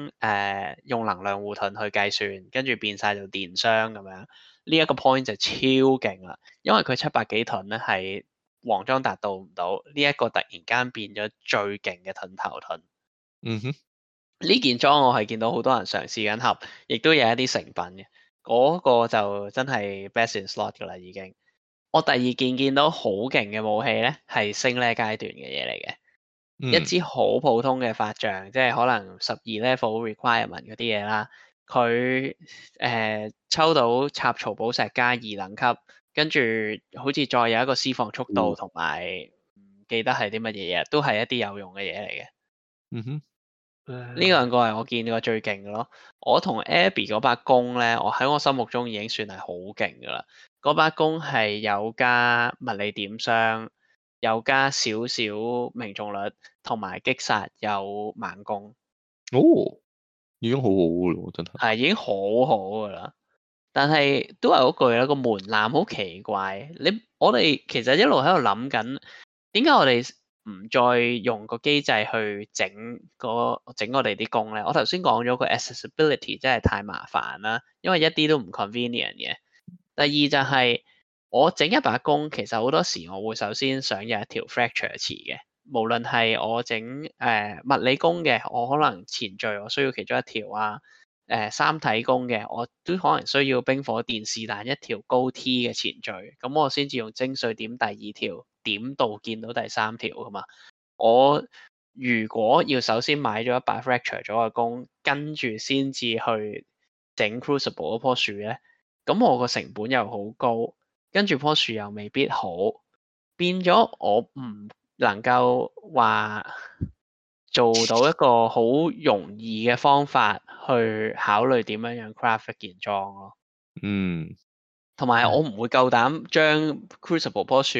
誒、呃、用能量護盾去計算，跟住變晒做電傷。咁樣。呢、這、一個 point 就超勁啦，因為佢七百幾盾咧係黃裝達到唔到，呢、這、一個突然間變咗最勁嘅盾頭盾。嗯哼。呢件裝我係見到好多人嘗試緊合，亦都有一啲成品嘅。嗰、那個就真係 best in slot 㗎啦，已經。我第二件見到好勁嘅武器咧，係升咩階段嘅嘢嚟嘅？嗯、一支好普通嘅法杖，即係可能十二 level requirement 嗰啲嘢啦。佢誒、呃、抽到插槽寶石加二等級，跟住好似再有一個施放速度同埋，唔記得係啲乜嘢嘢，都係一啲有用嘅嘢嚟嘅。嗯哼。呢兩個係我見到最勁嘅咯。我同 Abby 嗰把弓咧，我喺我心目中已經算係好勁嘅啦。嗰把弓係有加物理點傷，有加少少命中率，同埋擊殺有猛攻。哦，已經好好嘅咯，真係。係已經好好嘅啦，但係都係嗰句啦，個門檻好奇怪。你我哋其實一路喺度諗緊，點解我哋，唔再用個機制去整個整個我哋啲弓咧，我頭先講咗個 accessibility 真係太麻煩啦，因為一啲都唔 convenient 嘅。第二就係、是、我整一把弓，其實好多時我會首先想有一條 fracture 詞嘅，無論係我整誒、呃、物理弓嘅，我可能前綴我需要其中一條啊，誒、呃、三體弓嘅我都可能需要冰火電視彈一條高 T 嘅前綴，咁我先至用精髓點第二條。點到見到第三條㗎嘛？我如果要首先買咗一把 fracture 咗嘅工，跟住先至去整 Crucible 嗰棵樹咧，咁我個成本又好高，跟住棵樹又未必好，變咗我唔能夠話做到一個好容易嘅方法去考慮點樣樣 craft 件裝咯。嗯，同埋我唔會夠膽將 Crucible 棵樹。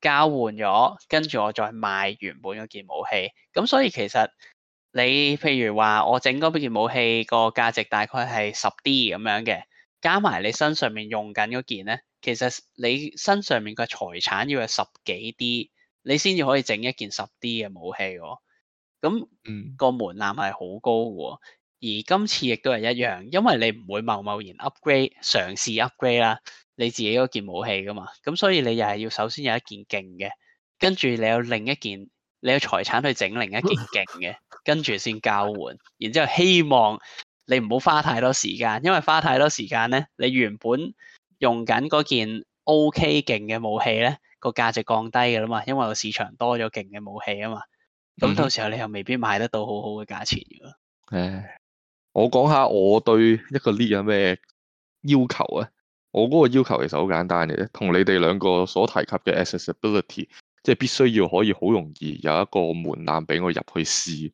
交換咗，跟住我再賣原本嗰件武器，咁所以其實你譬如話，我整嗰件武器個價值大概係十 D 咁樣嘅，加埋你身上面用緊嗰件咧，其實你身上面個財產要有十幾 D，你先至可以整一件十 D 嘅武器喎。咁個門檻係好高嘅喎，而今次亦都係一樣，因為你唔會貿貿然 upgrade，嘗試 upgrade 啦。你自己嗰件武器噶嘛，咁所以你又係要首先有一件勁嘅，跟住你有另一件，你有財產去整另一件勁嘅， 跟住先交換，然之後希望你唔好花太多時間，因為花太多時間咧，你原本用緊嗰件 O K 勁嘅武器咧，個價值降低噶啦嘛，因為個市場多咗勁嘅武器啊嘛，咁到時候你又未必買得到好好嘅價錢噶。誒、嗯，我講下我對一個 league 有咩要求啊？我嗰個要求其實好簡單嘅，同你哋兩個所提及嘅 accessibility，即係必須要可以好容易有一個門檻俾我入去試。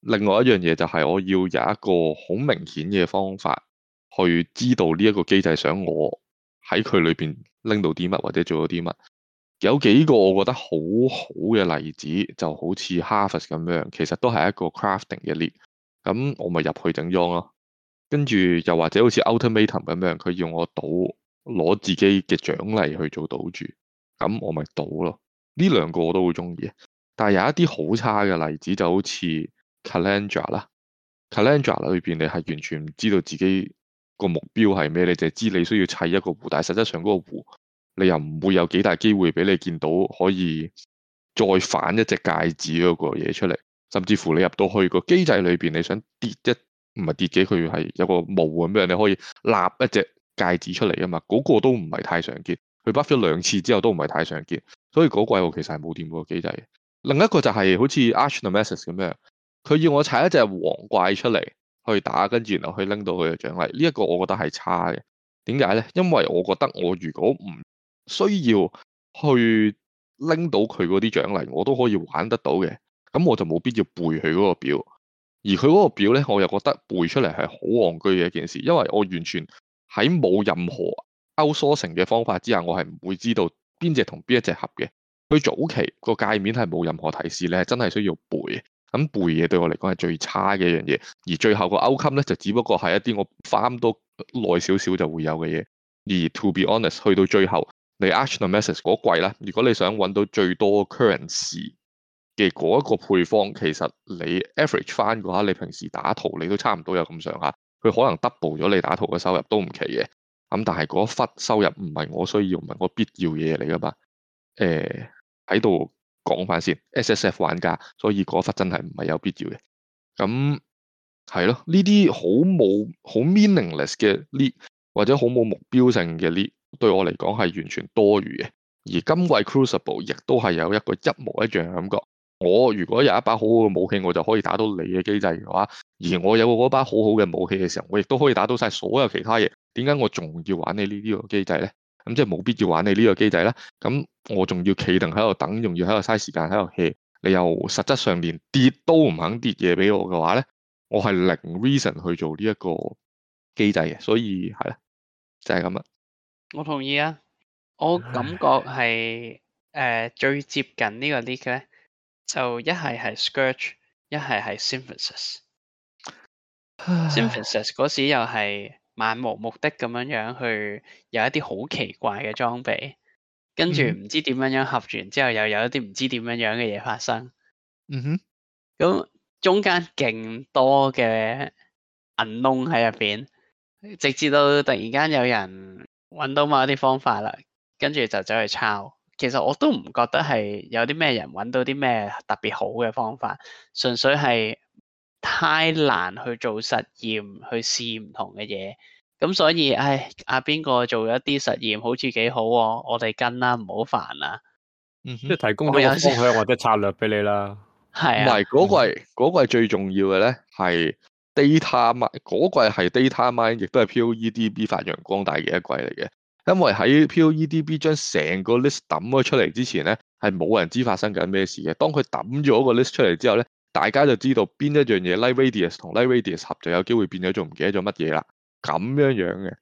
另外一樣嘢就係我要有一個好明顯嘅方法去知道呢一個機制想我喺佢裏邊拎到啲乜或者做到啲乜。有幾個我覺得好好嘅例子，就好似 Harvest 咁樣，其實都係一個 crafting 嘅 league，咁我咪入去整裝咯。跟住又或者好似 Ultimatum 咁樣，佢要我賭攞自己嘅獎勵去做賭注，咁我咪賭咯。呢兩個我都好中意。但係有一啲好差嘅例子，就好似 Kalandra 啦，Kalandra 裏邊你係完全唔知道自己個目標係咩，你就知你需要砌一個湖，但實質上嗰個湖你又唔會有幾大機會俾你見到可以再反一隻戒指嗰個嘢出嚟，甚至乎你入到去個機制裏邊，你想跌一。唔係跌嘅，佢係有個帽咁樣，你可以立一隻戒指出嚟啊嘛，嗰個都唔係太常見。佢 buff 咗兩次之後都唔係太常見，所以嗰怪物其實係冇掂過機制。另一個就係好似 Archimedes 咁樣，佢要我踩一隻黃怪出嚟去打，跟住然後去拎到佢嘅獎勵。呢一個我覺得係差嘅。點解咧？因為我覺得我如果唔需要去拎到佢嗰啲獎勵，我都可以玩得到嘅，咁我就冇必要背佢嗰個表。而佢嗰個表咧，我又覺得背出嚟係好戇居嘅一件事，因為我完全喺冇任何 outsourcing 嘅方法之下，我係唔會知道邊隻同邊一隻合嘅。佢早期個界面係冇任何提示咧，真係需要背。咁、嗯、背嘢對我嚟講係最差嘅一樣嘢。而最後個 outcome 咧，就只不過係一啲我 farm 多耐少少就會有嘅嘢。而 to be honest，去到最後你 Archnemesis 嗰季咧，如果你想揾到最多 currency 嘅嗰一個配方，其實你 average 翻嘅話，你平時打圖你都差唔多有咁上下。佢可能 double 咗你打圖嘅收入都唔奇嘅。咁、嗯、但係嗰一忽收入唔係我需要，唔係我必要嘢嚟噶嘛？誒喺度講翻先，SSF 玩家，所以嗰忽真係唔係有必要嘅。咁係咯，呢啲好冇好 meaningless 嘅 lead，或者好冇目標性嘅 lead，對我嚟講係完全多餘嘅。而今季 Crucible 亦都係有一個一模一樣嘅感覺。我如果有一把好好嘅武器，我就可以打到你嘅機制嘅話，而我有嗰把好好嘅武器嘅時候，我亦都可以打到晒所有其他嘢。點解我仲要玩你機呢啲個機制咧？咁即係冇必要玩你個機呢個機制啦。咁我仲要企定喺度等，仲要喺度嘥時間喺度 h 你又實質上連跌都唔肯跌嘢俾我嘅話咧，我係零 reason 去做呢一個機制嘅。所以係啦，就係咁啊。我同意啊，我感覺係誒、呃、最接近個呢個啲嘅。就一係係 s c r a t c h 一係係 symphysis。symphysis 嗰時又係漫無目的咁樣樣去，有一啲好奇怪嘅裝備，跟住唔知點樣樣合住，然之後又有一啲唔知點樣樣嘅嘢發生。嗯哼，咁中間勁多嘅銀窿喺入邊，直至到突然間有人搵到某一啲方法啦，跟住就走去抄。其實我都唔覺得係有啲咩人揾到啲咩特別好嘅方法，純粹係太難去做實驗去試唔同嘅嘢，咁所以，唉，阿邊個做一啲實驗好似幾好，啊，我哋跟啦、啊，唔好煩啦，即係、嗯、提供啲方向或者策略俾你啦。係 啊，唔係嗰個係嗰 個係、嗰個、最重要嘅咧，係 data mine 嗰個係 data mine 亦都係 POEDB 發揚光大嘅一季嚟嘅。因為喺 PoeDB 將成個 list 抌咗出嚟之前咧，係冇人知發生緊咩事嘅。當佢抌咗嗰個 list 出嚟之後咧，大家就知道邊一樣嘢 Light Radius 同 Light Radius 合就有機會變咗做唔記得咗乜嘢啦。咁樣樣嘅。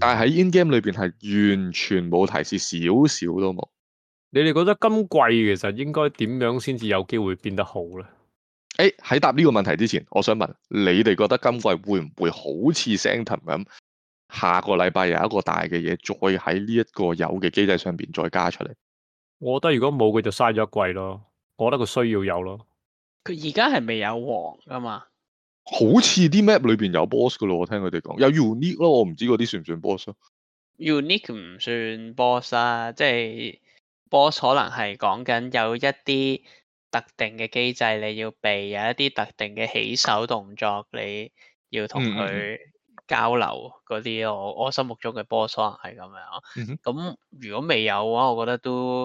但係喺 in game 裏邊係完全冇提示，少少都冇。你哋覺得今季其實應該點樣先至有機會變得好咧？誒、欸，喺答呢個問題之前，我想問你哋覺得今季會唔會好似 Sentum 咁？下個禮拜有一個大嘅嘢，再喺呢一個有嘅機制上邊再加出嚟。我覺得如果冇佢就嘥咗一季咯。我覺得佢需要有咯。佢而家係未有王噶嘛？好似啲 map 裏邊有 boss 噶咯，我聽佢哋講有 unique 咯。我唔知嗰啲算唔算 boss。unique 唔算 boss 啊，即係 boss 可能係講緊有一啲特定嘅機制，你要避，有一啲特定嘅起手動作，你要同佢、嗯嗯。交流嗰啲我我心目中嘅 boss 啊，係咁樣。咁、mm hmm. 如果未有嘅話，我覺得都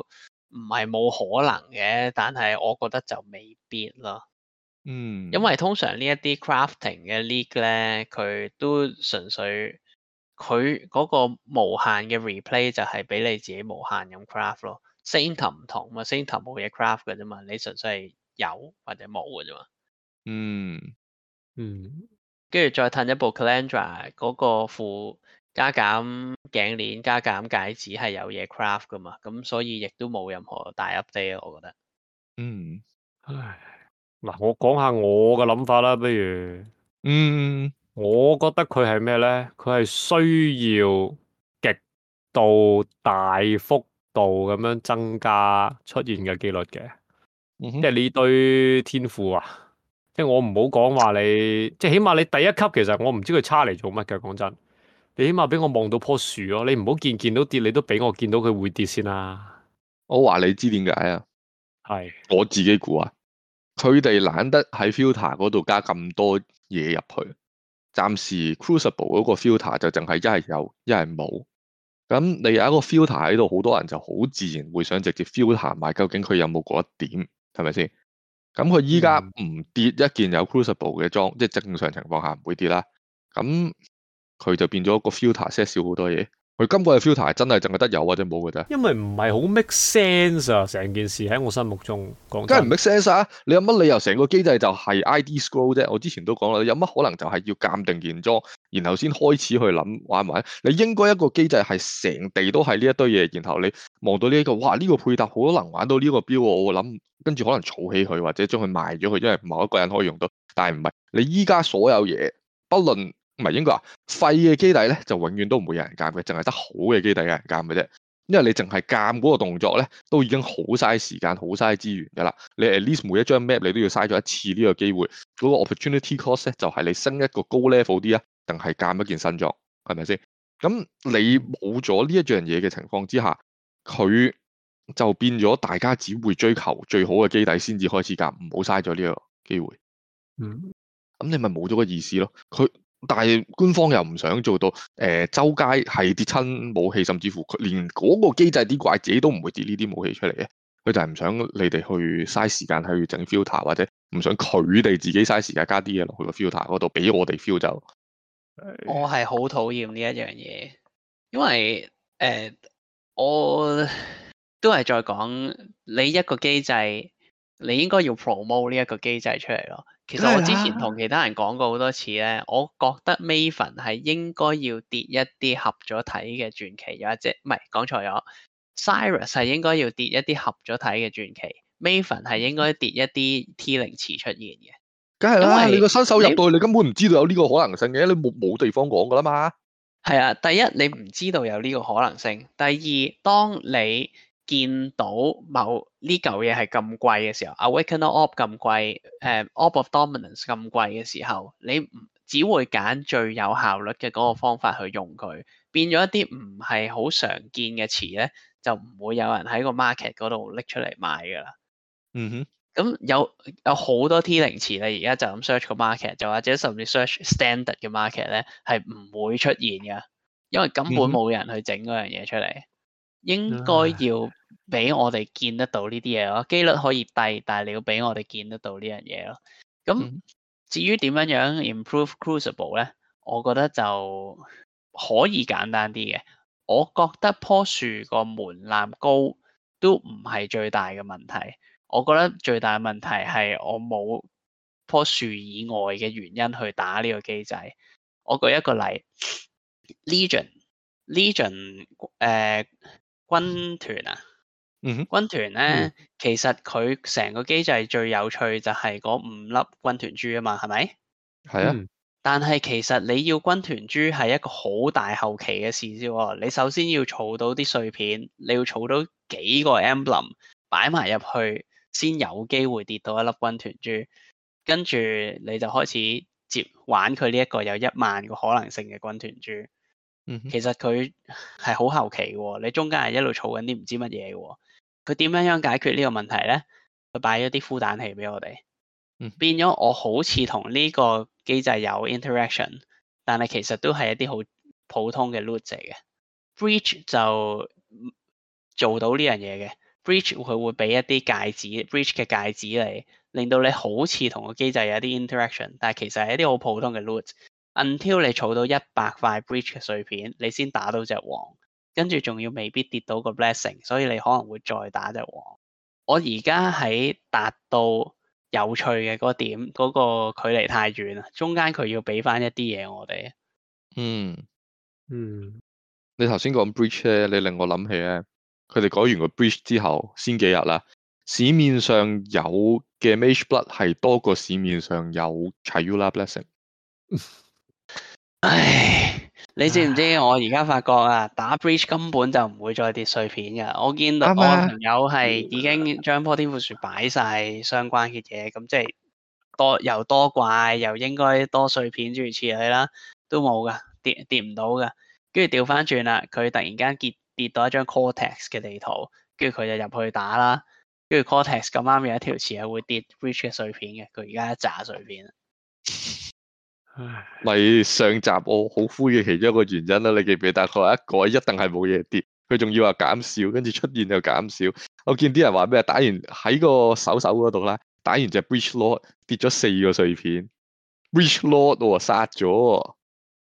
唔係冇可能嘅，但係我覺得就未必咯。嗯、mm，hmm. 因為通常呢一啲 crafting 嘅 league 咧，佢都純粹佢嗰個無限嘅 replay 就係俾你自己無限咁 craft 咯。center 唔、um、同嘛，center 冇嘢 craft 嘅啫嘛，你純粹係有或者冇嘅啫嘛。嗯、mm，嗯、hmm.。跟住再褪一步 Calandra 嗰個副加減頸鏈加減戒指係有嘢 craft 噶嘛，咁所以亦都冇任何大 update，我覺得。嗯，唉，嗱，我講下我嘅諗法啦，不如，嗯，我覺得佢係咩咧？佢係需要極度大幅度咁樣增加出現嘅機率嘅，即係呢堆天賦啊。即係我唔好講話你，即係起碼你第一級其實我唔知佢差嚟做乜嘅。講真，你起碼俾我望到棵樹咯。你唔好見見到跌，你都俾我見到佢會跌先啦。我話你知點解啊？係是我自己估啊。佢哋懶得喺 filter 嗰度加咁多嘢入去。暫時 crucible 嗰個 filter 就淨係一係有一係冇。咁你有一個 filter 喺度，好多人就好自然會想直接 filter 埋，究竟佢有冇嗰一點係咪先？咁佢而家唔跌一件有 crucible 嘅裝，即係正常情況下唔會跌啦。咁佢就變咗個 filter set 少好多嘢。佢今季嘅 filter 真係淨係得有或者冇嘅啫，因為唔係好 make sense 啊！成件事喺我心目中，梗係唔 make sense 啊！你有乜理由成個機制就係 id scroll 啫？我之前都講啦，有乜可能就係要鑑定原裝，然後先開始去諗玩唔玩？你應該一個機制係成地都係呢一堆嘢，然後你望到呢個，哇呢個配搭好可能玩到呢個表，我諗跟住可能儲起佢，或者將佢賣咗佢，因為某一個人可以用到，但係唔係你依家所有嘢，不論。唔係應該話廢嘅基底咧，就永遠都唔會有人鑑嘅，淨係得好嘅基底有人鑑嘅啫。因為你淨係鑑嗰個動作咧，都已經好嘥時間、好嘥資源嘅啦。你 at least 每一張 map 你都要嘥咗一次呢個機會，嗰、嗰個 opportunity cost 咧就係、係、你升一個高 level 啲啊，定係鑑一件新作，係咪先？咁你冇咗呢一樣嘢嘅情況之下，佢就變咗大家只會追求最好嘅基底先至開始鑑，唔好嘥咗呢個機會。嗯，咁你咪冇咗個意思咯。佢。但係官方又唔想做到，誒、呃，周街係跌親武器，甚至乎連嗰個機製啲怪自己都唔會跌呢啲武器出嚟嘅，佢就係唔想你哋去嘥時間去整 filter，或者唔想佢哋自己嘥時間加啲嘢落去個 filter 嗰度，俾我哋 feel 就，我係好討厭呢一樣嘢，因為誒、呃，我都係再講你一個機制，你應該要 promote 呢一個機制出嚟咯。其實我之前同其他人講過好多次咧，我覺得 Maven 係應該要跌一啲合咗體嘅傳奇，有一隻唔係講錯咗，Cyrus 係應該要跌一啲合咗體嘅傳奇，Maven 係應該跌一啲 T 零詞出現嘅。梗係啦，因為你個新手入到去，你根本唔知道有呢個可能性嘅，你冇冇地方講噶啦嘛。係啊，第一你唔知道有呢個可能性，第二當你，見到某呢嚿嘢係咁貴嘅時候，Awakened Orb 咁貴，誒 Orb、mm hmm. of Dominance 咁貴嘅時候，你唔，只會揀最有效率嘅嗰個方法去用佢，變咗一啲唔係好常見嘅詞咧，就唔會有人喺個 market 嗰度拎出嚟買㗎啦。嗯哼、mm，咁、hmm. 有有好多 T 零詞咧，而家就咁 search 個 market，就或者甚至 search standard 嘅 market 咧，係唔會出現嘅，因為根本冇人去整嗰樣嘢出嚟，mm hmm. 應該要。俾我哋見得到呢啲嘢咯，機率可以低，但係你要俾我哋見得到呢樣嘢咯。咁至於點樣樣 improve crucible 咧，我覺得就可以簡單啲嘅。我覺得樖樹個門檻高都唔係最大嘅問題，我覺得最大嘅問題係我冇樖樹以外嘅原因去打呢個機制。我舉一個例，Legion Legion 誒、呃、軍團啊。嗯軍團呢，嗯，軍團咧，其實佢成個機制最有趣就係嗰五粒軍團珠啊嘛，係咪？係啊的、嗯，但係其實你要軍團珠係一個好大後期嘅事啫、啊，你首先要儲到啲碎片，你要儲到幾個 emblem 擺埋入去，先有機會跌到一粒軍團珠，跟住你就開始接玩佢呢一個有一萬個可能性嘅軍團珠。嗯、哼其實佢係好後期嘅、啊，你中間係一路儲緊啲唔知乜嘢、啊。佢點樣樣解決呢個問題咧？佢擺咗啲孵蛋器俾我哋，變咗我好似同呢個機制有 interaction，但係其實都係一啲好普通嘅 loot 嚟嘅。嗯、Breach 就做到呢樣嘢嘅，Breach 佢會俾一啲戒指，Breach 嘅戒指嚟，令到你好似同個機制有一啲 interaction，但係其實係一啲好普通嘅 loot。Until 你儲到一百塊 Breach 嘅碎片，你先打到隻王。跟住仲要未必跌到個 blessing，所以你可能會再打隻王。我而家喺達到有趣嘅嗰點，嗰個距離太遠啦，中間佢要俾翻一啲嘢我哋。嗯嗯，你頭先講 breach 咧，你令我諗起咧，佢哋講完個 breach 之後先幾日啦，市面上有嘅 mage blood 係多過市面上有 Chayula blessing。 唉。你知唔知我而家發覺啊，打 bridge 根本就唔會再跌碎片嘅。我見到我朋友係已經將棵天賦樹擺晒相關嘅嘢，咁即係多又多怪，又應該多碎片，跟住諸如此類啦，都冇噶，跌跌唔到嘅。跟住調翻轉啦，佢突然間跌跌到一張 cortex 嘅地圖，跟住佢就入去打啦。跟住 cortex 咁啱有一條池係會跌 bridge 嘅碎片嘅，佢而家炸碎片。咪唉上集我好灰嘅其中一個原因啦、啊，你記唔記得？佢話一個一定係冇嘢跌，佢仲要話減少，跟住出現又減少。我見啲人話咩？打完喺個手手嗰度啦，打完隻 bridge Lord 跌咗四個碎片，bridge Lord 我殺咗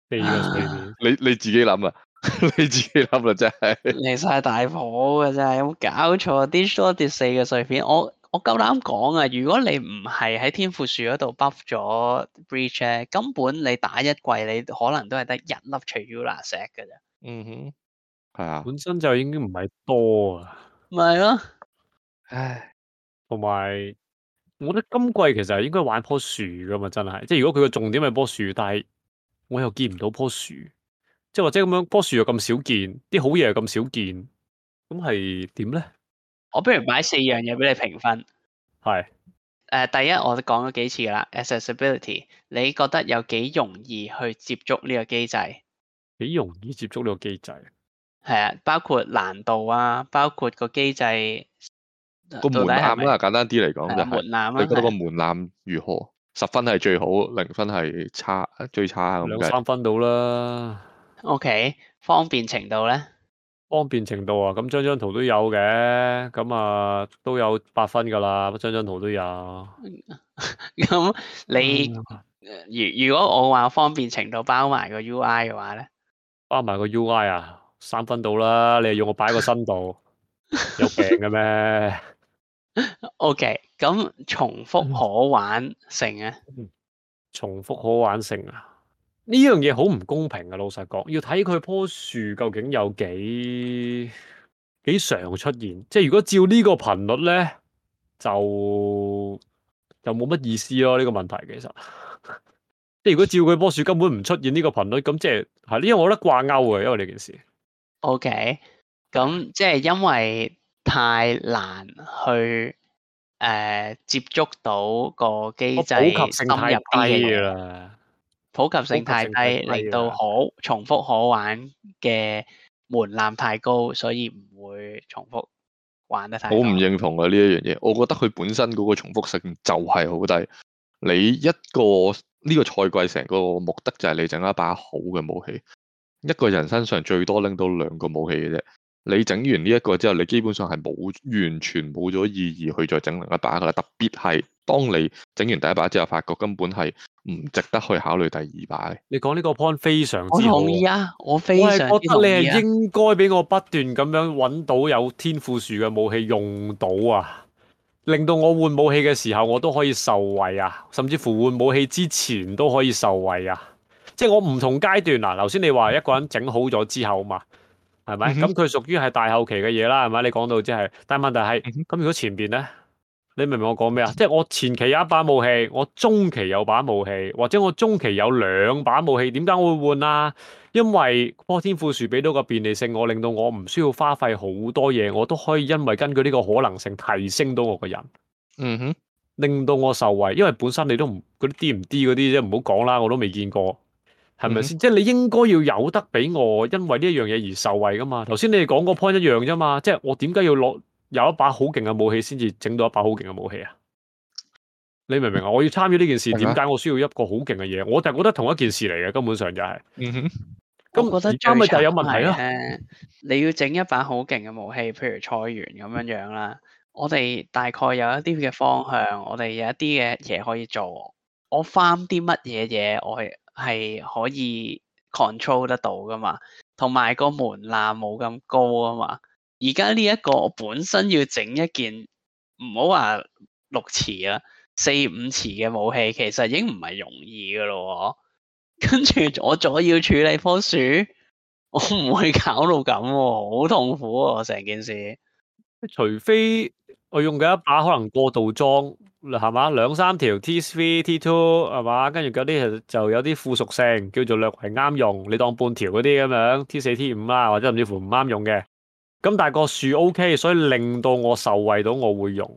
四個碎片，lord，哦啊、你你自己諗啊，你自己諗啊, 啊，真係你晒大火嘅真係有冇搞錯？啲 short 跌四個碎片，我。我夠膽講啊！如果你唔係喺天賦樹嗰度 buff 咗 breach 咧，根本你打一季你可能都係得一粒查尤拉石嘅啫。嗯哼，係、嗯、啊，本身就已經唔係多啊。咪咯，唉，同埋我覺得今季其實應該玩樖樹噶嘛，真係。即係如果佢個重點係樖樹，但係我又見唔到樖樹，即係或者咁樣樖樹又咁少見，啲好嘢又咁少見，咁係點咧？我不如買四樣嘢俾你評分。係。誒，uh，第一我都講咗幾次㗎啦，accessibility，你覺得有幾容易去接觸呢個機制？幾容易接觸呢個機制？係啊，包括難度啊，包括個機制個門檻啦，係係簡單啲嚟講就係、係啊。門檻、啊、你覺得個門檻如何？十分係最好，零分係差最差咁計。兩三分到啦。OK，方便程度咧？方便程度啊，咁張張圖都有嘅，咁啊都有八分噶啦，張張圖都有。咁 你如如果我話方便程度包埋個 U I 嘅話咧，包埋個 U I 啊，三分到啦。你係要我擺個深度， 有病嘅咩？O K，咁重複可玩性啊？ 重複可玩性啊？呢樣嘢好唔公平嘅，啊，老實講，要睇佢樖樹究竟有幾幾常出現。即係如果照呢個頻率咧，就就冇乜意思咯。呢、呢個問題其實，即 係如果照佢樖樹根本唔出現呢個頻率，咁即係係呢，我覺得掛勾嘅，因為呢件事。OK，咁即係因為太難去誒、呃、接觸到個機制深入啲嘅啦。普及性太低，太低令到好，嗯、重複可玩嘅門檻太高，所以唔會重複玩得太多。好唔認同啊呢一樣嘢，我覺得佢本身嗰個重複性就係好低。你一個呢、呢個賽季成個目的就係你整一把好嘅武器，一個人身上最多拎到兩個武器嘅啫。你整完呢一個之後，你基本上係冇完全冇咗意義去再整另一把嘅啦，特別係。當你整完第一把之後，發覺根本係唔值得去考慮第二把。你講呢個 point 非常之好，啊，我同意啊，我非常同意啊，我係覺得你係應該俾我不斷咁樣揾到有天賦樹嘅武器用到啊，令到我換武器嘅時候我都可以受惠啊，甚至乎換武器之前都可以受惠啊。即係我唔同階段嗱、啊，頭先你話一個人整好咗之後嘛，係咪？咁佢屬於係大後期嘅嘢啦，係咪？你講到即係，但係問題係咁，如果前邊咧？你明唔明我講咩啊？即係我前期有一把武器，我中期有把武器，或者我中期有兩把武器，點解我會換啊？因為棵天賦樹俾到個便利性，令我令到我唔需要花費好多嘢，我都可以因為根據呢個可能性提升到我個人。嗯哼，令到我受惠，因為本身你都唔嗰啲 D 唔 D 嗰啲啫，唔好講啦，我都未見過，係咪先？嗯、哼即係你應該要有得俾我，因為呢樣嘢而受惠噶嘛。頭先你哋講個 point 一樣啫嘛，即係我點解要攞？有一把好勁嘅武器先至整到一把好勁嘅武器啊！你明唔明啊？我要參與呢件事，點解我需要一個好勁嘅嘢？我就覺得同一件事嚟嘅，根本上就係。嗯哼。咁覺得，咁咪就有問題咯。你要整一把好勁嘅武器，譬如菜園咁樣樣啦。我哋大概有一啲嘅方向，我哋有一啲嘅嘢可以做。我 farm 啲乜嘢嘢，我係係可以 control 得到噶嘛？同埋個門檻冇咁高啊嘛。而家呢一個我本身要整一件唔好話六詞啊，四五詞嘅武器其實已經唔係容易噶咯。跟住我仲要處理棵樹，我唔會搞到咁喎，好痛苦啊！成件事，除非我用嘅一把可能過度裝，係嘛，兩三條 T three T two 係嘛，跟住嗰啲就就有啲附屬性叫做略為啱用，你當半條嗰啲咁樣 T 四 T 五啊，或者甚至乎唔啱用嘅。咁但個樹 OK，所以令到我受惠到，我會用，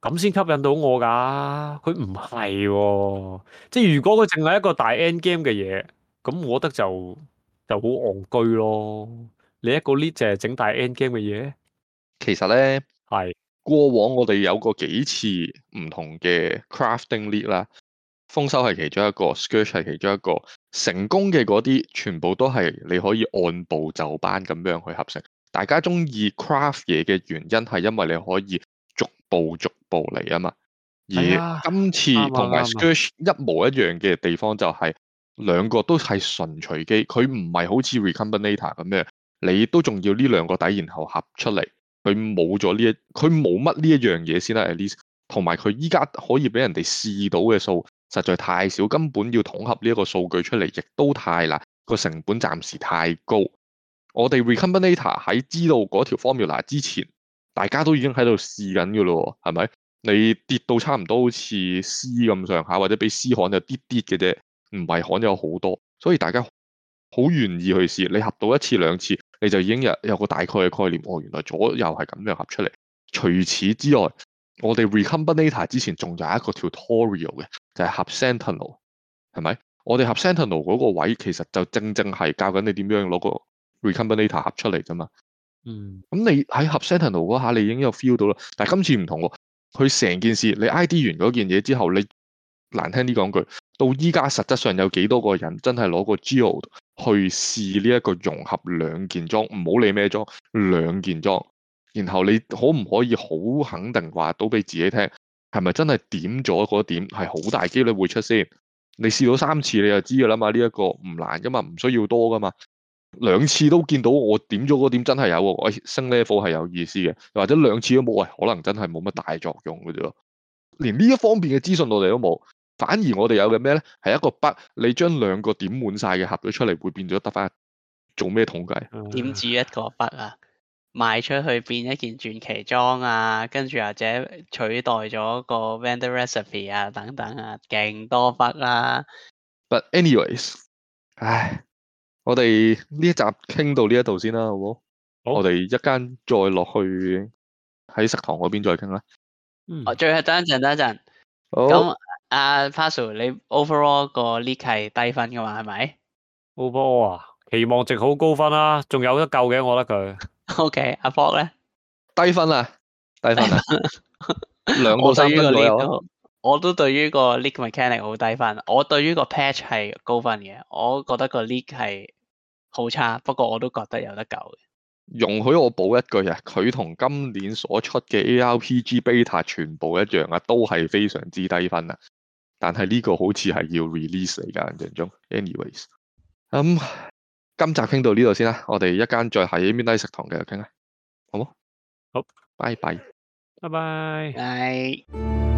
咁先吸引到我㗎。佢唔係喎，即係如果佢淨係一個大 endgame 嘅嘢，咁我覺得就就好戇居咯。你一個 lead 就係整大 endgame 嘅嘢，其實咧係是過往我哋有過幾次唔同嘅 crafting lead 啦，豐收係其中一個 Scourge 係其中一個，成功嘅嗰啲全部都係你可以按部就班咁樣去合成。大家中意 craft 嘢嘅原因係因為你可以逐步逐步嚟啊嘛，而今次同埋 search 一模一樣嘅地方就係兩個都係純隨機，佢唔係好似 recombinator 咁樣，你都仲要呢兩個底然後合出嚟，佢冇咗呢一，佢冇乜呢一樣嘢先啦，at least。同埋佢依家可以俾人哋試到嘅數實在太少，根本要統合呢一個數據出嚟，亦都太難，個成本暫時太高。我哋 Recombinator 喺知道嗰條 formula 之前，大家都已經喺度試緊㗎咯，係咪？你跌到差唔多好似 C 咁上下，或者比 C 罕有啲啲嘅啫，唔係罕咗好多。所以大家好願意去試，你合到一次兩次，你就已經有有個大概嘅概念。哦，原來左右係咁樣合出嚟。除此之外，我哋 Recombinator 之前仲有一個 tutorial 嘅，就係合 Sentinel，係咪？我哋合 Sentinel 嗰個位其實就正正係教緊你點樣攞個。Recombinator 合出嚟啫嘛，嗯，咁、嗯、你喺合 Sentinel 嗰下，你已經有 feel 到啦。但係今次唔同喎，佢成件事你 ID 完嗰件嘢之後，你難聽啲講句，到依家實質上有幾多個人真係攞個 jo 去試呢一個融合兩件裝，唔好理咩裝，兩件裝，然後你可唔可以好肯定話到俾自己聽，係咪真係點咗嗰點係好大機率會出先？你試到三次你就知噶啦嘛，呢、這、一個唔難噶嘛，唔需要多噶嘛。兩次都見到我點咗嗰點真係有，我、哎、升 level 係有意思嘅，或者兩次都冇，喂、哎，可能真係冇乜大作用嘅啫咯。連呢一方面嘅資訊我哋都冇，反而我哋有嘅咩咧，係一個筆，你將兩個點滿晒嘅盒咗出嚟，會變咗得翻做咩統計？點止一個筆啊？賣出去變一件傳奇裝啊，跟住或者取代咗個 vendor recipe 啊，等等啊，勁多筆啦、啊。But anyways，唉。我哋呢一集傾到呢一度先啦，好唔好？好。我哋一間再落去喺食堂嗰邊再傾啦。嗯，最後等一陣，等一陣。咁好，阿 Pazu 你 overall 個 league 係低分嘅嘛？係咪？overall 啊，期望值好高分啦、啊，仲有得救嘅，我覺得佢。O.K. 阿 Bowie 咧，低分啊，低分啊，兩個三分左右。我都對於個 league mechanic 好低分，我對於個 patch 係高分嘅，我覺得個 league 係。好差，不過我都覺得有得救嘅。容許我補一句啊，佢同今年所出嘅 ARPG beta 全部一樣啊，都係非常之低分啊。但係呢個好似係要 release 嚟㗎，印象中。anyways, um, 咁今集傾到呢度先啦，我哋一間再喺邊低食堂繼續傾啦。好冇？好，拜拜 bye，拜拜 bye，係。